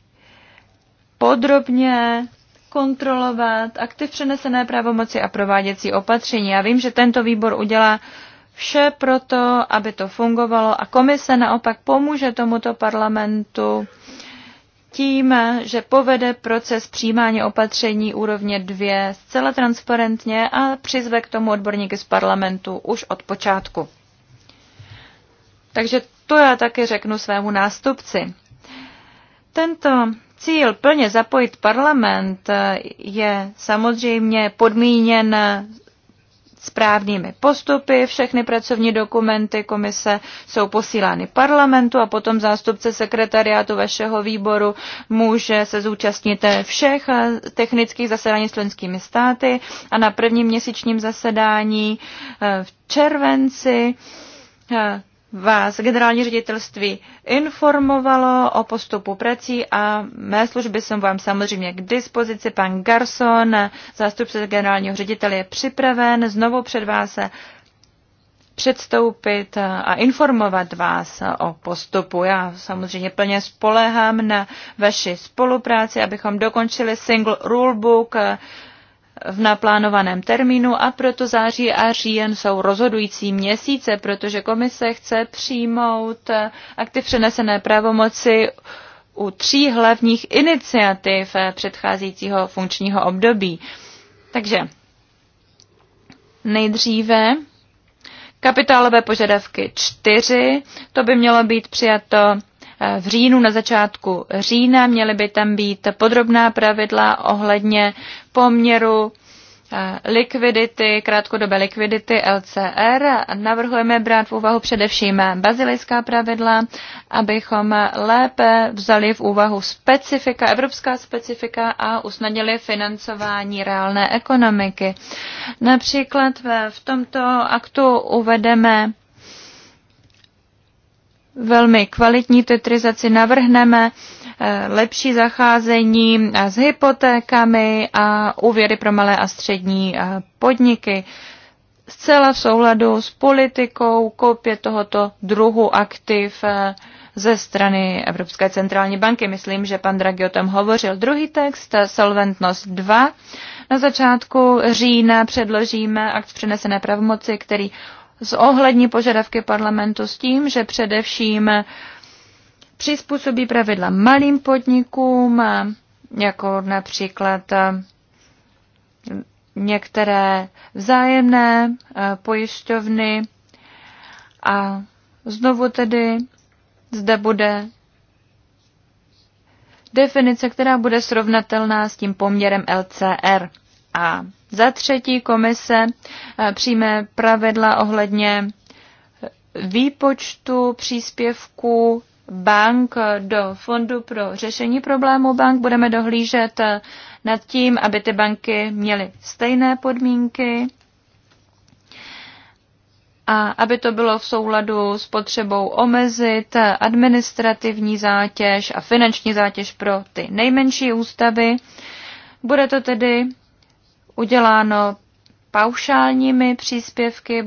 podrobně kontrolovat aktiv přenesené pravomoci a prováděcí opatření. Já vím, že tento výbor udělá vše proto, aby to fungovalo a komise naopak pomůže tomuto parlamentu tím, že povede proces přijímání opatření úrovně 2 zcela transparentně a přizve k tomu odborníky z parlamentu už od počátku. Takže to já taky řeknu svému nástupci. Tento cíl plně zapojit parlament je samozřejmě podmíněn správnými postupy. Všechny pracovní dokumenty komise jsou posílány parlamentu a potom zástupce sekretariátu vašeho výboru může se zúčastnit všech technických zasedání s členskými státy a na prvním měsíčním zasedání v červenci vás generální ředitelství informovalo o postupu prací a mé služby jsem vám samozřejmě k dispozici. Pan Garson, zástupce generálního ředitele, je připraven znovu před vás předstoupit a informovat vás o postupu. Já samozřejmě plně spolehám na vaši spolupráci, abychom dokončili single rulebook, v naplánovaném termínu a proto září a říjen jsou rozhodující měsíce, protože komise chce přijmout eh, akty přenesené pravomoci u tří hlavních iniciativ eh, předcházejícího funkčního období. Takže nejdříve kapitálové požadavky 4, to by mělo být přijato Eh, v říjnu, na začátku října. Měly by tam být podrobná pravidla ohledně poměru eh, likvidity, krátkodobé likvidity LCR. Navrhujeme brát v úvahu především bazilická pravidla, abychom lépe vzali v úvahu specifika, evropská specifika a usnadnili financování reálné ekonomiky. Například v tomto aktu uvedeme velmi kvalitní tetrizaci, navrhneme eh, lepší zacházení eh, s hypotékami a úvěry pro malé a střední eh, podniky. Zcela v souladu s politikou koupě tohoto druhu aktiv ze strany Evropské centrální banky. Myslím, že pan Draghi o tom hovořil. Druhý text, Solventnost 2. Na začátku října předložíme akt přenesené pravomoci, který zohlední požadavky parlamentu s tím, že především přizpůsobí pravidla malým podnikům, jako například eh, některé vzájemné eh, pojišťovny a znovu tedy zde bude definice, která bude srovnatelná s tím poměrem LCR. A za třetí komise eh, přijme pravidla ohledně výpočtu příspěvků bank do fondu pro řešení problémů bank. Budeme dohlížet eh, nad tím, aby ty banky měly stejné podmínky a aby to bylo v souladu s potřebou omezit administrativní zátěž a finanční zátěž pro ty nejmenší ústavy. Bude to tedy uděláno paušálními příspěvky.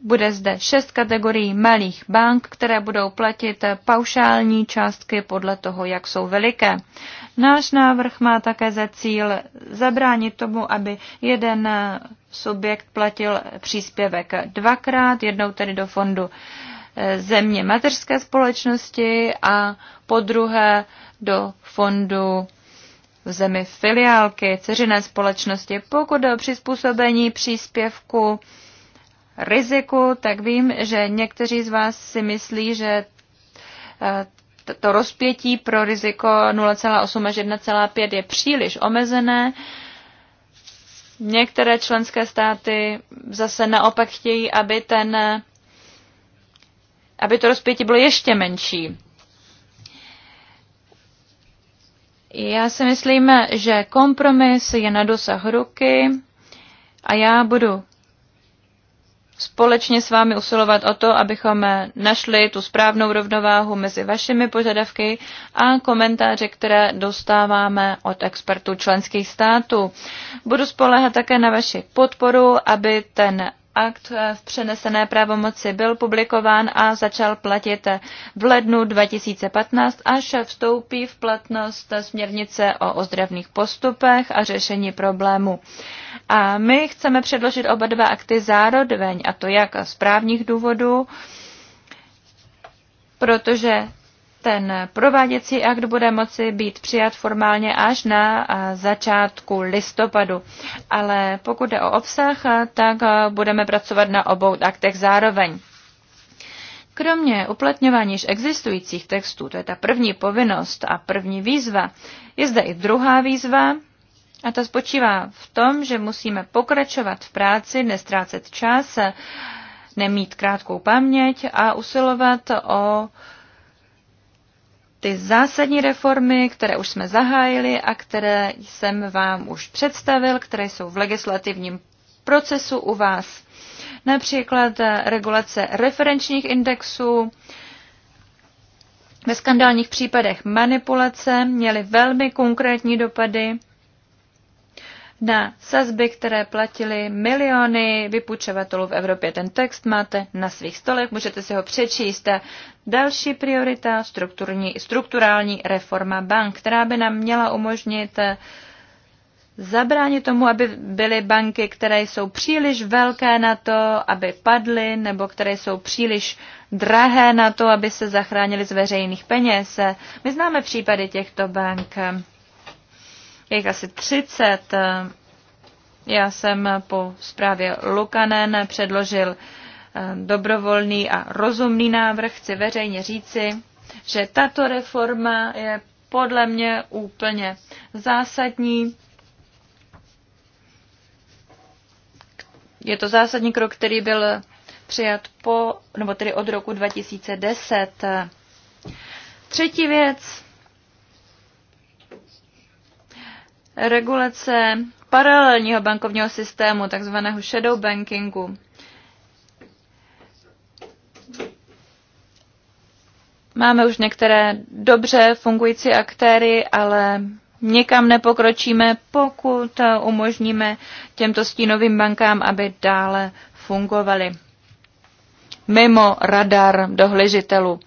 Bude zde šest kategorií malých bank, které budou platit paušální částky podle toho, jak jsou veliké. Náš návrh má také za cíl zabránit tomu, aby jeden subjekt platil příspěvek dvakrát, jednou tedy do fondu země mateřské společnosti a po druhé do fondu v zemi filiálky, ceřiné společnosti. Pokud o přizpůsobení příspěvku riziku, tak vím, že někteří z vás si myslí, že eh, to rozpětí pro riziko 0,8 až 1,5 je příliš omezené. Některé členské státy zase naopak chtějí, aby ten eh, aby to rozpětí bylo ještě menší. Já si myslím, že kompromis je na dosah ruky a já budu společně s vámi usilovat o to, abychom našli tu správnou rovnováhu mezi vašimi požadavky a komentáře, které dostáváme od expertů členských států. Budu spolehat také na vaši podporu, aby ten akt v přenesené pravomoci byl publikován a začal platit v lednu 2015, až vstoupí v platnost směrnice o ozdravných postupech a řešení problému. A my chceme předložit oba dva akty zároveň, a to jak z právních důvodů, protože ten prováděcí akt bude moci být přijat formálně až na začátku listopadu. Ale pokud jde o obsah, tak budeme pracovat na obou aktech zároveň. Kromě uplatňování již existujících textů, to je ta první povinnost a první výzva, je zde i druhá výzva, a ta spočívá v tom, že musíme pokračovat v práci, nestrácet čas, nemít krátkou paměť a usilovat o ty zásadní reformy, které už jsme zahájili a které jsem vám už představil, které jsou v legislativním procesu u vás. Například eh, regulace referenčních indexů, ve skandálních případech manipulace měly velmi konkrétní dopady na sazby, které platili miliony vypůjčovatelů v Evropě. Ten text máte na svých stolech, můžete si ho přečíst. další priorita, strukturální reforma bank, která by nám měla umožnit eh, zabránit tomu, aby byly banky, které jsou příliš velké na to, aby padly, nebo které jsou příliš drahé na to, aby se zachránili z veřejných peněz. My známe případy těchto bank je jich asi 30. Já jsem po zprávě Lukanen předložil eh, dobrovolný a rozumný návrh. Chci veřejně říci, že tato reforma je podle mě úplně zásadní. Je to zásadní krok, který byl přijat po, nebo tedy od roku 2010. Třetí věc, regulace paralelního bankovního systému, takzvaného shadow bankingu. Máme už některé dobře fungující aktéry, ale někam nepokročíme, pokud umožníme těmto stínovým bankám, aby dále fungovaly mimo radar dohležitelů.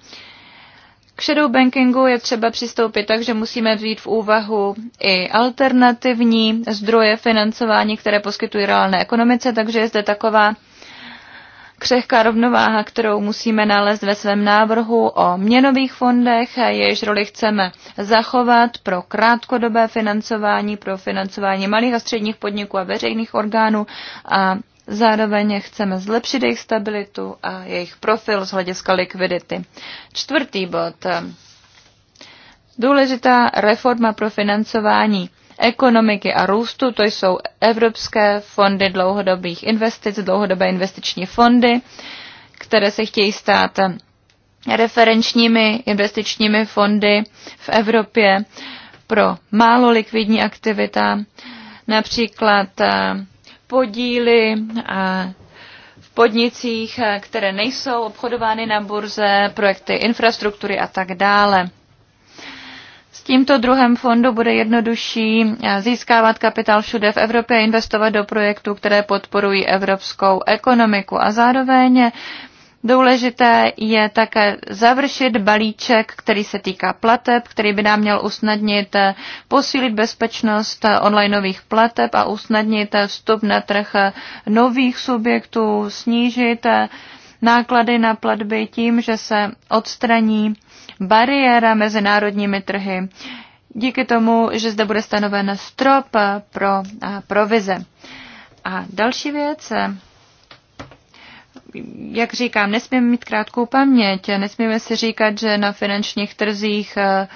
K shadow bankingu je třeba přistoupit tak, že musíme vzít v úvahu i alternativní zdroje financování, které poskytují reálné ekonomice, takže je zde taková křehká rovnováha, kterou musíme nalézt ve svém návrhu o měnových fondech, jež roli chceme zachovat pro krátkodobé financování, pro financování malých a středních podniků a veřejných orgánů a Zároveň chceme zlepšit jejich stabilitu a jejich profil z hlediska likvidity. Čtvrtý bod. Důležitá reforma pro financování ekonomiky a růstu, to jsou evropské fondy dlouhodobých investic, dlouhodobé investiční fondy, které se chtějí stát referenčními investičními fondy v Evropě pro málo likvidní aktivita, například eh, podíly v podnicích, které nejsou obchodovány na burze, projekty infrastruktury a tak dále. S tímto druhém fondu bude jednodušší získávat kapitál všude v Evropě a investovat do projektů, které podporují evropskou ekonomiku a zároveň Důležité je také završit balíček, který se týká plateb, který by nám měl usnadnit eh, posílit bezpečnost eh, onlineových plateb a usnadnit eh, vstup na trh nových subjektů, snížit náklady na platby tím, že se odstraní bariéra mezi národními trhy díky tomu, že zde bude stanoven strop pro provize. A další věc, jak říkám, nesmíme mít krátkou paměť, nesmíme si říkat, že na finančních trzích eh,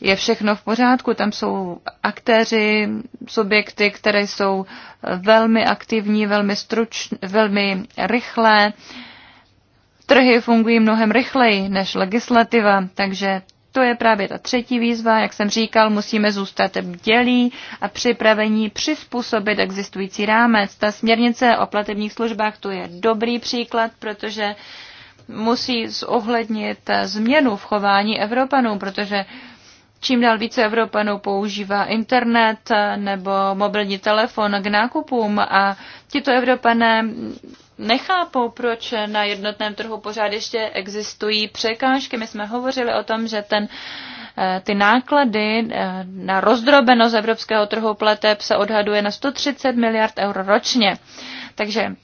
je všechno v pořádku. Tam jsou aktéři, subjekty, které jsou eh, velmi aktivní, velmi, struč, velmi rychlé. Trhy fungují mnohem rychleji než legislativa, takže to je právě ta třetí výzva. Jak jsem říkal, musíme zůstat bdělí a připravení přizpůsobit existující rámec. Ta směrnice o platebních službách to je dobrý příklad, protože musí zohlednit změnu v chování Evropanů, protože čím dál více Evropanů používá internet nebo mobilní telefon k nákupům a tito Evropané nechápou, proč na jednotném trhu pořád ještě existují překážky. My jsme hovořili o tom, že ten, eh, ty náklady eh, na rozdrobenost evropského trhu pleteb se odhaduje na 130 miliard eur ročně. Takže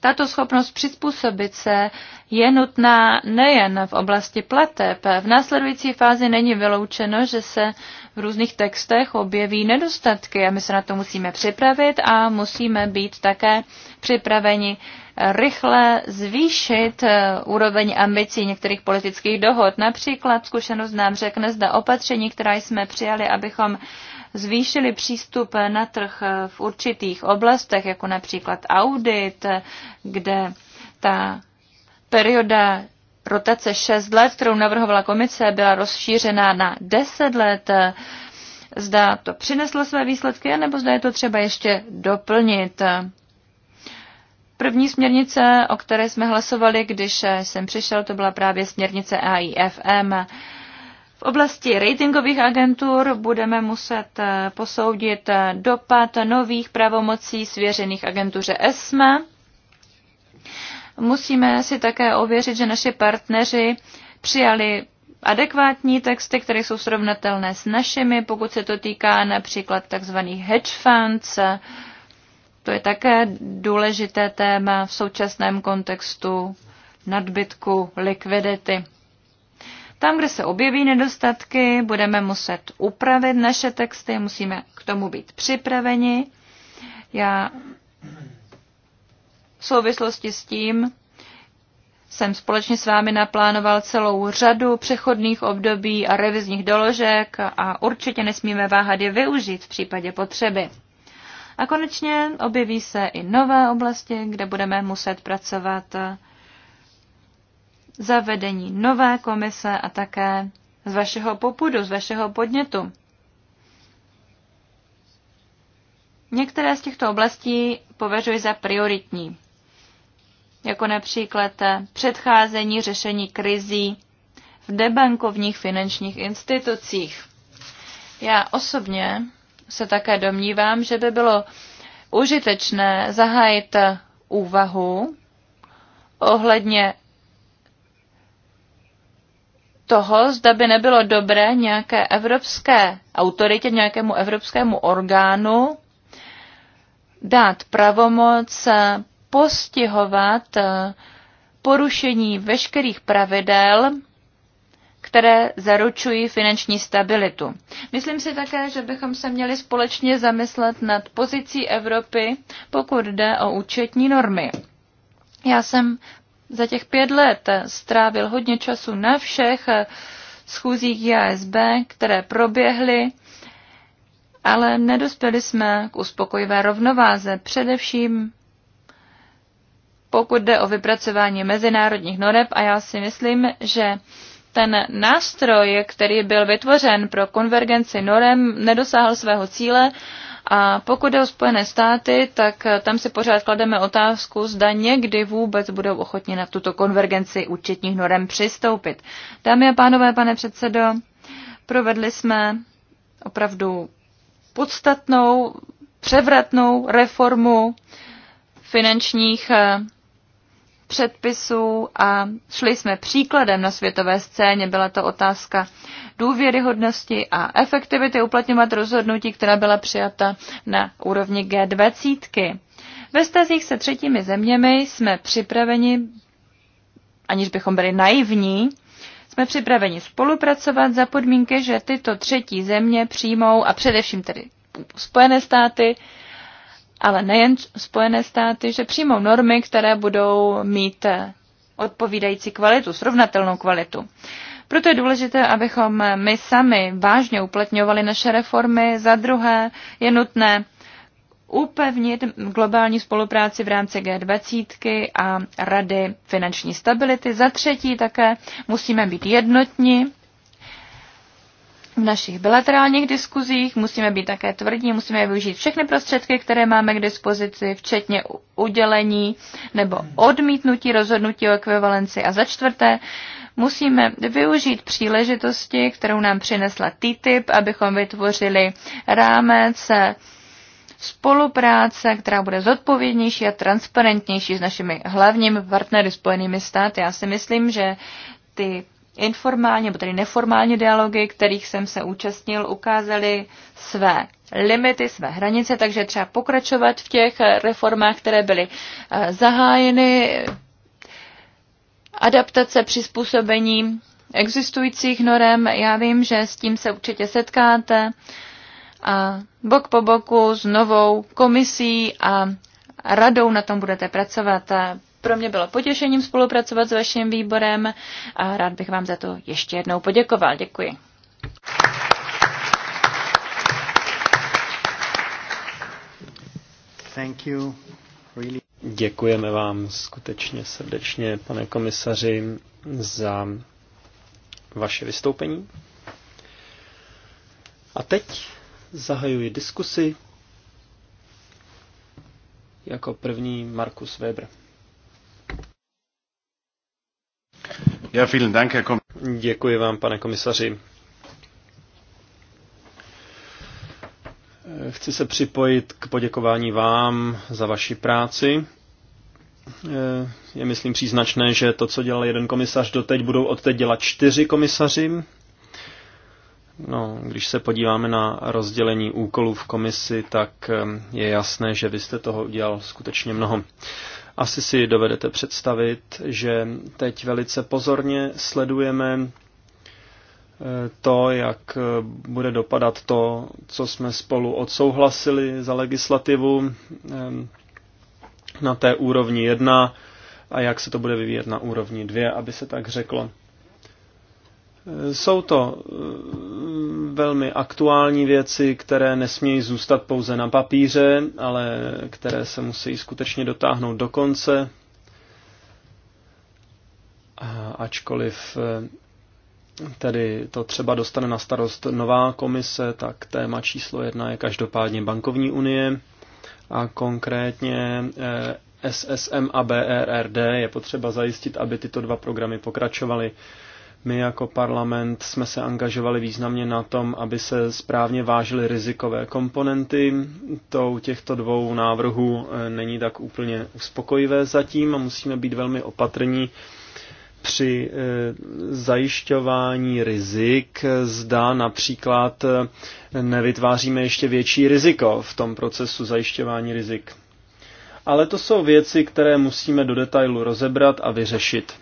tato schopnost přizpůsobit se je nutná nejen v oblasti plateb. V následující fázi není vyloučeno, že se v různých textech objeví nedostatky a my se na to musíme připravit a musíme být také připraveni rychle zvýšit eh, úroveň ambicí některých politických dohod. Například zkušenost nám řekne, zda opatření, která jsme přijali, abychom zvýšili přístup na trh eh, v určitých oblastech, jako například audit, eh, kde ta perioda rotace 6 let, kterou navrhovala komise, byla rozšířena na 10 let. Zda to přineslo své výsledky, nebo zda je to třeba ještě doplnit. První směrnice, o které jsme hlasovali, když jsem přišel, to byla právě směrnice AIFM. V oblasti ratingových agentur budeme muset posoudit dopad nových pravomocí svěřených agentuře ESMA Musíme si také ověřit, že naši partneři přijali adekvátní texty, které jsou srovnatelné s našimi, pokud se to týká například tzv. hedge funds. To je také důležité téma v současném kontextu nadbytku likvidity. Tam, kde se objeví nedostatky, budeme muset upravit naše texty, musíme k tomu být připraveni. Já v souvislosti s tím jsem společně s vámi naplánoval celou řadu přechodných období a revizních doložek a určitě nesmíme váhat je využít v případě potřeby. A konečně objeví se i nové oblasti, kde budeme muset pracovat zavedení nové komise a také z vašeho popudu, z vašeho podnětu. Některé z těchto oblastí považuji za prioritní jako například eh, předcházení řešení krizí v debankovních finančních institucích. Já osobně se také domnívám, že by bylo užitečné zahájit eh, úvahu ohledně toho, zda by nebylo dobré nějaké evropské autoritě, nějakému evropskému orgánu dát pravomoc eh, postihovat eh, porušení veškerých pravidel, které zaručují finanční stabilitu. Myslím si také, že bychom se měli společně zamyslet nad pozicí Evropy, pokud jde o účetní normy. Já jsem za těch pět let strávil hodně času na všech eh, schůzích JASB, které proběhly, ale nedospěli jsme k uspokojivé rovnováze, především pokud jde o vypracování mezinárodních noreb a já si myslím, že ten nástroj, který byl vytvořen pro konvergenci norem, nedosáhl svého cíle a pokud jde o Spojené státy, tak tam si pořád klademe otázku, zda někdy vůbec budou ochotni na tuto konvergenci účetních norem přistoupit. Dámy a pánové, pane předsedo, provedli jsme opravdu podstatnou, převratnou reformu finančních eh, předpisů a šli jsme příkladem na světové scéně. Byla to otázka důvěryhodnosti a efektivity uplatňovat rozhodnutí, která byla přijata na úrovni G20. Ve stazích se třetími zeměmi jsme připraveni, aniž bychom byli naivní, jsme připraveni spolupracovat za podmínky, že tyto třetí země přijmou, a především tedy Spojené státy, ale nejen Spojené státy, že přijmou normy, které budou mít eh, odpovídající kvalitu, srovnatelnou kvalitu. Proto je důležité, abychom eh, my sami vážně uplatňovali naše reformy. Za druhé je nutné upevnit globální spolupráci v rámci G20 a Rady finanční stability. Za třetí také musíme být jednotní v našich bilaterálních diskuzích, musíme být také tvrdí, musíme využít všechny prostředky, které máme k dispozici, včetně udělení nebo odmítnutí rozhodnutí o ekvivalenci. A za čtvrté, musíme využít příležitosti, kterou nám přinesla TTIP, abychom vytvořili rámec spolupráce, která bude zodpovědnější a transparentnější s našimi hlavními partnery Spojenými státy. Já si myslím, že ty informálně, nebo tedy neformálně dialogy, kterých jsem se účastnil, ukázaly své limity, své hranice, takže třeba pokračovat v těch eh, reformách, které byly eh, zahájeny, adaptace, přizpůsobení existujících norem. Já vím, že s tím se určitě setkáte a bok po boku s novou komisí a radou na tom budete pracovat pro mě bylo potěšením spolupracovat s vaším výborem a rád bych vám za to ještě jednou poděkoval. Děkuji. Thank you. Really. Děkujeme vám skutečně srdečně, pane komisaři, za vaše vystoupení. A teď zahajuji diskusi. Jako první Markus Weber. Děkuji vám, pane komisaři. Chci se připojit k poděkování vám za vaši práci. Je, myslím, příznačné, že to, co dělal jeden komisař doteď, budou odteď dělat čtyři komisaři. No, když se podíváme na rozdělení úkolů v komisi, tak eh, je jasné, že vy jste toho udělal skutečně mnoho. Asi si dovedete představit, že teď velice pozorně sledujeme eh, to, jak eh, bude dopadat to, co jsme spolu odsouhlasili za legislativu eh, na té úrovni 1 a jak se to bude vyvíjet na úrovni 2, aby se tak řeklo. Jsou to eh, velmi aktuální věci, které nesmějí zůstat pouze na papíře, ale které se musí skutečně dotáhnout do konce. Ačkoliv eh, tedy to třeba dostane na starost nová komise, tak téma číslo jedna je každopádně bankovní unie a konkrétně eh, SSM a BRRD e je potřeba zajistit, aby tyto dva programy pokračovaly. My jako parlament jsme se angažovali významně na tom, aby se správně vážily rizikové komponenty. To u těchto dvou návrhů eh, není tak úplně uspokojivé zatím a musíme být velmi opatrní při eh, zajišťování rizik, zda například eh, nevytváříme ještě větší riziko v tom procesu zajišťování rizik. Ale to jsou věci, které musíme do detailu rozebrat a vyřešit.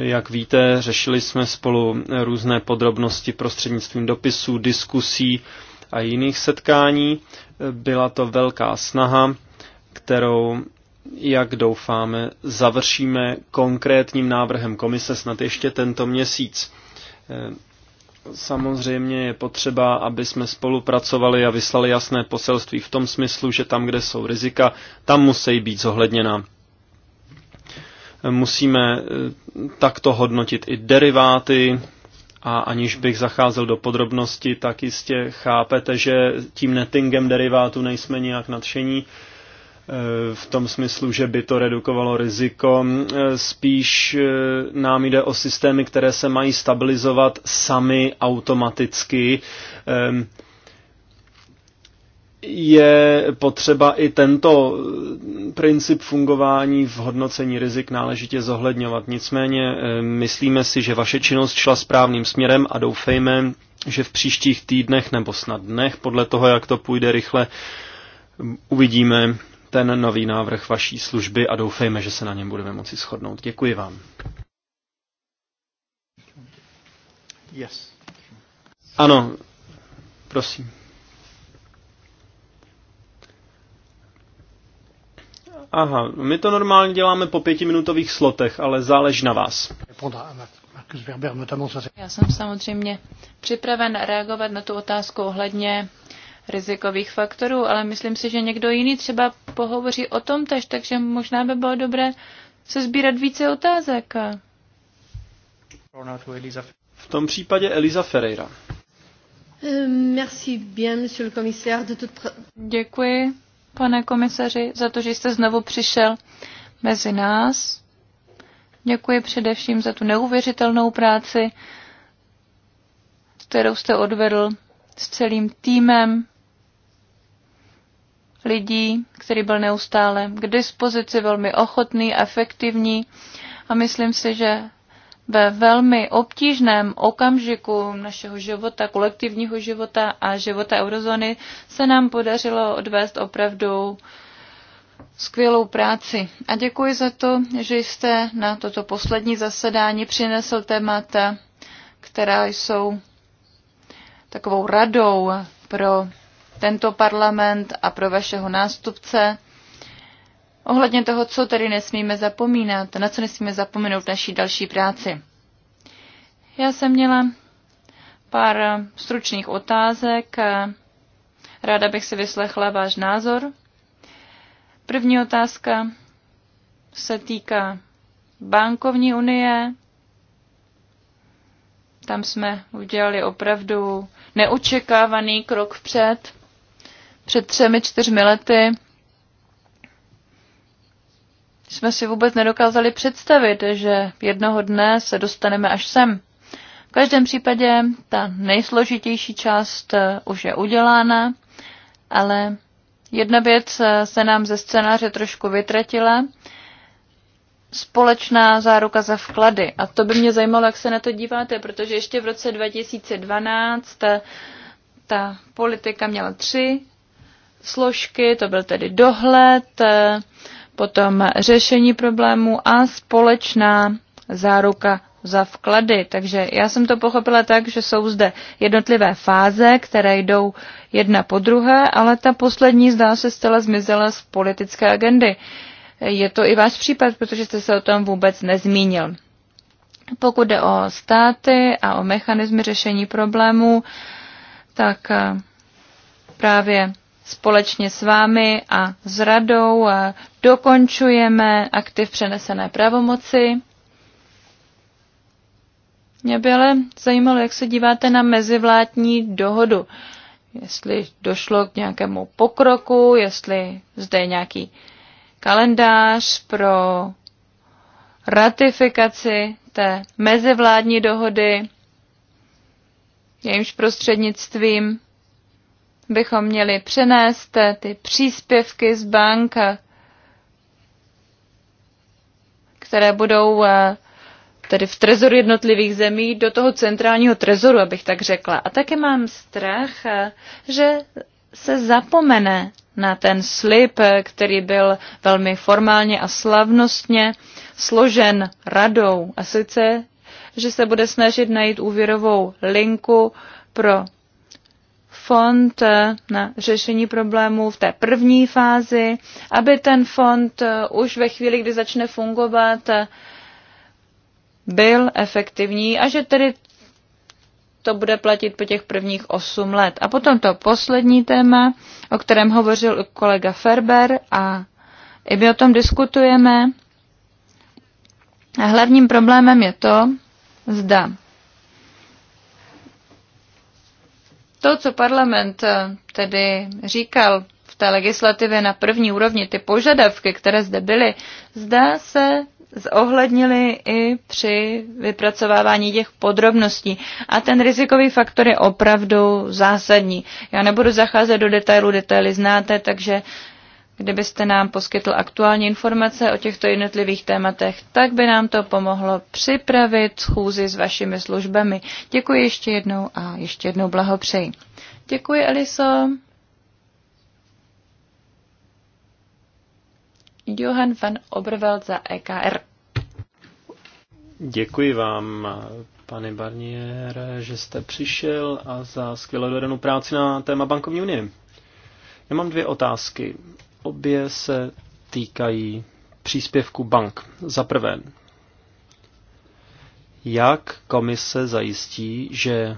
Jak víte, řešili jsme spolu různé podrobnosti prostřednictvím dopisů, diskusí a jiných setkání. Byla to velká snaha, kterou, jak doufáme, završíme konkrétním návrhem komise snad ještě tento měsíc. Samozřejmě je potřeba, aby jsme spolupracovali a vyslali jasné poselství v tom smyslu, že tam, kde jsou rizika, tam musí být zohledněna. Musíme eh, takto hodnotit i deriváty, a aniž bych zacházel do podrobnosti, tak jistě chápete, že tím nettingem derivátu nejsme nijak nadšení eh, v tom smyslu, že by to redukovalo riziko. Eh, spíš nám jde o systémy, které se mají stabilizovat sami automaticky ehm, je potřeba i tento princip fungování v hodnocení rizik náležitě zohledňovat. Nicméně eh, myslíme si, že vaše činnost šla správným směrem a doufejme, že v příštích týdnech nebo snad dnech, podle toho, jak to půjde rychle, uvidíme ten nový návrh vaší služby a doufejme, že se na něm budeme moci shodnout. Děkuji vám. Yes. Ano, prosím. Aha, my to normálně děláme po pětiminutových slotech, ale záleží na vás. Já jsem samozřejmě připraven reagovat na tu otázku ohledně rizikových faktorů, ale myslím si, že někdo jiný třeba pohovoří o tom tež, takže možná by bylo dobré se sbírat více otázek. V tom případě Eliza Ferreira. Ehm, merci bien, monsieur le commissaire. De toute... Děkuji, pane komisaři, za to, že jste znovu přišel mezi nás. Děkuji především za tu neuvěřitelnou práci, kterou jste odvedl s celým týmem lidí, který byl neustále k dispozici, velmi ochotný, efektivní a myslím si, že ve velmi obtížném okamžiku našeho života, kolektivního života a života eurozóny se nám podařilo odvést opravdu skvělou práci. A děkuji za to, že jste na toto poslední zasedání přinesl témata, která jsou takovou radou pro tento parlament a pro vašeho nástupce ohledně toho, co tedy nesmíme zapomínat, na co nesmíme zapomenout v naší další práci. Já jsem měla pár stručných otázek. Ráda bych si vyslechla váš názor. První otázka se týká bankovní unie. Tam jsme udělali opravdu neočekávaný krok vpřed. Před třemi, čtyřmi lety jsme si vůbec nedokázali představit, že jednoho dne se dostaneme až sem. V každém případě ta nejsložitější část eh, už je udělána, ale jedna věc eh, se nám ze scénáře trošku vytratila. Společná záruka za vklady. A to by mě zajímalo, jak se na to díváte, protože ještě v roce 2012 ta, eh, ta politika měla tři složky, to byl tedy dohled, potom řešení problémů a společná záruka za vklady. Takže já jsem to pochopila tak, že jsou zde jednotlivé fáze, které jdou jedna po druhé, ale ta poslední zdá se zcela zmizela z politické agendy. Je to i váš případ, protože jste se o tom vůbec nezmínil. Pokud jde o státy a o mechanizmy řešení problémů, tak eh, právě společně s vámi a s radou dokončujeme aktiv přenesené pravomoci. Mě by ale zajímalo, jak se díváte na mezivládní dohodu. Jestli došlo k nějakému pokroku, jestli zde je nějaký kalendář pro ratifikaci té mezivládní dohody, jejímž prostřednictvím bychom měli přenést ty příspěvky z bank, které budou eh, tedy v trezoru jednotlivých zemí do toho centrálního trezoru, abych tak řekla. A také mám strach, eh, že se zapomene na ten slib, eh, který byl velmi formálně a slavnostně složen radou. A sice, že se bude snažit najít úvěrovou linku pro fond eh, na řešení problémů v té první fázi, aby ten fond eh, už ve chvíli, kdy začne fungovat, eh, byl efektivní a že tedy to bude platit po těch prvních 8 let. A potom to poslední téma, o kterém hovořil kolega Ferber a i my o tom diskutujeme. A hlavním problémem je to, zda To, co parlament eh, tedy říkal v té legislativě na první úrovni, ty požadavky, které zde byly, zdá se zohlednili i při vypracovávání těch podrobností. A ten rizikový faktor je opravdu zásadní. Já nebudu zacházet do detailů, detaily znáte, takže Kdybyste nám poskytl aktuální informace o těchto jednotlivých tématech, tak by nám to pomohlo připravit schůzi s vašimi službami. Děkuji ještě jednou a ještě jednou blahopřeji. Děkuji, Eliso. Johan van Oberveld za EKR. Děkuji vám, pane Barnier, že jste přišel a za skvěle dovedenou práci na téma bankovní unie. Já mám dvě otázky. Obě se týkají příspěvku bank. Za prvé, jak komise zajistí, že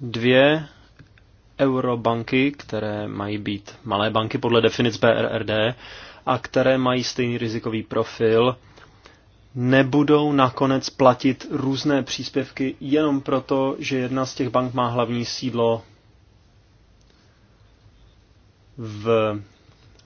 dvě eurobanky, které mají být malé banky podle definic BRRD a které mají stejný rizikový profil, nebudou nakonec platit různé příspěvky jenom proto, že jedna z těch bank má hlavní sídlo v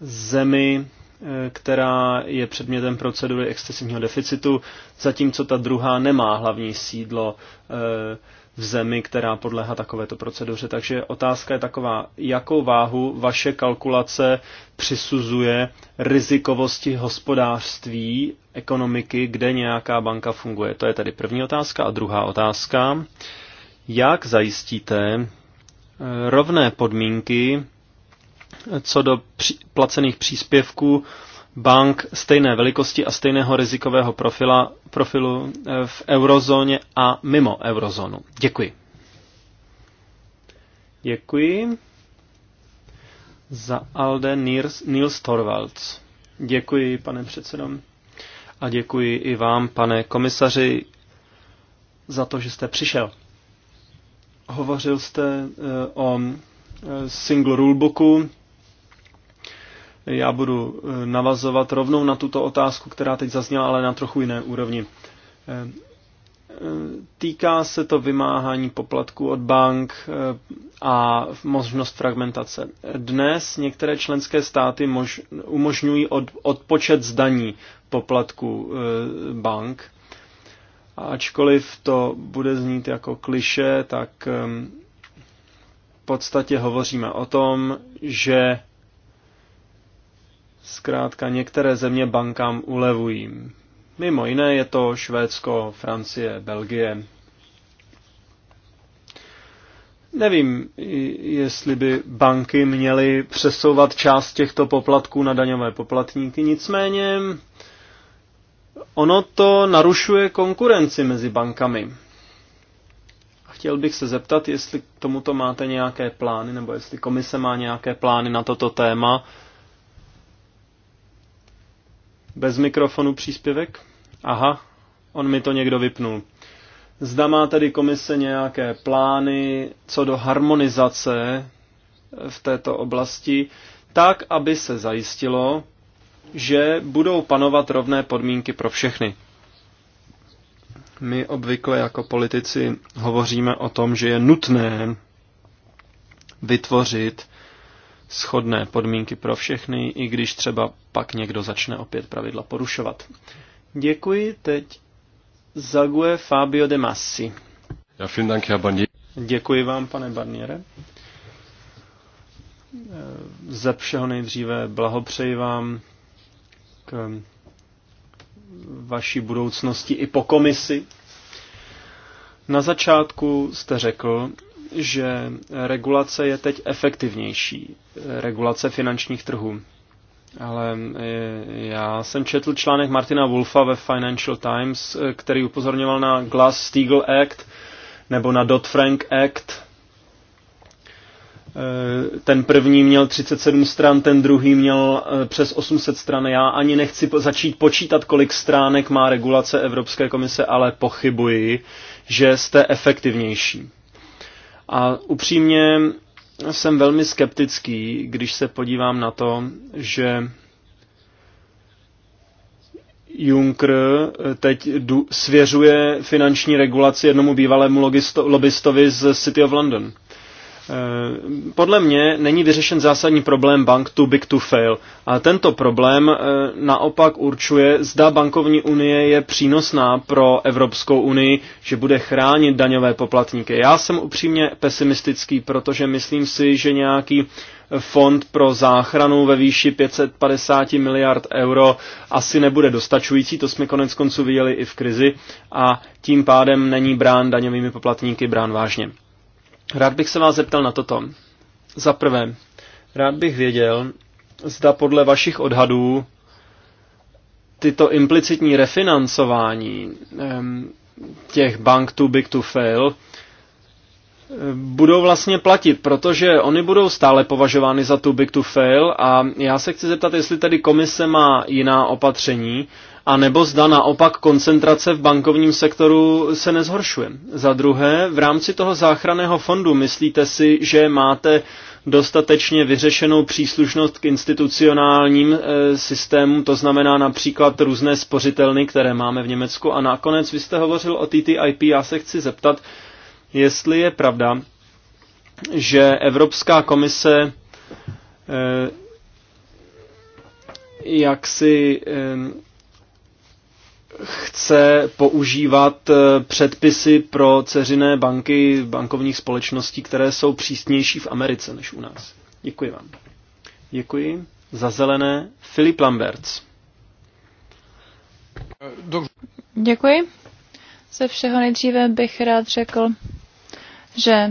zemi, eh, která je předmětem procedury excesivního deficitu, zatímco ta druhá nemá hlavní sídlo eh, v zemi, která podléhá takovéto proceduře. Takže otázka je taková, jakou váhu vaše kalkulace přisuzuje rizikovosti hospodářství, ekonomiky, kde nějaká banka funguje. To je tedy první otázka. A druhá otázka, jak zajistíte eh, rovné podmínky co do při- placených příspěvků bank stejné velikosti a stejného rizikového profila, profilu eh, v eurozóně a mimo eurozónu. Děkuji. Děkuji. Za Alde Niels, Niels Torvalds. Děkuji, pane předsedom. A děkuji i vám, pane komisaři, za to, že jste přišel. Hovořil jste eh, o single rulebooku. Já budu eh, navazovat rovnou na tuto otázku, která teď zazněla, ale na trochu jiné úrovni. Eh, eh, týká se to vymáhání poplatků od bank a možnost fragmentace. Dnes některé členské státy mož, umožňují od, odpočet zdaní poplatků bank. Ačkoliv to bude znít jako kliše, tak podstatě hovoříme o tom, že zkrátka některé země bankám ulevují. Mimo jiné je to Švédsko, Francie, Belgie. Nevím, jestli by banky měly přesouvat část těchto poplatků na daňové poplatníky, nicméně ono to narušuje konkurenci mezi bankami. Chtěl bych se zeptat, jestli k tomuto máte nějaké plány, nebo jestli komise má nějaké plány na toto téma. Bez mikrofonu příspěvek? Aha, on mi to někdo vypnul. Zda má tedy komise nějaké plány co do harmonizace eh, v této oblasti, tak, aby se zajistilo, že budou panovat rovné podmínky pro všechny. My obvykle jako politici hovoříme o tom, že je nutné vytvořit schodné podmínky pro všechny, i když třeba pak někdo začne opět pravidla porušovat. Děkuji teď Zague Fabio de Massi. Ja, Dank, Herr Barnier. Děkuji vám, pane Barniere. Ze všeho nejdříve blahopřeji vám k vaší budoucnosti i po komisi. Na začátku jste řekl, že regulace je teď efektivnější, regulace finančních trhů. Ale eh, já jsem četl článek Martina Wolfa ve Financial Times, eh, který upozorňoval na Glass-Steagall Act nebo na Dodd-Frank Act, Eh, ten první měl 37 stran, ten druhý měl eh, přes 800 stran. Já ani nechci začít počítat, kolik stránek má regulace Evropské komise, ale pochybuji, že jste efektivnější. A upřímně jsem velmi skeptický, když se podívám na to, že Juncker eh, teď svěřuje finanční regulaci jednomu bývalému lobistovi z City of London. Eh, podle mě není vyřešen zásadní problém bank too big to fail. A tento problém eh, naopak určuje, zda bankovní unie je přínosná pro Evropskou unii, že bude chránit daňové poplatníky. Já jsem upřímně pesimistický, protože myslím si, že nějaký fond pro záchranu ve výši 550 miliard euro asi nebude dostačující, to jsme konec konců viděli i v krizi a tím pádem není brán daňovými poplatníky brán vážně. Rád bych se vás zeptal na toto. Za prvé, rád bych věděl, zda podle vašich odhadů tyto implicitní refinancování těch bank too big to fail budou vlastně platit, protože oni budou stále považovány za too big to fail a já se chci zeptat, jestli tedy komise má jiná opatření, a nebo zda naopak koncentrace v bankovním sektoru se nezhoršuje. Za druhé, v rámci toho záchranného fondu myslíte si, že máte dostatečně vyřešenou příslušnost k institucionálním e, systémům, to znamená například různé spořitelny, které máme v Německu. A nakonec vy jste hovořil o TTIP, já se chci zeptat, jestli je pravda, že Evropská komise e, eh, jaksi. e, eh, chce používat eh, předpisy pro ceřiné banky bankovních společností, které jsou přísnější v Americe než u nás. Děkuji vám. Děkuji. Za zelené Filip Lamberts. Děkuji. Ze všeho nejdříve bych rád řekl, že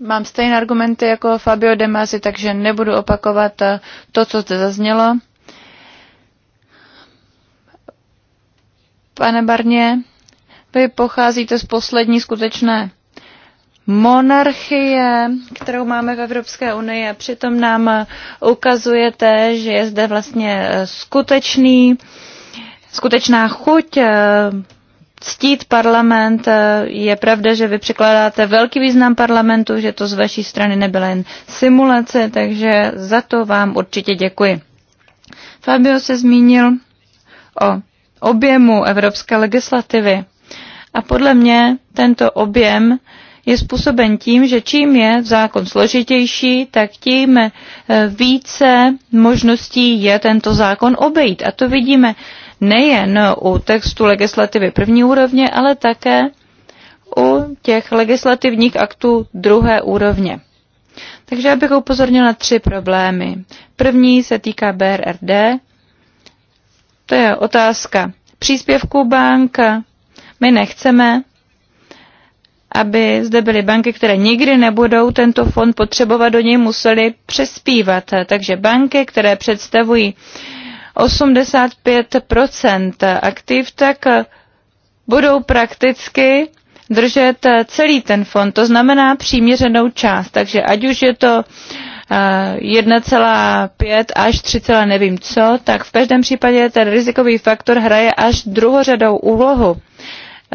mám stejné argumenty jako Fabio Demasi, takže nebudu opakovat eh, to, co zde zaznělo. Pane Barně, vy pocházíte z poslední skutečné monarchie, kterou máme v Evropské unii a přitom nám ukazujete, že je zde vlastně skutečný, skutečná chuť eh, ctít parlament. Je pravda, že vy překládáte velký význam parlamentu, že to z vaší strany nebyla jen simulace, takže za to vám určitě děkuji. Fabio se zmínil o objemu evropské legislativy. A podle mě tento objem je způsoben tím, že čím je zákon složitější, tak tím eh, více možností je tento zákon obejít. A to vidíme nejen u textu legislativy první úrovně, ale také u těch legislativních aktů druhé úrovně. Takže abych upozornila na tři problémy. První se týká BRRD, to je otázka příspěvků bank. My nechceme, aby zde byly banky, které nikdy nebudou tento fond potřebovat, do něj museli přespívat. Takže banky, které představují 85 aktiv, tak budou prakticky držet celý ten fond, to znamená přiměřenou část. Takže ať už je to 1,5 až 3, nevím co, tak v každém případě ten rizikový faktor hraje až druhořadou úlohu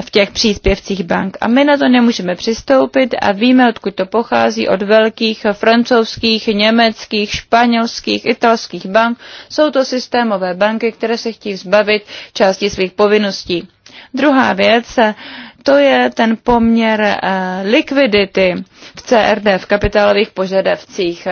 v těch příspěvcích bank. A my na to nemůžeme přistoupit a víme, odkud to pochází, od velkých francouzských, německých, španělských, italských bank. Jsou to systémové banky, které se chtějí zbavit části svých povinností. Druhá věc, to je ten poměr eh, likvidity v CRD, v kapitálových požadavcích.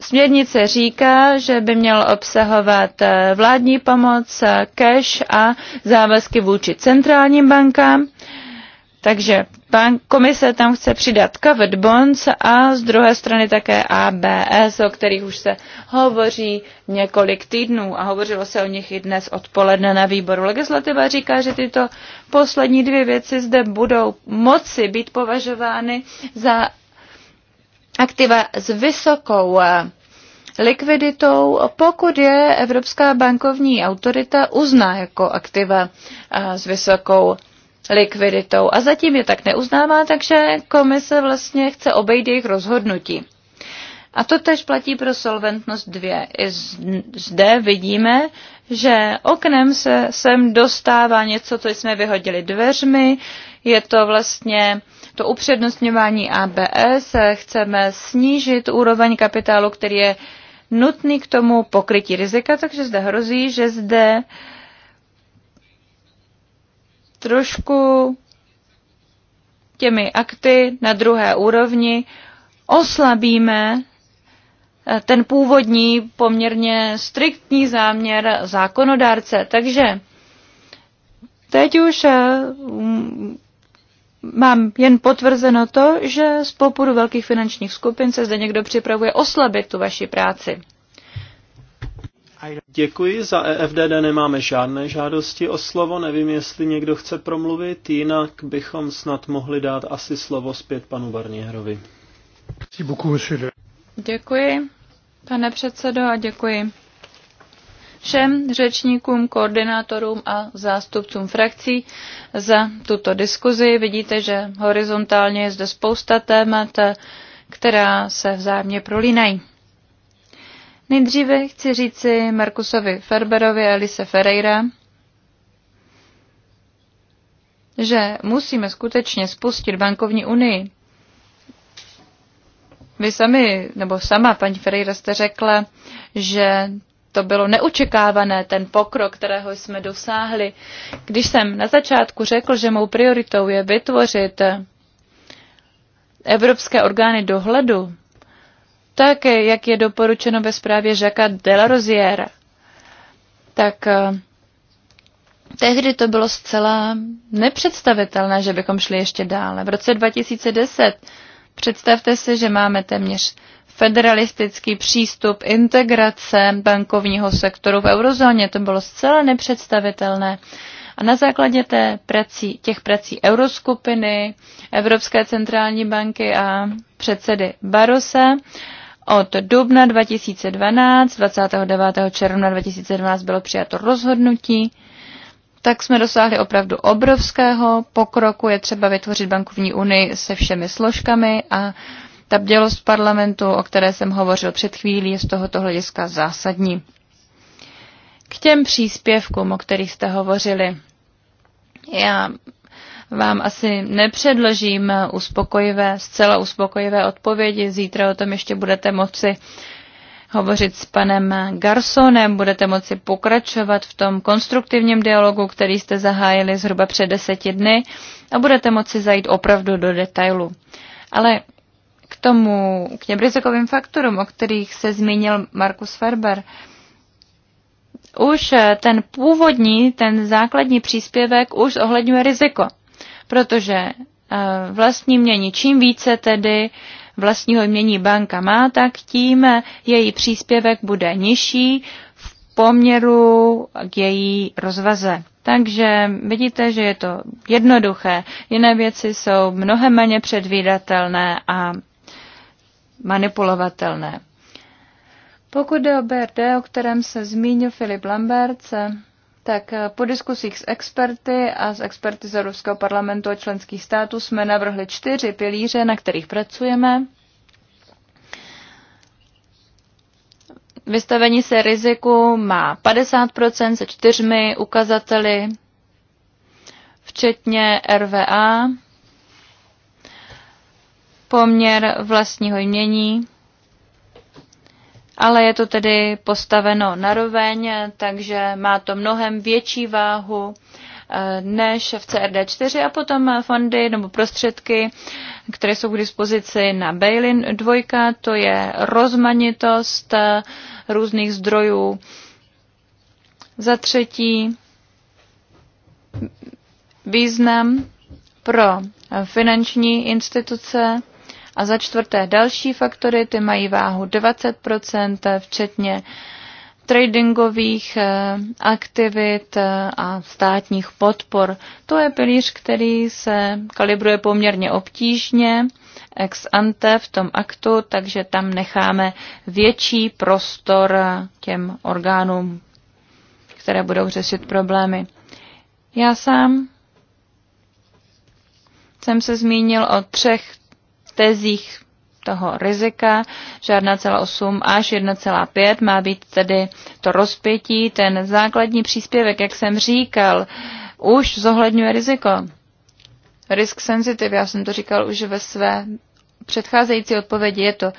Směrnice říká, že by měl obsahovat eh, vládní pomoc, eh, cash a závazky vůči centrálním bankám. Takže Pan komise tam chce přidat covered bonds a z druhé strany také ABS, o kterých už se hovoří několik týdnů a hovořilo se o nich i dnes odpoledne na výboru. Legislativa říká, že tyto poslední dvě věci zde budou moci být považovány za aktiva s vysokou eh, likviditou, pokud je Evropská bankovní autorita uzná jako aktiva eh, s vysokou likviditou a zatím je tak neuznává, takže komise vlastně chce obejít jejich rozhodnutí. A to tež platí pro solventnost 2. I zde vidíme, že oknem se sem dostává něco, co jsme vyhodili dveřmi. Je to vlastně to upřednostňování ABS. Chceme snížit úroveň kapitálu, který je nutný k tomu pokrytí rizika, takže zde hrozí, že zde uh, trošku těmi akty na druhé úrovni oslabíme eh, ten původní poměrně striktní záměr zákonodárce. Takže teď už eh, mám jen potvrzeno to, že z popudu velkých finančních skupin se zde někdo připravuje oslabit tu vaši práci. Děkuji, za EFDD nemáme žádné žádosti o slovo, nevím, jestli někdo chce promluvit, jinak bychom snad mohli dát asi slovo zpět panu Barnierovi. Děkuji, pane předsedo, a děkuji všem řečníkům, koordinátorům a zástupcům frakcí za tuto diskuzi. Vidíte, že horizontálně je zde spousta témat, která se vzájemně prolínají. Nejdříve chci říci Markusovi Ferberovi a Lise Ferreira, že musíme skutečně spustit bankovní unii. Vy sami, nebo sama paní Ferreira jste řekla, že to bylo neočekávané, ten pokrok, kterého jsme dosáhli. Když jsem na začátku řekl, že mou prioritou je vytvořit evropské orgány dohledu, tak jak je doporučeno ve zprávě Žaka Rosière, tak eh, tehdy to bylo zcela nepředstavitelné, že bychom šli ještě dále. V roce 2010 představte si, že máme téměř federalistický přístup integrace bankovního sektoru v eurozóně. To bylo zcela nepředstavitelné. A na základě té prací, těch prací Euroskupiny, Evropské centrální banky a předsedy Barose od dubna 2012, 29. června 2012 bylo přijato rozhodnutí, tak jsme dosáhli opravdu obrovského pokroku. Je třeba vytvořit bankovní unii se všemi složkami a ta bdělost parlamentu, o které jsem hovořil před chvílí, je z tohoto hlediska zásadní. K těm příspěvkům, o kterých jste hovořili, já vám asi nepředložím uspokojivé, zcela uspokojivé odpovědi. Zítra o tom ještě budete moci hovořit s panem Garsonem, budete moci pokračovat v tom konstruktivním dialogu, který jste zahájili zhruba před deseti dny a budete moci zajít opravdu do detailu. Ale k tomu, k těm rizikovým faktorům, o kterých se zmínil Markus Ferber, už ten původní, ten základní příspěvek už ohledňuje riziko protože eh, vlastní mění, čím více tedy vlastního mění banka má, tak tím její příspěvek bude nižší v poměru k její rozvaze. Takže vidíte, že je to jednoduché. Jiné věci jsou mnohem méně předvídatelné a manipulovatelné. Pokud jde o BRD, o kterém se zmínil Filip Lambert, tak eh, po diskusích s experty a s experty z Evropského parlamentu a členských států jsme navrhli čtyři pilíře, na kterých pracujeme. Vystavení se riziku má 50% se čtyřmi ukazateli, včetně RVA, poměr vlastního jmění, ale je to tedy postaveno na roveň, takže má to mnohem větší váhu eh, než v CRD4 a potom fondy nebo prostředky, které jsou k dispozici na Bailin 2, to je rozmanitost eh, různých zdrojů. Za třetí, význam pro finanční instituce a za čtvrté další faktory, ty mají váhu 20%, včetně tradingových eh, aktivit eh, a státních podpor. To je pilíř, který se kalibruje poměrně obtížně ex ante v tom aktu, takže tam necháme větší prostor těm orgánům, které budou řešit problémy. Já sám jsem se zmínil o třech tezích toho rizika, že 1,8 až 1,5 má být tedy to rozpětí, ten základní příspěvek, jak jsem říkal, už zohledňuje riziko. Risk sensitive, já jsem to říkal už ve své předcházející odpovědi, je to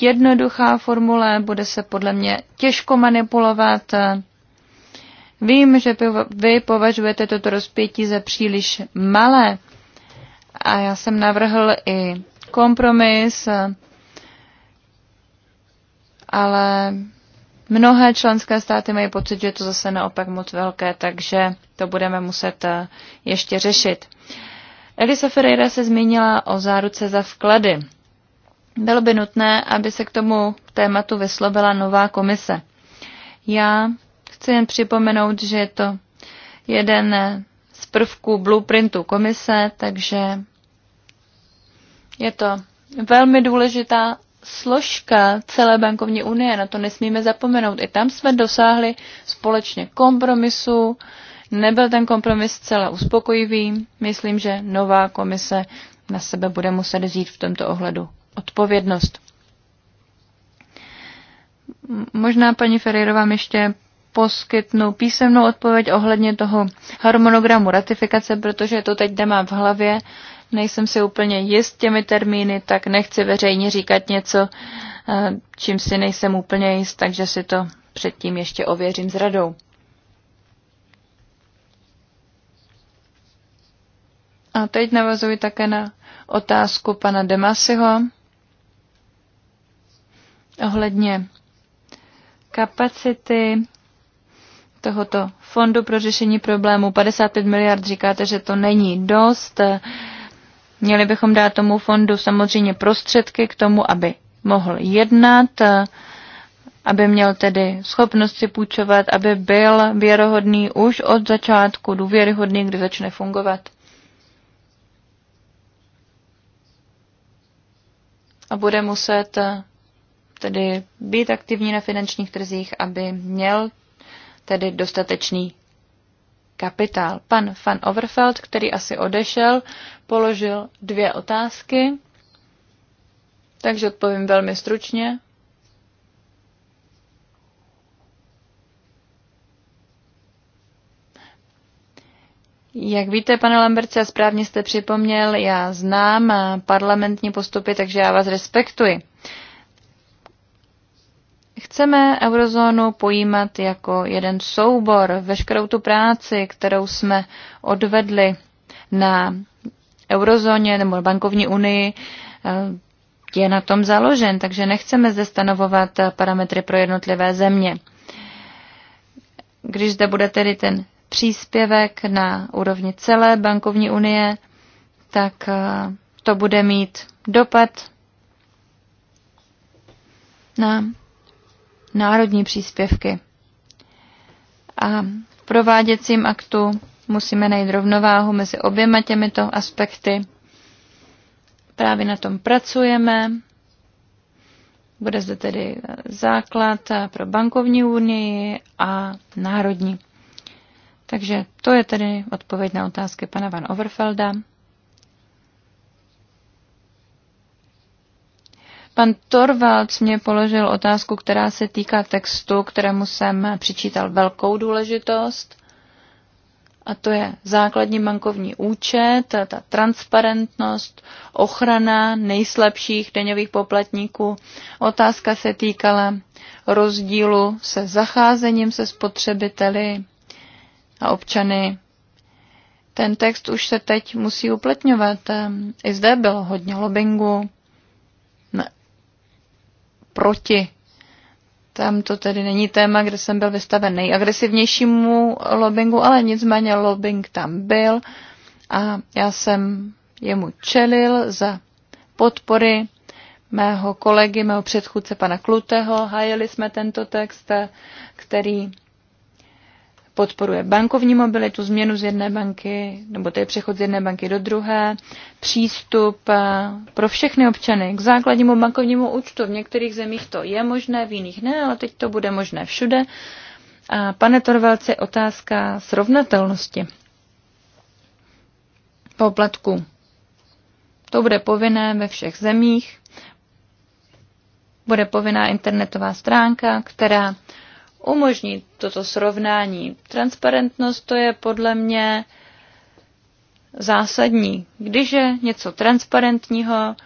jednoduchá formule, bude se podle mě těžko manipulovat. Vím, že vy považujete toto rozpětí za příliš malé, a já jsem navrhl i kompromis, ale mnohé členské státy mají pocit, že je to zase naopak moc velké, takže to budeme muset eh, ještě řešit. Elisa Ferreira se zmínila o záruce za vklady. Bylo by nutné, aby se k tomu tématu vyslovila nová komise. Já chci jen připomenout, že je to jeden eh, prvků blueprintu komise, takže je to velmi důležitá složka celé bankovní unie, na to nesmíme zapomenout. I tam jsme dosáhli společně kompromisu, nebyl ten kompromis celé uspokojivý. Myslím, že nová komise na sebe bude muset vzít v tomto ohledu odpovědnost. Možná paní Ferrerová ještě poskytnu písemnou odpověď ohledně toho harmonogramu ratifikace, protože to teď nemám v hlavě. Nejsem si úplně jist těmi termíny, tak nechci veřejně říkat něco, eh, čím si nejsem úplně jist, takže si to předtím ještě ověřím s radou. A teď navazuji také na otázku pana Demasiho ohledně kapacity tohoto fondu pro řešení problémů. 55 miliard říkáte, že to není dost. Měli bychom dát tomu fondu samozřejmě prostředky k tomu, aby mohl jednat, aby měl tedy schopnost si půjčovat, aby byl věrohodný už od začátku, důvěryhodný, kdy začne fungovat. A bude muset tedy být aktivní na finančních trzích, aby měl tedy dostatečný kapitál. Pan van Overfeld, který asi odešel, položil dvě otázky, takže odpovím velmi stručně. Jak víte, pane Lamberce, správně jste připomněl, já znám parlamentní postupy, takže já vás respektuji. Chceme eurozónu pojímat jako jeden soubor, veškerou tu práci, kterou jsme odvedli na eurozóně nebo bankovní unii, eh, je na tom založen, takže nechceme zde stanovovat parametry pro jednotlivé země. Když zde bude tedy ten příspěvek na úrovni celé bankovní unie, tak eh, to bude mít dopad na národní příspěvky. A v prováděcím aktu musíme najít rovnováhu mezi oběma těmito aspekty. Právě na tom pracujeme. Bude zde tedy základ pro bankovní unii a národní. Takže to je tedy odpověď na otázky pana Van Overfelda. Pan Torvalds mě položil otázku, která se týká textu, kterému jsem přičítal velkou důležitost. A to je základní bankovní účet, ta transparentnost, ochrana nejslabších daňových poplatníků. Otázka se týkala rozdílu se zacházením se spotřebiteli a občany. Ten text už se teď musí uplatňovat. I zde bylo hodně lobbingu proti. Tam to tedy není téma, kde jsem byl vystaven nejagresivnějšímu lobbingu, ale nicméně lobbying tam byl a já jsem jemu čelil za podpory mého kolegy, mého předchůdce pana Kluteho. Hajili jsme tento text, který podporuje bankovní mobilitu, změnu z jedné banky, nebo je přechod z jedné banky do druhé, přístup eh, pro všechny občany k základnímu bankovnímu účtu. V některých zemích to je možné, v jiných ne, ale teď to bude možné všude. A pane Torvalce, otázka srovnatelnosti poplatku. To bude povinné ve všech zemích. Bude povinná internetová stránka, která umožní toto srovnání. Transparentnost to je podle mě zásadní. Když je něco transparentního,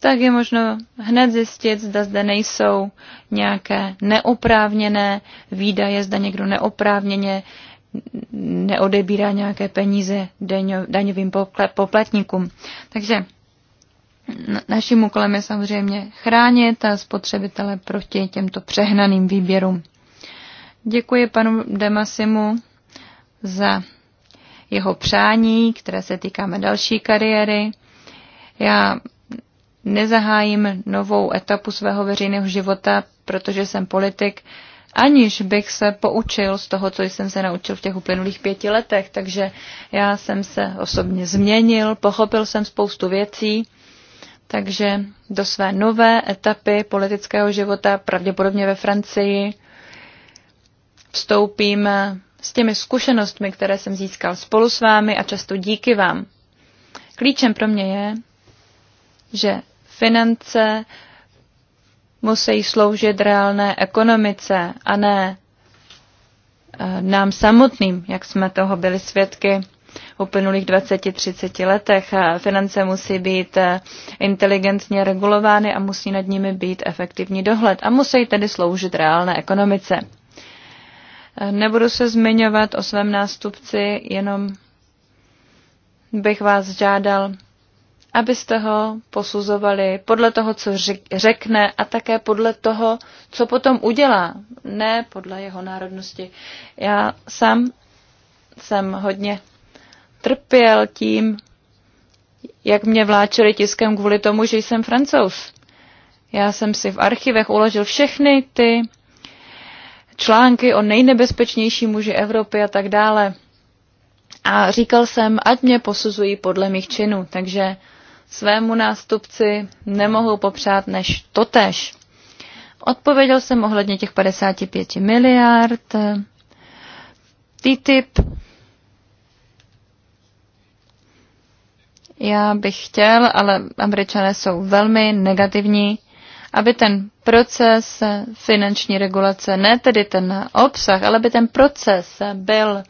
tak je možno hned zjistit, zda zde nejsou nějaké neoprávněné výdaje, zda někdo neoprávněně neodebírá nějaké peníze daňovým poplatníkům. Takže Naším úkolem je samozřejmě chránit spotřebitele proti těmto přehnaným výběrům. Děkuji panu Demasimu za jeho přání, které se týká mé další kariéry. Já nezahájím novou etapu svého veřejného života, protože jsem politik, aniž bych se poučil z toho, co jsem se naučil v těch uplynulých pěti letech. Takže já jsem se osobně změnil, pochopil jsem spoustu věcí takže do své nové etapy politického života, pravděpodobně ve Francii, vstoupím s těmi zkušenostmi, které jsem získal spolu s vámi a často díky vám. Klíčem pro mě je, že finance musí sloužit reálné ekonomice a ne eh, nám samotným, jak jsme toho byli svědky uplynulých 20-30 letech. Finance musí být eh, inteligentně regulovány a musí nad nimi být efektivní dohled a musí tedy sloužit reálné ekonomice. Eh, nebudu se zmiňovat o svém nástupci, jenom bych vás žádal, abyste ho posuzovali podle toho, co řekne a také podle toho, co potom udělá, ne podle jeho národnosti. Já sám jsem hodně trpěl tím, jak mě vláčeli tiskem kvůli tomu, že jsem francouz. Já jsem si v archivech uložil všechny ty články o nejnebezpečnější muži Evropy a tak dále. A říkal jsem, ať mě posuzují podle mých činů, takže svému nástupci nemohu popřát než totež. Odpověděl jsem ohledně těch 55 miliard. typ Já bych chtěl, ale američané jsou velmi negativní, aby ten proces finanční regulace, ne tedy ten obsah, ale aby ten proces byl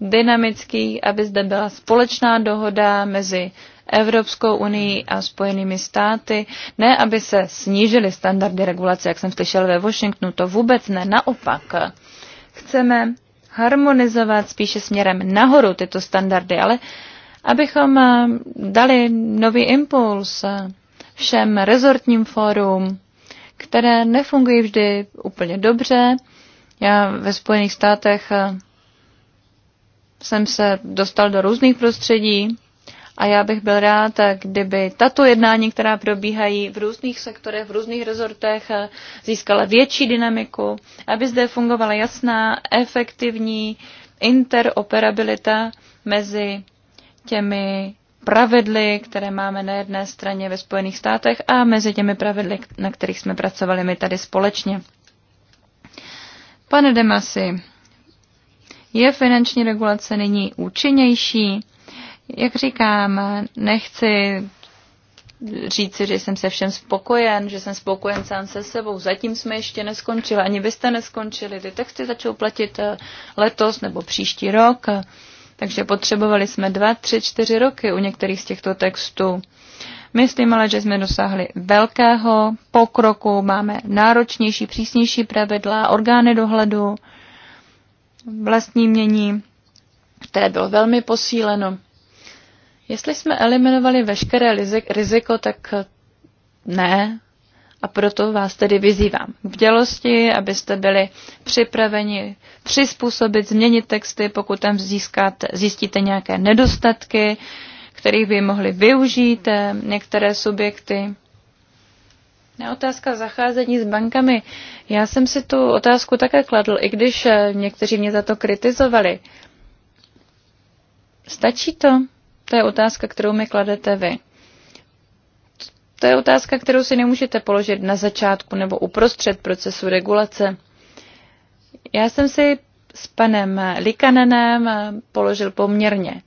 dynamický, aby zde byla společná dohoda mezi Evropskou unii a Spojenými státy, ne aby se snížily standardy regulace, jak jsem slyšel ve Washingtonu, to vůbec ne, naopak. Chceme harmonizovat spíše směrem nahoru tyto standardy, ale abychom eh, dali nový impuls eh, všem rezortním fórům, které nefungují vždy úplně dobře. Já ve Spojených státech eh, jsem se dostal do různých prostředí a já bych byl rád, kdyby tato jednání, která probíhají v různých sektorech, v různých rezortech, získala větší dynamiku, aby zde fungovala jasná, efektivní interoperabilita mezi těmi pravidly, které máme na jedné straně ve Spojených státech a mezi těmi pravidly, na kterých jsme pracovali my tady společně. Pane Demasi, je finanční regulace nyní účinnější? Jak říkám, nechci říci, že jsem se všem spokojen, že jsem spokojen sám se sebou. Zatím jsme ještě neskončili, ani vy jste neskončili. Ty texty začou platit eh, letos nebo příští rok. Takže potřebovali jsme dva, tři, čtyři roky u některých z těchto textů. Myslím ale, že jsme dosáhli velkého pokroku, máme náročnější, přísnější pravidla, orgány dohledu, vlastní mění, které bylo velmi posíleno. Jestli jsme eliminovali veškeré riziko, tak ne, a proto vás tedy vyzývám k vdělosti, abyste byli připraveni přizpůsobit, změnit texty, pokud tam získáte, zjistíte nějaké nedostatky, kterých by mohli využít eh, některé subjekty. Na otázka zacházení s bankami. Já jsem si tu otázku také kladl, i když eh, někteří mě za to kritizovali. Stačí to? To je otázka, kterou mi kladete vy. To je otázka, kterou si nemůžete položit na začátku nebo uprostřed procesu regulace. Já jsem si s panem Likanenem položil poměrně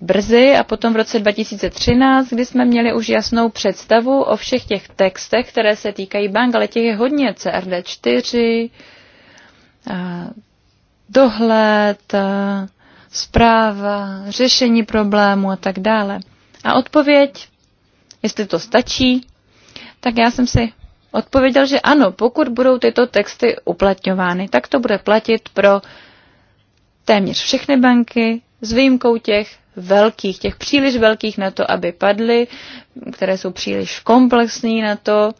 brzy a potom v roce 2013, kdy jsme měli už jasnou představu o všech těch textech, které se týkají bank, ale těch je hodně, CRD 4, dohled, zpráva, řešení problému a tak dále. A odpověď jestli to stačí, tak já jsem si odpověděl, že ano, pokud budou tyto texty uplatňovány, tak to bude platit pro téměř všechny banky, s výjimkou těch velkých, těch příliš velkých na to, aby padly, které jsou příliš komplexní na to,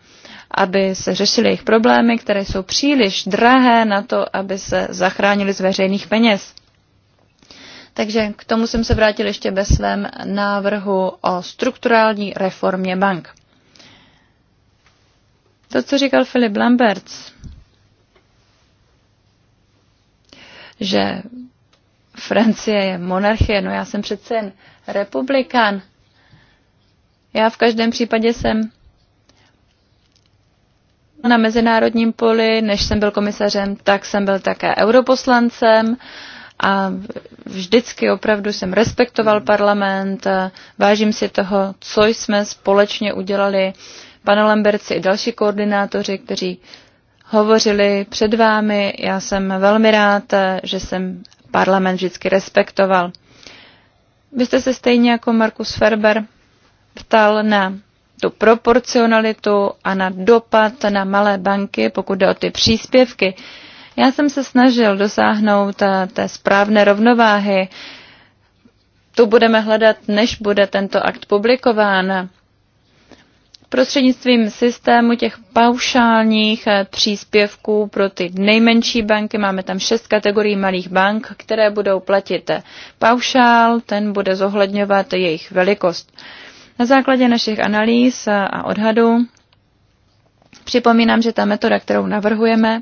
aby se řešily jejich problémy, které jsou příliš drahé na to, aby se zachránili z veřejných peněz. Takže k tomu jsem se vrátil ještě ve svém návrhu o strukturální reformě bank. To, co říkal Filip Lamberts, že Francie je monarchie, no já jsem přece jen republikán. Já v každém případě jsem na mezinárodním poli, než jsem byl komisařem, tak jsem byl také europoslancem. Uh, a vždycky opravdu jsem respektoval hmm. parlament, vážím si toho, co jsme společně udělali. Pane Lemberci i další koordinátoři, kteří hovořili před vámi, já jsem velmi rád, že jsem parlament vždycky respektoval. Vy jste se stejně jako Markus Ferber ptal na tu proporcionalitu a na dopad na malé banky, pokud jde o ty příspěvky. Já jsem se snažil dosáhnout eh, té správné rovnováhy. Tu budeme hledat, než bude tento akt publikován. Prostřednictvím systému těch paušálních eh, příspěvků pro ty nejmenší banky, máme tam šest kategorií malých bank, které budou platit eh, paušál, ten bude zohledňovat jejich velikost. Na základě našich analýz a odhadů připomínám, že ta metoda, kterou navrhujeme,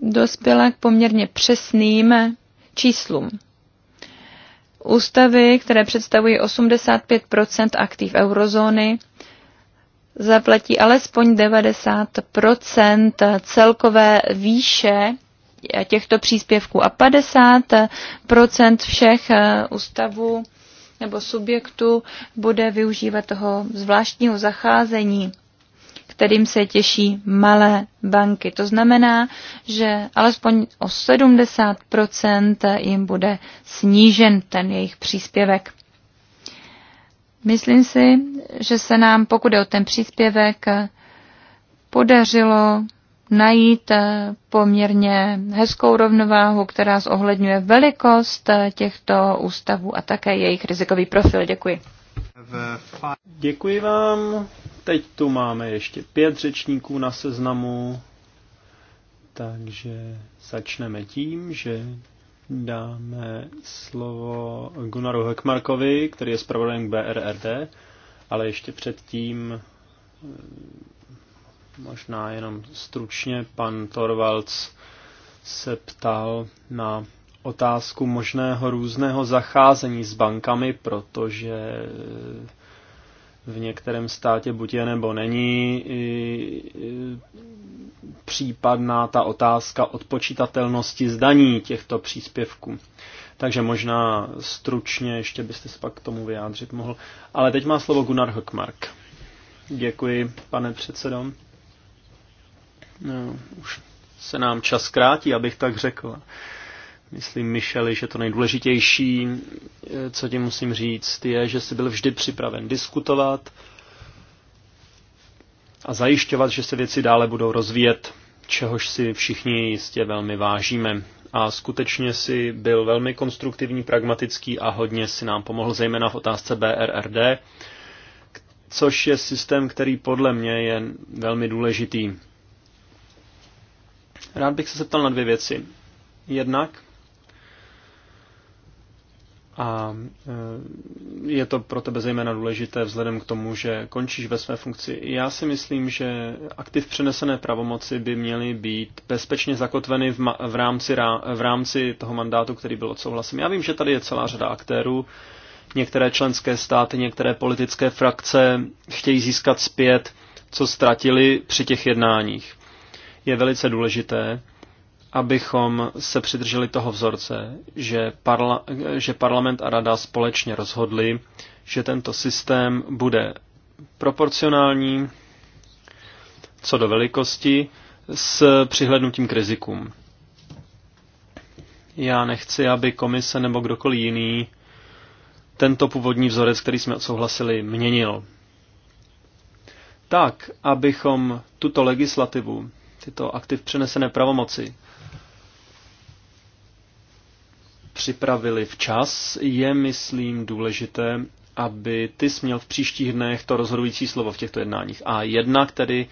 dospěla k poměrně přesným číslům. Ústavy, které představují 85 aktiv eurozóny, zaplatí alespoň 90 celkové výše těchto příspěvků a 50 všech ústavů nebo subjektů bude využívat toho zvláštního zacházení kterým se těší malé banky. To znamená, že alespoň o 70 jim bude snížen ten jejich příspěvek. Myslím si, že se nám, pokud je o ten příspěvek, podařilo najít poměrně hezkou rovnováhu, která zohledňuje velikost těchto ústavů a také jejich rizikový profil. Děkuji. Děkuji vám. Teď tu máme ještě pět řečníků na seznamu, takže začneme tím, že dáme slovo Gunaru Hekmarkovi, který je zpravodajem k BRRD, ale ještě předtím eh, možná jenom stručně pan Torvalds se ptal na otázku možného různého zacházení s bankami, protože v některém státě buď je nebo není případná ta otázka odpočítatelnosti zdaní těchto příspěvků. Takže možná stručně ještě byste se pak k tomu vyjádřit mohl. Ale teď má slovo Gunnar Hökmark. Děkuji, pane předsedo. No, už se nám čas krátí, abych tak řekl myslím, Michely, že to nejdůležitější, eh, co ti musím říct, je, že jsi byl vždy připraven diskutovat a zajišťovat, že se věci dále budou rozvíjet, čehož si všichni jistě velmi vážíme. A skutečně si byl velmi konstruktivní, pragmatický a hodně si nám pomohl, zejména v otázce BRRD, což je systém, který podle mě je velmi důležitý. Rád bych se zeptal na dvě věci. Jednak, a e, je to pro tebe zejména důležité vzhledem k tomu, že končíš ve své funkci. Já si myslím, že aktiv přenesené pravomoci by měly být bezpečně zakotveny v, v, rámci, v rámci toho mandátu, který byl odsouhlasen. Já vím, že tady je celá řada aktérů. Některé členské státy, některé politické frakce chtějí získat zpět, co ztratili při těch jednáních. Je velice důležité, abychom se přidrželi toho vzorce, že, parla, že parlament a rada společně rozhodli, že tento systém bude proporcionální co do velikosti s přihlednutím k rizikům. Já nechci, aby komise nebo kdokoliv jiný tento původní vzorec, který jsme odsouhlasili, měnil. Tak, abychom tuto legislativu, tyto aktiv přenesené pravomoci, připravili včas, je, myslím, důležité, aby ty měl v příštích dnech to rozhodující slovo v těchto jednáních. A jedna, tedy,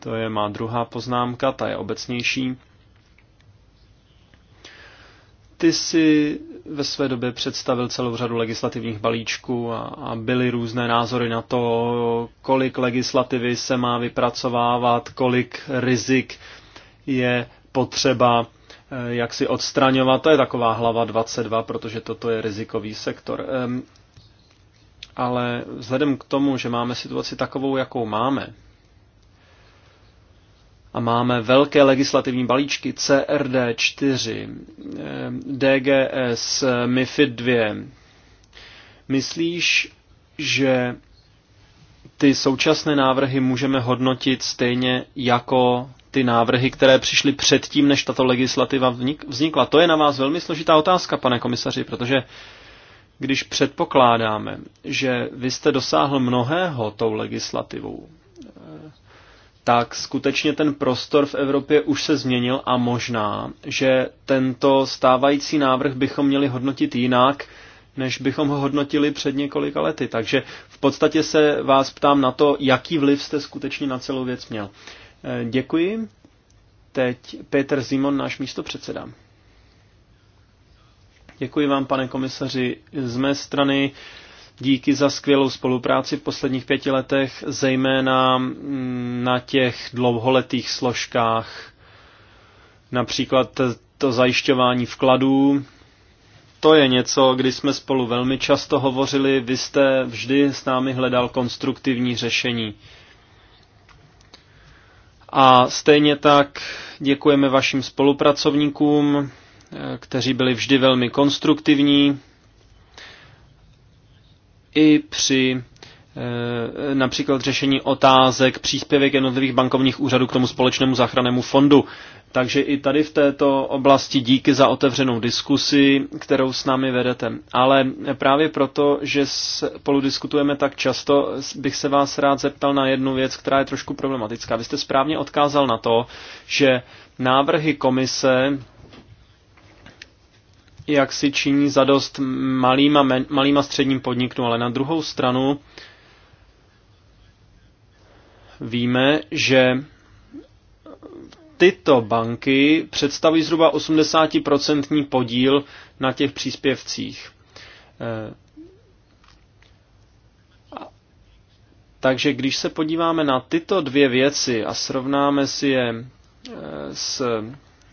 to je má druhá poznámka, ta je obecnější. Ty si ve své době představil celou řadu legislativních balíčků a, a byly různé názory na to, kolik legislativy se má vypracovávat, kolik rizik je potřeba Eh, jak si odstraňovat. To je taková hlava 22, protože toto je rizikový sektor. Ale vzhledem k tomu, že máme situaci takovou, jakou máme, a máme velké legislativní balíčky CRD 4, DGS, MIFID 2. Myslíš, že ty současné návrhy můžeme hodnotit stejně jako ty návrhy, které přišly předtím, než tato legislativa vznikla? To je na vás velmi složitá otázka, pane komisaři, protože když předpokládáme, že vy jste dosáhl mnohého tou legislativou, tak skutečně ten prostor v Evropě už se změnil a možná, že tento stávající návrh bychom měli hodnotit jinak, než bychom ho hodnotili před několika lety. Takže v podstatě se vás ptám na to, jaký vliv jste skutečně na celou věc měl. Eh, děkuji. Teď Petr Zimon, náš místopředseda. Děkuji vám, pane komisaři, z mé strany. Díky za skvělou spolupráci v posledních pěti letech, zejména mm, na těch dlouholetých složkách, například to zajišťování vkladů. To je něco, kdy jsme spolu velmi často hovořili, vy jste vždy s námi hledal konstruktivní řešení. A stejně tak děkujeme vašim spolupracovníkům, eh, kteří byli vždy velmi konstruktivní i při eh, například řešení otázek, příspěvek jednotlivých bankovních úřadů k tomu společnému záchrannému fondu. Takže i tady v této oblasti díky za otevřenou diskusi, kterou s námi vedete. Ale právě proto, že spolu diskutujeme tak často, bych se vás rád zeptal na jednu věc, která je trošku problematická. Vy jste správně odkázal na to, že návrhy komise jak si činí zadost malým a, men, malým a středním podnikům, ale na druhou stranu víme, že tyto banky představují zhruba 80% podíl na těch příspěvcích. Eh, takže když se podíváme na tyto dvě věci a srovnáme si je eh, s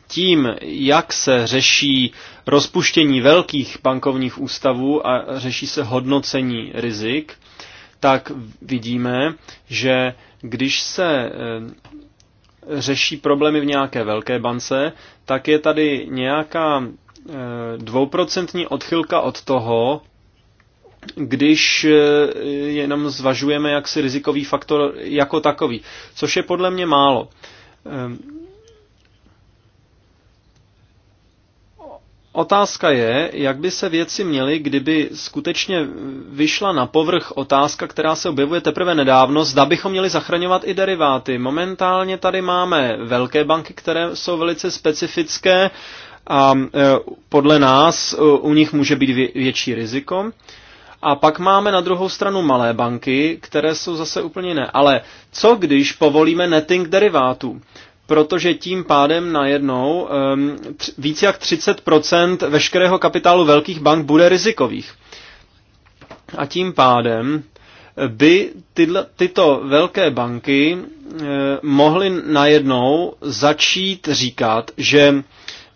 tím, jak se řeší rozpuštění velkých bankovních ústavů a řeší se hodnocení rizik, tak vidíme, že když se eh, řeší problémy v nějaké velké bance, tak je tady nějaká eh, dvouprocentní odchylka od toho, když eh, jenom zvažujeme jaksi rizikový faktor jako takový, což je podle mě málo. Ehm, Otázka je, jak by se věci měly, kdyby skutečně vyšla na povrch otázka, která se objevuje teprve nedávno, zda bychom měli zachraňovat i deriváty. Momentálně tady máme velké banky, které jsou velice specifické a e, podle nás e, u nich může být větší riziko. A pak máme na druhou stranu malé banky, které jsou zase úplně jiné. Ale co když povolíme netting derivátů? protože tím pádem najednou um, ehm, tř- víc jak 30% veškerého kapitálu velkých bank bude rizikových. A tím pádem eh, by tyhle, tyto velké banky eh, mohly najednou začít říkat, že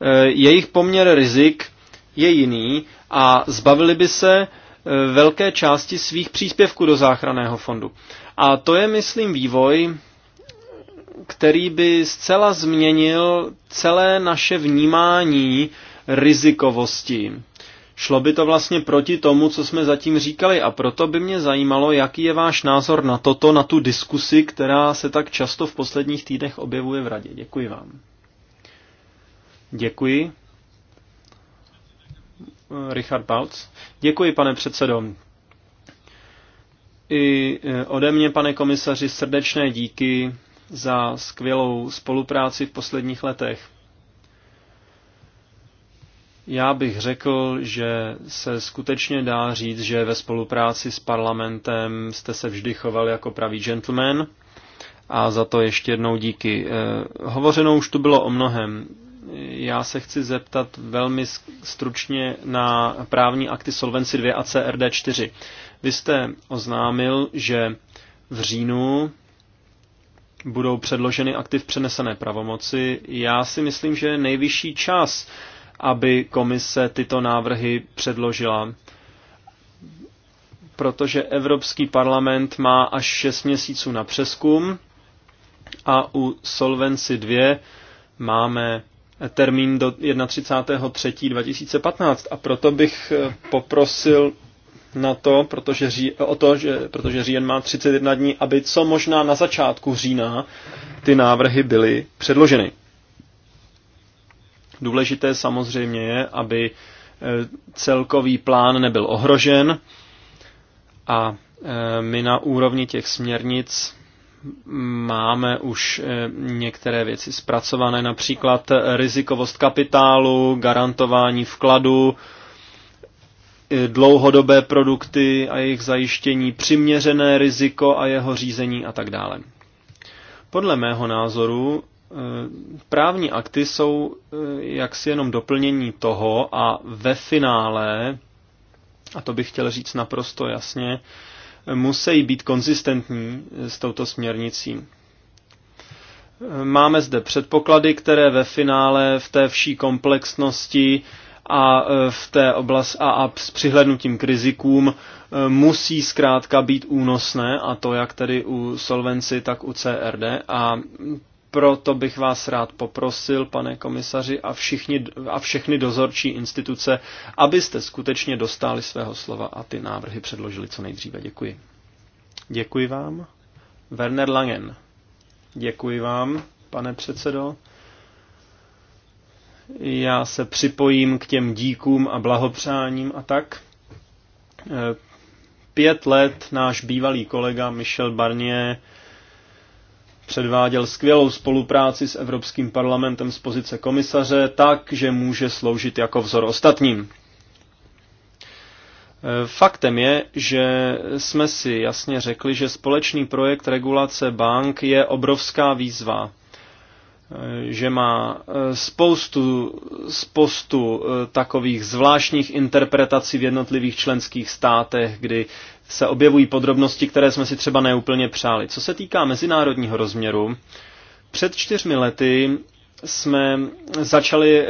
eh, jejich poměr rizik je jiný a zbavili by se eh, velké části svých příspěvků do záchranného fondu. A to je, myslím, vývoj, který by zcela změnil celé naše vnímání rizikovosti. Šlo by to vlastně proti tomu, co jsme zatím říkali a proto by mě zajímalo, jaký je váš názor na toto, na tu diskusi, která se tak často v posledních týdnech objevuje v radě. Děkuji vám. Děkuji. Richard Balc. Děkuji, pane předsedo. I e, ode mě, pane komisaři, srdečné díky za skvělou spolupráci v posledních letech. Já bych řekl, že se skutečně dá říct, že ve spolupráci s parlamentem jste se vždy choval jako pravý gentleman a za to ještě jednou díky. Eh, hovořeno už tu bylo o mnohem. Já se chci zeptat velmi stručně na právní akty Solvency 2 a CRD 4. Vy jste oznámil, že v říjnu budou předloženy aktiv přenesené pravomoci. Já si myslím, že je nejvyšší čas, aby komise tyto návrhy předložila, protože Evropský parlament má až 6 měsíců na přeskum a u Solvency 2 máme termín do 31.3.2015 a proto bych eh, poprosil na to, protože, ří, o to, že, protože říjen má 31 dní, aby co možná na začátku října ty návrhy byly předloženy. Důležité samozřejmě je, aby e, celkový plán nebyl ohrožen a e, my na úrovni těch směrnic máme už e, některé věci zpracované, například rizikovost kapitálu, garantování vkladu, dlouhodobé produkty a jejich zajištění, přiměřené riziko a jeho řízení a tak dále. Podle mého názoru e, právní akty jsou e, jaksi jenom doplnění toho a ve finále, a to bych chtěl říct naprosto jasně, musí být konzistentní s touto směrnicí. E, máme zde předpoklady, které ve finále v té vší komplexnosti a e, v té oblasti a, a s přihlednutím k rizikům e, musí zkrátka být únosné a to jak tedy u Solvency, tak u CRD a proto bych vás rád poprosil, pane komisaři, a, všichni, a všechny dozorčí instituce, abyste skutečně dostali svého slova a ty návrhy předložili co nejdříve. Děkuji. Děkuji vám. Werner Langen. Děkuji vám, pane předsedo. Já se připojím k těm díkům a blahopřáním a tak. Eh, pět let náš bývalý kolega Michel Barnier předváděl skvělou spolupráci s Evropským parlamentem z pozice komisaře tak, že může sloužit jako vzor ostatním. Eh, faktem je, že jsme si jasně řekli, že společný projekt regulace bank je obrovská výzva že má e, spoustu, spoustu e, takových zvláštních interpretací v jednotlivých členských státech, kdy se objevují podrobnosti, které jsme si třeba neúplně přáli. Co se týká mezinárodního rozměru, před čtyřmi lety jsme začali e,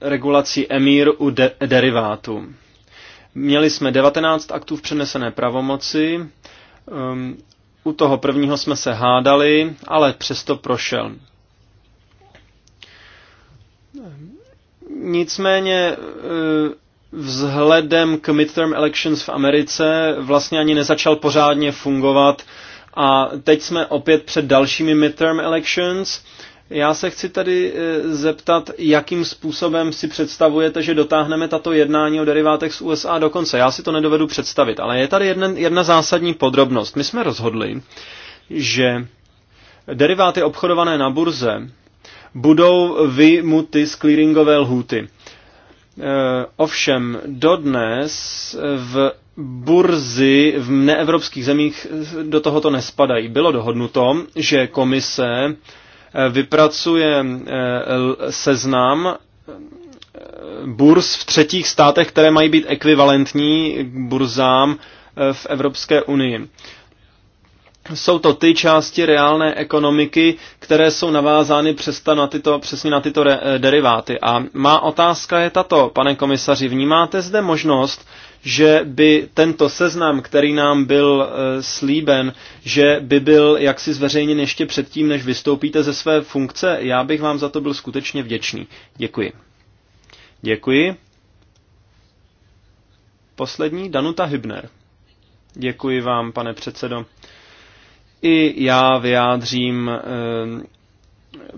regulaci emír u de- derivátu. Měli jsme 19 aktů v přenesené pravomoci, u toho prvního jsme se hádali, ale přesto prošel. Nicméně e, vzhledem k midterm elections v Americe vlastně ani nezačal pořádně fungovat a teď jsme opět před dalšími midterm elections. Já se chci tady e, zeptat, jakým způsobem si představujete, že dotáhneme tato jednání o derivátech z USA do konce. Já si to nedovedu představit, ale je tady jedna, jedna zásadní podrobnost. My jsme rozhodli, že deriváty obchodované na burze budou vymuty z clearingové lhůty. E, ovšem dodnes v burzy v neevropských zemích do tohoto nespadají. Bylo dohodnuto, že komise e, vypracuje e, seznam burz v třetích státech, které mají být ekvivalentní k burzám v Evropské unii jsou to ty části reálné ekonomiky, které jsou navázány na tyto, přesně na tyto re, eh, deriváty. A má otázka je tato, pane komisaři, vnímáte zde možnost, že by tento seznam, který nám byl e, slíben, že by byl jaksi zveřejněn ještě předtím, než vystoupíte ze své funkce? Já bych vám za to byl skutečně vděčný. Děkuji. Děkuji. Poslední, Danuta Hybner. Děkuji vám, pane předsedo. I já vyjádřím ehm,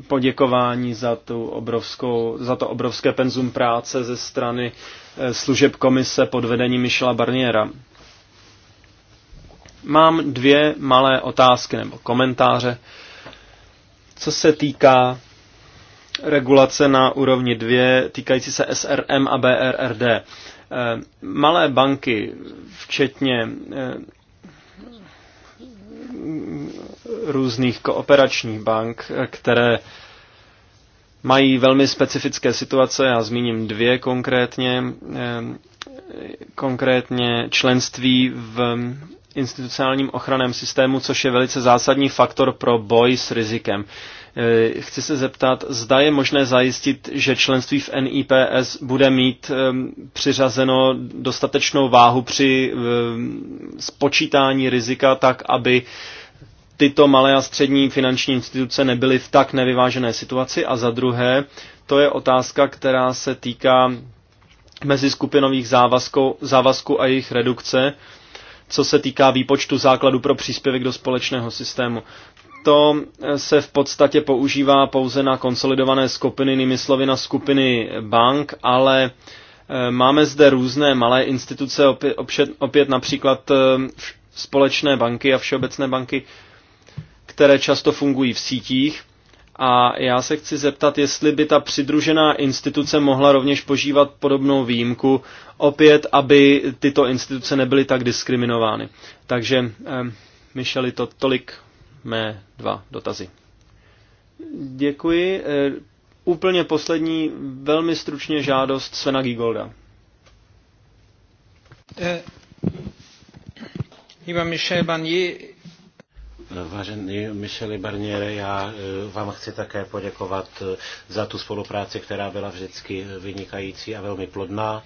poděkování za, tu obrovskou, za to obrovské penzum práce ze strany eh, služeb komise pod vedením Michela Barniera. Mám dvě malé otázky nebo komentáře, co se týká regulace na úrovni 2 týkající se SRM a BRRD. Eh, malé banky, včetně eh, různých kooperačních bank, které mají velmi specifické situace, já zmíním dvě konkrétně, eh, konkrétně členství v institucionálním ochranném systému, což je velice zásadní faktor pro boj s rizikem. Eh, chci se zeptat, zda je možné zajistit, že členství v NIPS bude mít ehm, přiřazeno dostatečnou váhu při ehm, spočítání rizika tak, aby tyto malé a střední finanční instituce nebyly v tak nevyvážené situaci. A za druhé, to je otázka, která se týká meziskupinových závazků, závazků a jejich redukce, co se týká výpočtu základu pro příspěvek do společného systému to eh, se v podstatě používá pouze na konsolidované skupiny, jinými slovy na skupiny bank, ale eh, máme zde různé malé instituce, opět, opět například eh, společné banky a všeobecné banky, které často fungují v sítích. A já se chci zeptat, jestli by ta přidružená instituce mohla rovněž požívat podobnou výjimku, opět, aby tyto instituce nebyly tak diskriminovány. Takže, eh, to tolik mé dva dotazy. Děkuji. E, úplně poslední, velmi stručně žádost Svena Gigolda. E, Ivan Michel Barnier Vážený Michele Barniere, já e, vám chci také poděkovat e, za tu spolupráci, která byla vždycky e, vynikající a velmi plodná.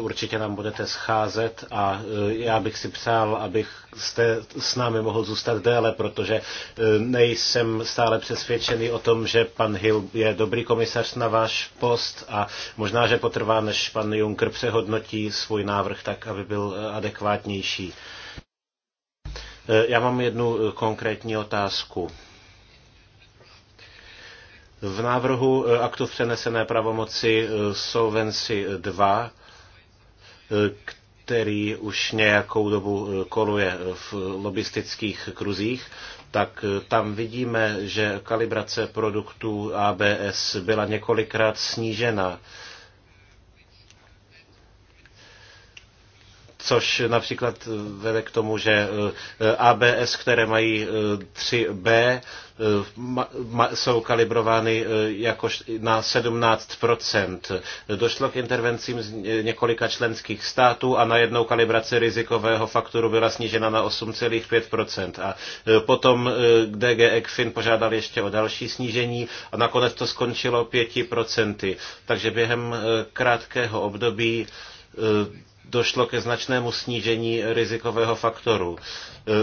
Určitě nám budete scházet a já bych si přál, abych jste s námi mohl zůstat déle, protože nejsem stále přesvědčený o tom, že pan Hill je dobrý komisař na váš post a možná, že potrvá, než pan Juncker přehodnotí svůj návrh tak, aby byl adekvátnější. Eh, já mám jednu eh, konkrétní otázku. V návrhu eh, aktu přenesené pravomoci Solvency 2, který už nějakou dobu koluje v lobistických kruzích, tak tam vidíme, že kalibrace produktů ABS byla několikrát snížena což například vede k tomu, že eh, ABS, které mají 3B, eh, eh, jsou kalibrovány jako na 17 Došlo k intervencím z několika členských států a najednou kalibrace rizikového faktoru byla snížena na 8,5 A potom DG ECFIN požádal ještě o další snížení a nakonec to skončilo 5 Takže během krátkého období došlo ke značnému snížení rizikového faktoru.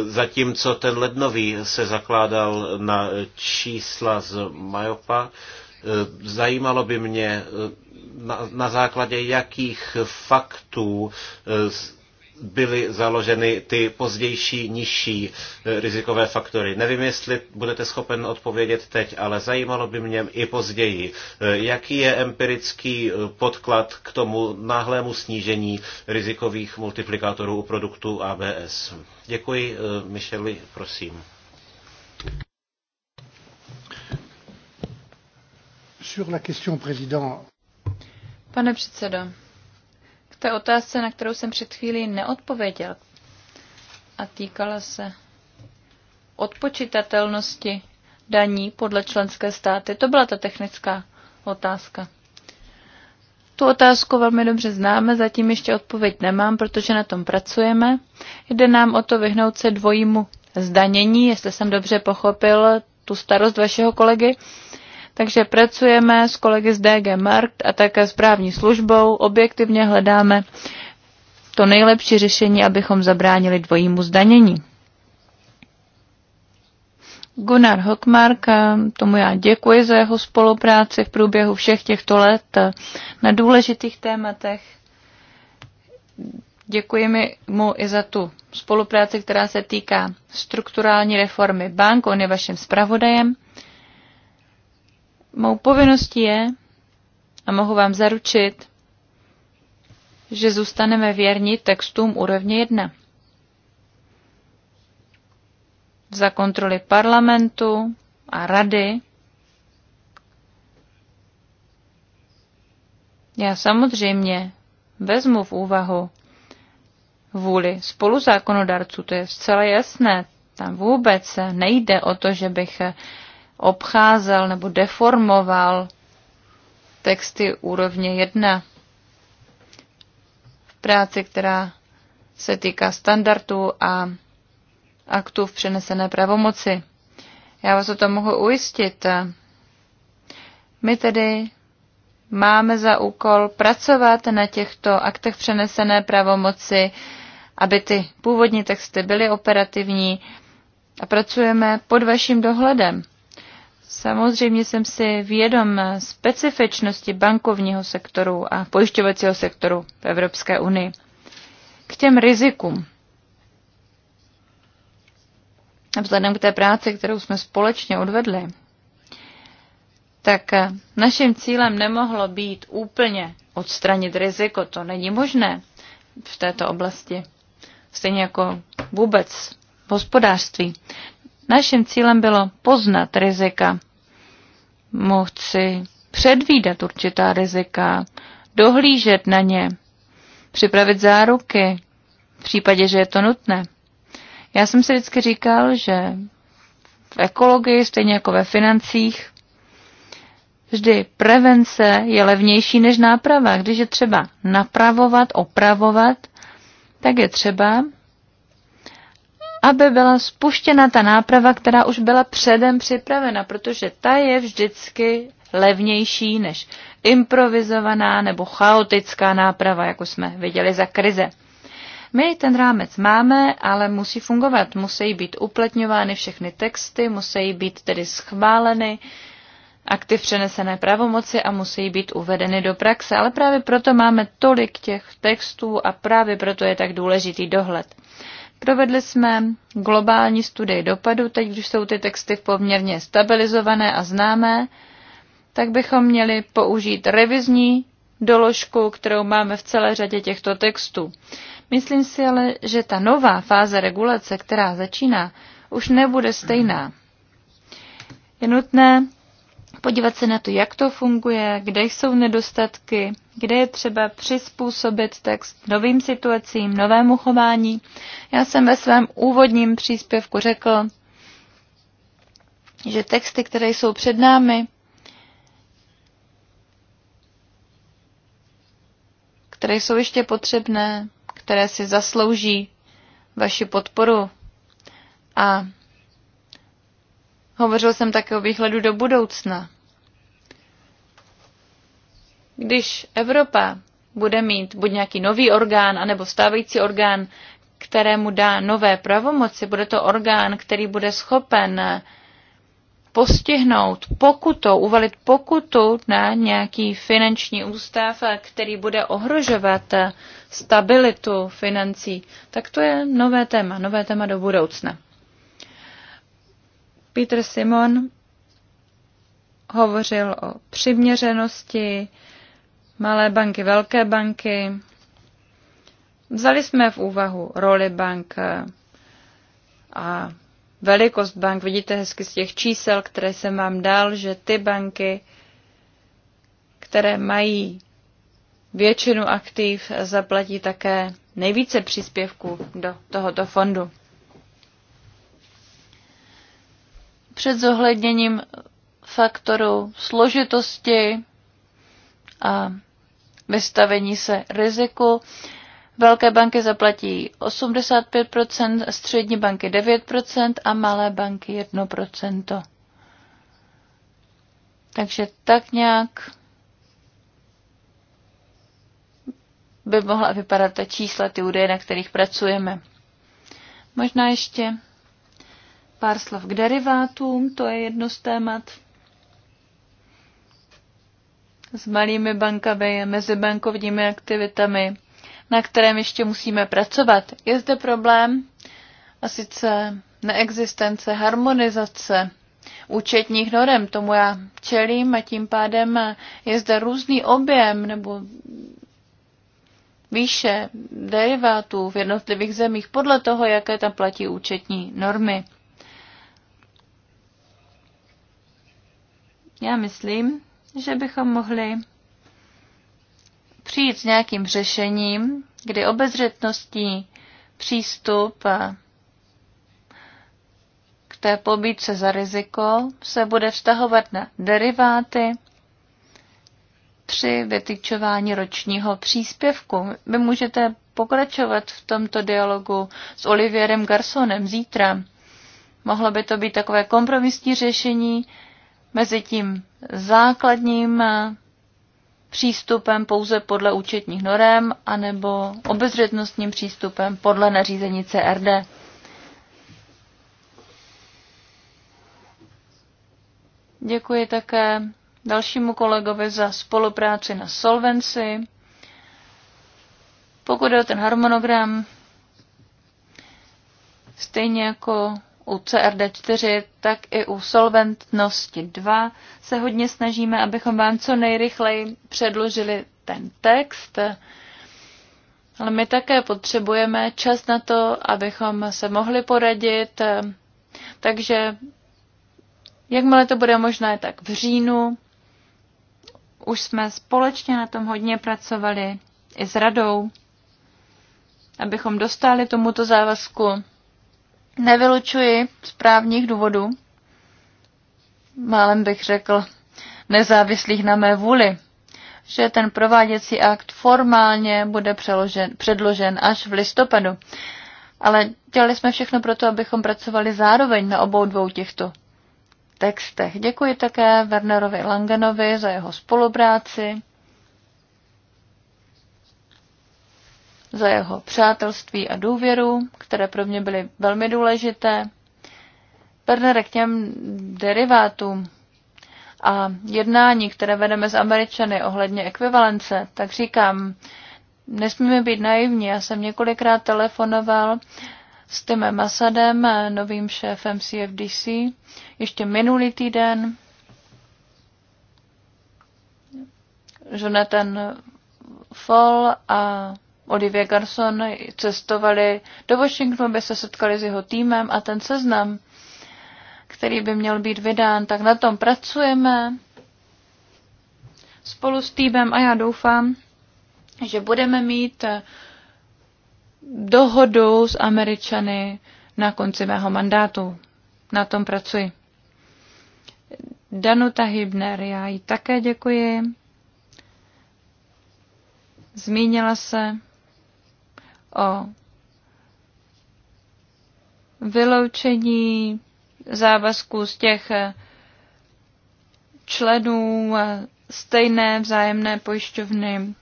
Zatímco ten lednový se zakládal na čísla z Majopa, zajímalo by mě, na, na základě jakých faktů byly založeny ty pozdější nižší e, rizikové faktory. Nevím, jestli budete schopen odpovědět teď, ale zajímalo by mě i později, e, jaký je empirický e, podklad k tomu náhlému snížení rizikových multiplikátorů u produktu ABS. Děkuji, Micheli, prosím. Pane předsedo, té otázce, na kterou jsem před chvílí neodpověděl a týkala se odpočitatelnosti daní podle členské státy. To byla ta technická otázka. Tu otázku velmi dobře známe, zatím ještě odpověď nemám, protože na tom pracujeme. Jde nám o to vyhnout se dvojímu zdanění, jestli jsem dobře pochopil tu starost vašeho kolegy. Takže pracujeme s kolegy z DG Markt a také s právní službou, objektivně hledáme to nejlepší řešení, abychom zabránili dvojímu zdanění. Gunnar Hockmark, eh, tomu já děkuji za jeho spolupráci v průběhu všech těchto let eh, na důležitých tématech. Děkuji mu i za tu spolupráci, která se týká strukturální reformy bank. On je vaším zpravodajem. Mou povinností je, a mohu vám zaručit, že zůstaneme věrni textům úrovně 1. Za kontroly parlamentu a rady. Já samozřejmě vezmu v úvahu vůli spoluzákonodarců, to je zcela jasné. Tam vůbec nejde o to, že bych obcházel nebo deformoval texty úrovně 1 v práci, která se týká standardů a aktů v přenesené pravomoci. Já vás o tom mohu ujistit. My tedy máme za úkol pracovat na těchto aktech přenesené pravomoci, aby ty původní texty byly operativní a pracujeme pod vaším dohledem. Samozřejmě jsem si vědom specifičnosti bankovního sektoru a pojišťovacího sektoru v Evropské unii. K těm rizikům. Vzhledem k té práci, kterou jsme společně odvedli, tak naším cílem nemohlo být úplně odstranit riziko. To není možné v této oblasti. Stejně jako vůbec v hospodářství. Naším cílem bylo poznat rizika, moci předvídat určitá rizika, dohlížet na ně, připravit záruky v případě, že je to nutné. Já jsem si vždycky říkal, že v ekologii, stejně jako ve financích, vždy prevence je levnější než náprava. Když je třeba napravovat, opravovat, tak je třeba aby byla spuštěna ta náprava, která už byla předem připravena, protože ta je vždycky levnější než improvizovaná nebo chaotická náprava, jako jsme viděli za krize. My ten rámec máme, ale musí fungovat. Musí být uplatňovány všechny texty, musí být tedy schváleny v přenesené pravomoci a musí být uvedeny do praxe. Ale právě proto máme tolik těch textů a právě proto je tak důležitý dohled. Provedli jsme globální studii dopadu, teď když jsou ty texty v poměrně stabilizované a známé, tak bychom měli použít revizní doložku, kterou máme v celé řadě těchto textů. Myslím si ale, že ta nová fáze regulace, která začíná, už nebude stejná. Je nutné podívat se na to, jak to funguje, kde jsou nedostatky, kde je třeba přizpůsobit text novým situacím, novému chování. Já jsem ve svém úvodním příspěvku řekl, že texty, které jsou před námi, které jsou ještě potřebné, které si zaslouží vaši podporu a Hovořil jsem také o výhledu do budoucna. Když Evropa bude mít buď nějaký nový orgán, anebo stávající orgán, kterému dá nové pravomoci, bude to orgán, který bude schopen postihnout pokutou, uvalit pokutu na nějaký finanční ústav, který bude ohrožovat stabilitu financí, tak to je nové téma, nové téma do budoucna. Peter Simon hovořil o přiměřenosti, malé banky, velké banky. Vzali jsme v úvahu roli bank a velikost bank. Vidíte hezky z těch čísel, které jsem vám dal, že ty banky, které mají většinu aktiv, zaplatí také nejvíce příspěvků do tohoto fondu. před zohledněním faktoru složitosti a vystavení se riziku. Velké banky zaplatí 85%, střední banky 9% a malé banky 1%. Takže tak nějak by mohla vypadat ta čísla, ty údaje, na kterých pracujeme. Možná ještě Pár slov k derivátům, to je jedno z témat. S malými bankami, mezibankovními aktivitami, na kterém ještě musíme pracovat. Je zde problém a sice neexistence harmonizace účetních norem. Tomu já čelím a tím pádem je zde různý objem nebo výše derivátů v jednotlivých zemích podle toho, jaké tam platí účetní normy. Já myslím, že bychom mohli přijít s nějakým řešením, kdy obezřetností přístup k té pobídce za riziko se bude vztahovat na deriváty při vytyčování ročního příspěvku. Vy můžete pokračovat v tomto dialogu s Olivierem Garsonem zítra. Mohlo by to být takové kompromisní řešení, mezi tím základním eh, přístupem pouze podle účetních norem anebo obezřetnostním přístupem podle nařízení CRD. Děkuji také dalšímu kolegovi za spolupráci na Solvency. Pokud je o ten harmonogram, stejně jako u CRD4, tak i u Solventnosti 2 se hodně snažíme, abychom vám co nejrychleji předložili ten text, ale my také potřebujeme čas na to, abychom se mohli poradit, takže jakmile to bude možné, tak v říjnu. Už jsme společně na tom hodně pracovali i s radou, abychom dostali tomuto závazku nevylučuji z právních důvodů, málem bych řekl, nezávislých na mé vůli, že ten prováděcí akt formálně bude přeložen, předložen až v listopadu. Ale dělali jsme všechno proto, abychom pracovali zároveň na obou dvou těchto textech. Děkuji také Wernerovi Langenovi za jeho spolupráci za jeho přátelství a důvěru, které pro mě byly velmi důležité. Bernere, k těm derivátům a jednání, které vedeme s Američany ohledně ekvivalence, tak říkám, nesmíme být naivní. Já jsem několikrát telefonoval s Timem Masadem, novým šéfem CFDC, ještě minulý týden. Jonathan Fall a Olivia Garson cestovali do Washingtonu, aby se setkali s jeho týmem a ten seznam, který by měl být vydán, tak na tom pracujeme spolu s týmem a já doufám, že budeme mít dohodu s Američany na konci mého mandátu. Na tom pracuji. Danuta Hybner, já jí také děkuji. Zmínila se o vyloučení závazků z těch členů stejné vzájemné pojišťovny.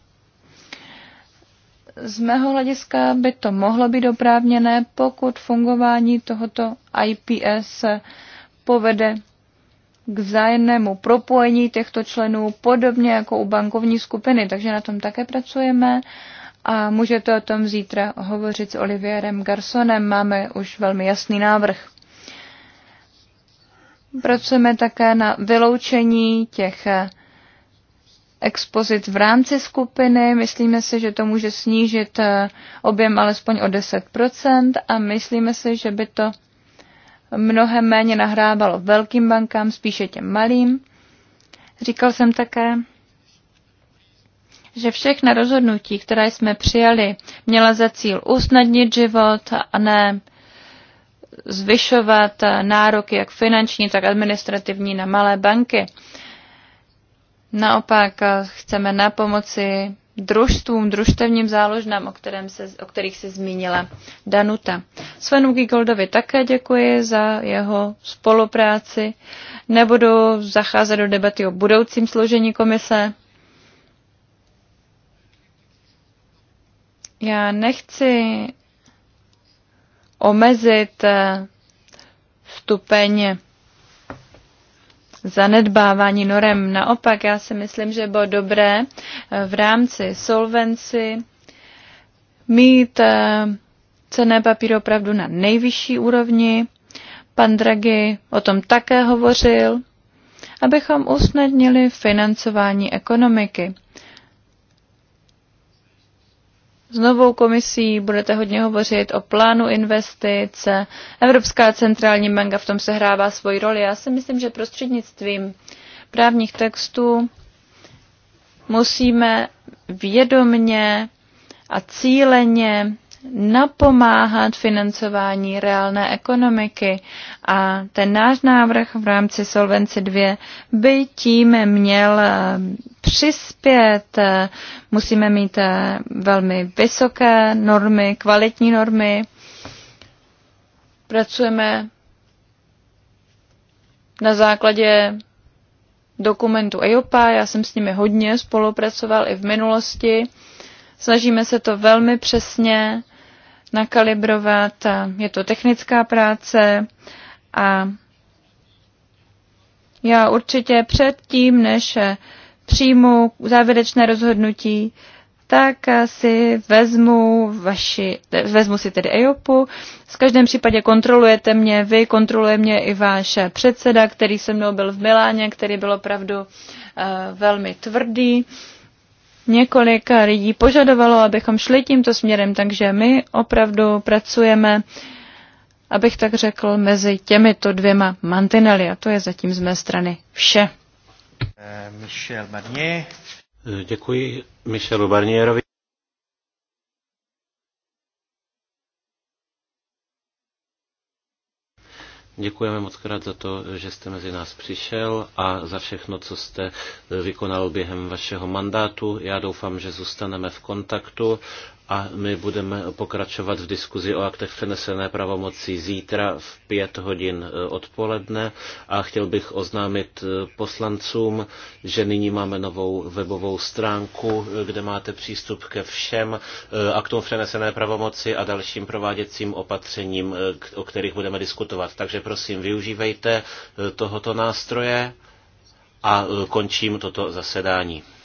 Z mého hlediska by to mohlo být oprávněné, pokud fungování tohoto IPS povede k vzájemnému propojení těchto členů, podobně jako u bankovní skupiny, takže na tom také pracujeme a můžete o tom zítra hovořit s Olivierem Garsonem. Máme už velmi jasný návrh. Pracujeme také na vyloučení těch eh, expozit v rámci skupiny. Myslíme si, že to může snížit eh, objem alespoň o 10% a myslíme si, že by to mnohem méně nahrávalo velkým bankám, spíše těm malým. Říkal jsem také, že všechna rozhodnutí, která jsme přijali, měla za cíl usnadnit život a ne zvyšovat nároky jak finanční, tak administrativní na malé banky. Naopak chceme na pomoci družstvům, družstevním záložnám, o, kterém se, o kterých se zmínila Danuta. Svenu Gigoldovi také děkuji za jeho spolupráci. Nebudu zacházet do debaty o budoucím složení komise. Já nechci omezit eh, stupeň zanedbávání norem. Naopak, já si myslím, že bylo dobré eh, v rámci solvenci mít eh, cené papíry opravdu na nejvyšší úrovni. Pan Draghi o tom také hovořil, abychom usnadnili financování ekonomiky. S novou komisí budete hodně hovořit o plánu investic. Evropská centrální banka v tom sehrává svoji roli. Já si myslím, že prostřednictvím právních textů musíme vědomně a cíleně napomáhat financování reálné ekonomiky a ten náš návrh v rámci Solvenci 2 by tím měl eh, přispět. Musíme mít eh, velmi vysoké normy, kvalitní normy. Pracujeme na základě dokumentu EIOPA, já jsem s nimi hodně spolupracoval i v minulosti. Snažíme se to velmi přesně nakalibrovat. Je to technická práce a já určitě před tím, než přijmu závěrečné rozhodnutí, tak si vezmu vaši, vezmu si tedy EOPu. V každém případě kontrolujete mě, vy kontroluje mě i váš předseda, který se mnou byl v Miláně, který byl opravdu uh, velmi tvrdý. Uh, Několik lidí požadovalo, abychom šli tímto směrem, takže my opravdu pracujeme, abych tak řekl, mezi těmito dvěma mantinely. A to je zatím z mé strany vše. Eh, Michel Barnier. Eh, děkuji Michelu Barnierovi. Děkujeme moc krát za to, že jste mezi nás přišel a za všechno, co jste vykonal během vašeho mandátu. Já doufám, že zůstaneme v kontaktu a my budeme pokračovat v diskuzi o aktech přenesené pravomocí zítra v pět hodin e, odpoledne a chtěl bych oznámit e, poslancům, že nyní máme novou webovou stránku, e, kde máte přístup ke všem aktům přenesené pravomoci a dalším prováděcím opatřením, o kterých budeme diskutovat. Takže prosím, využívejte tohoto nástroje a končím toto zasedání.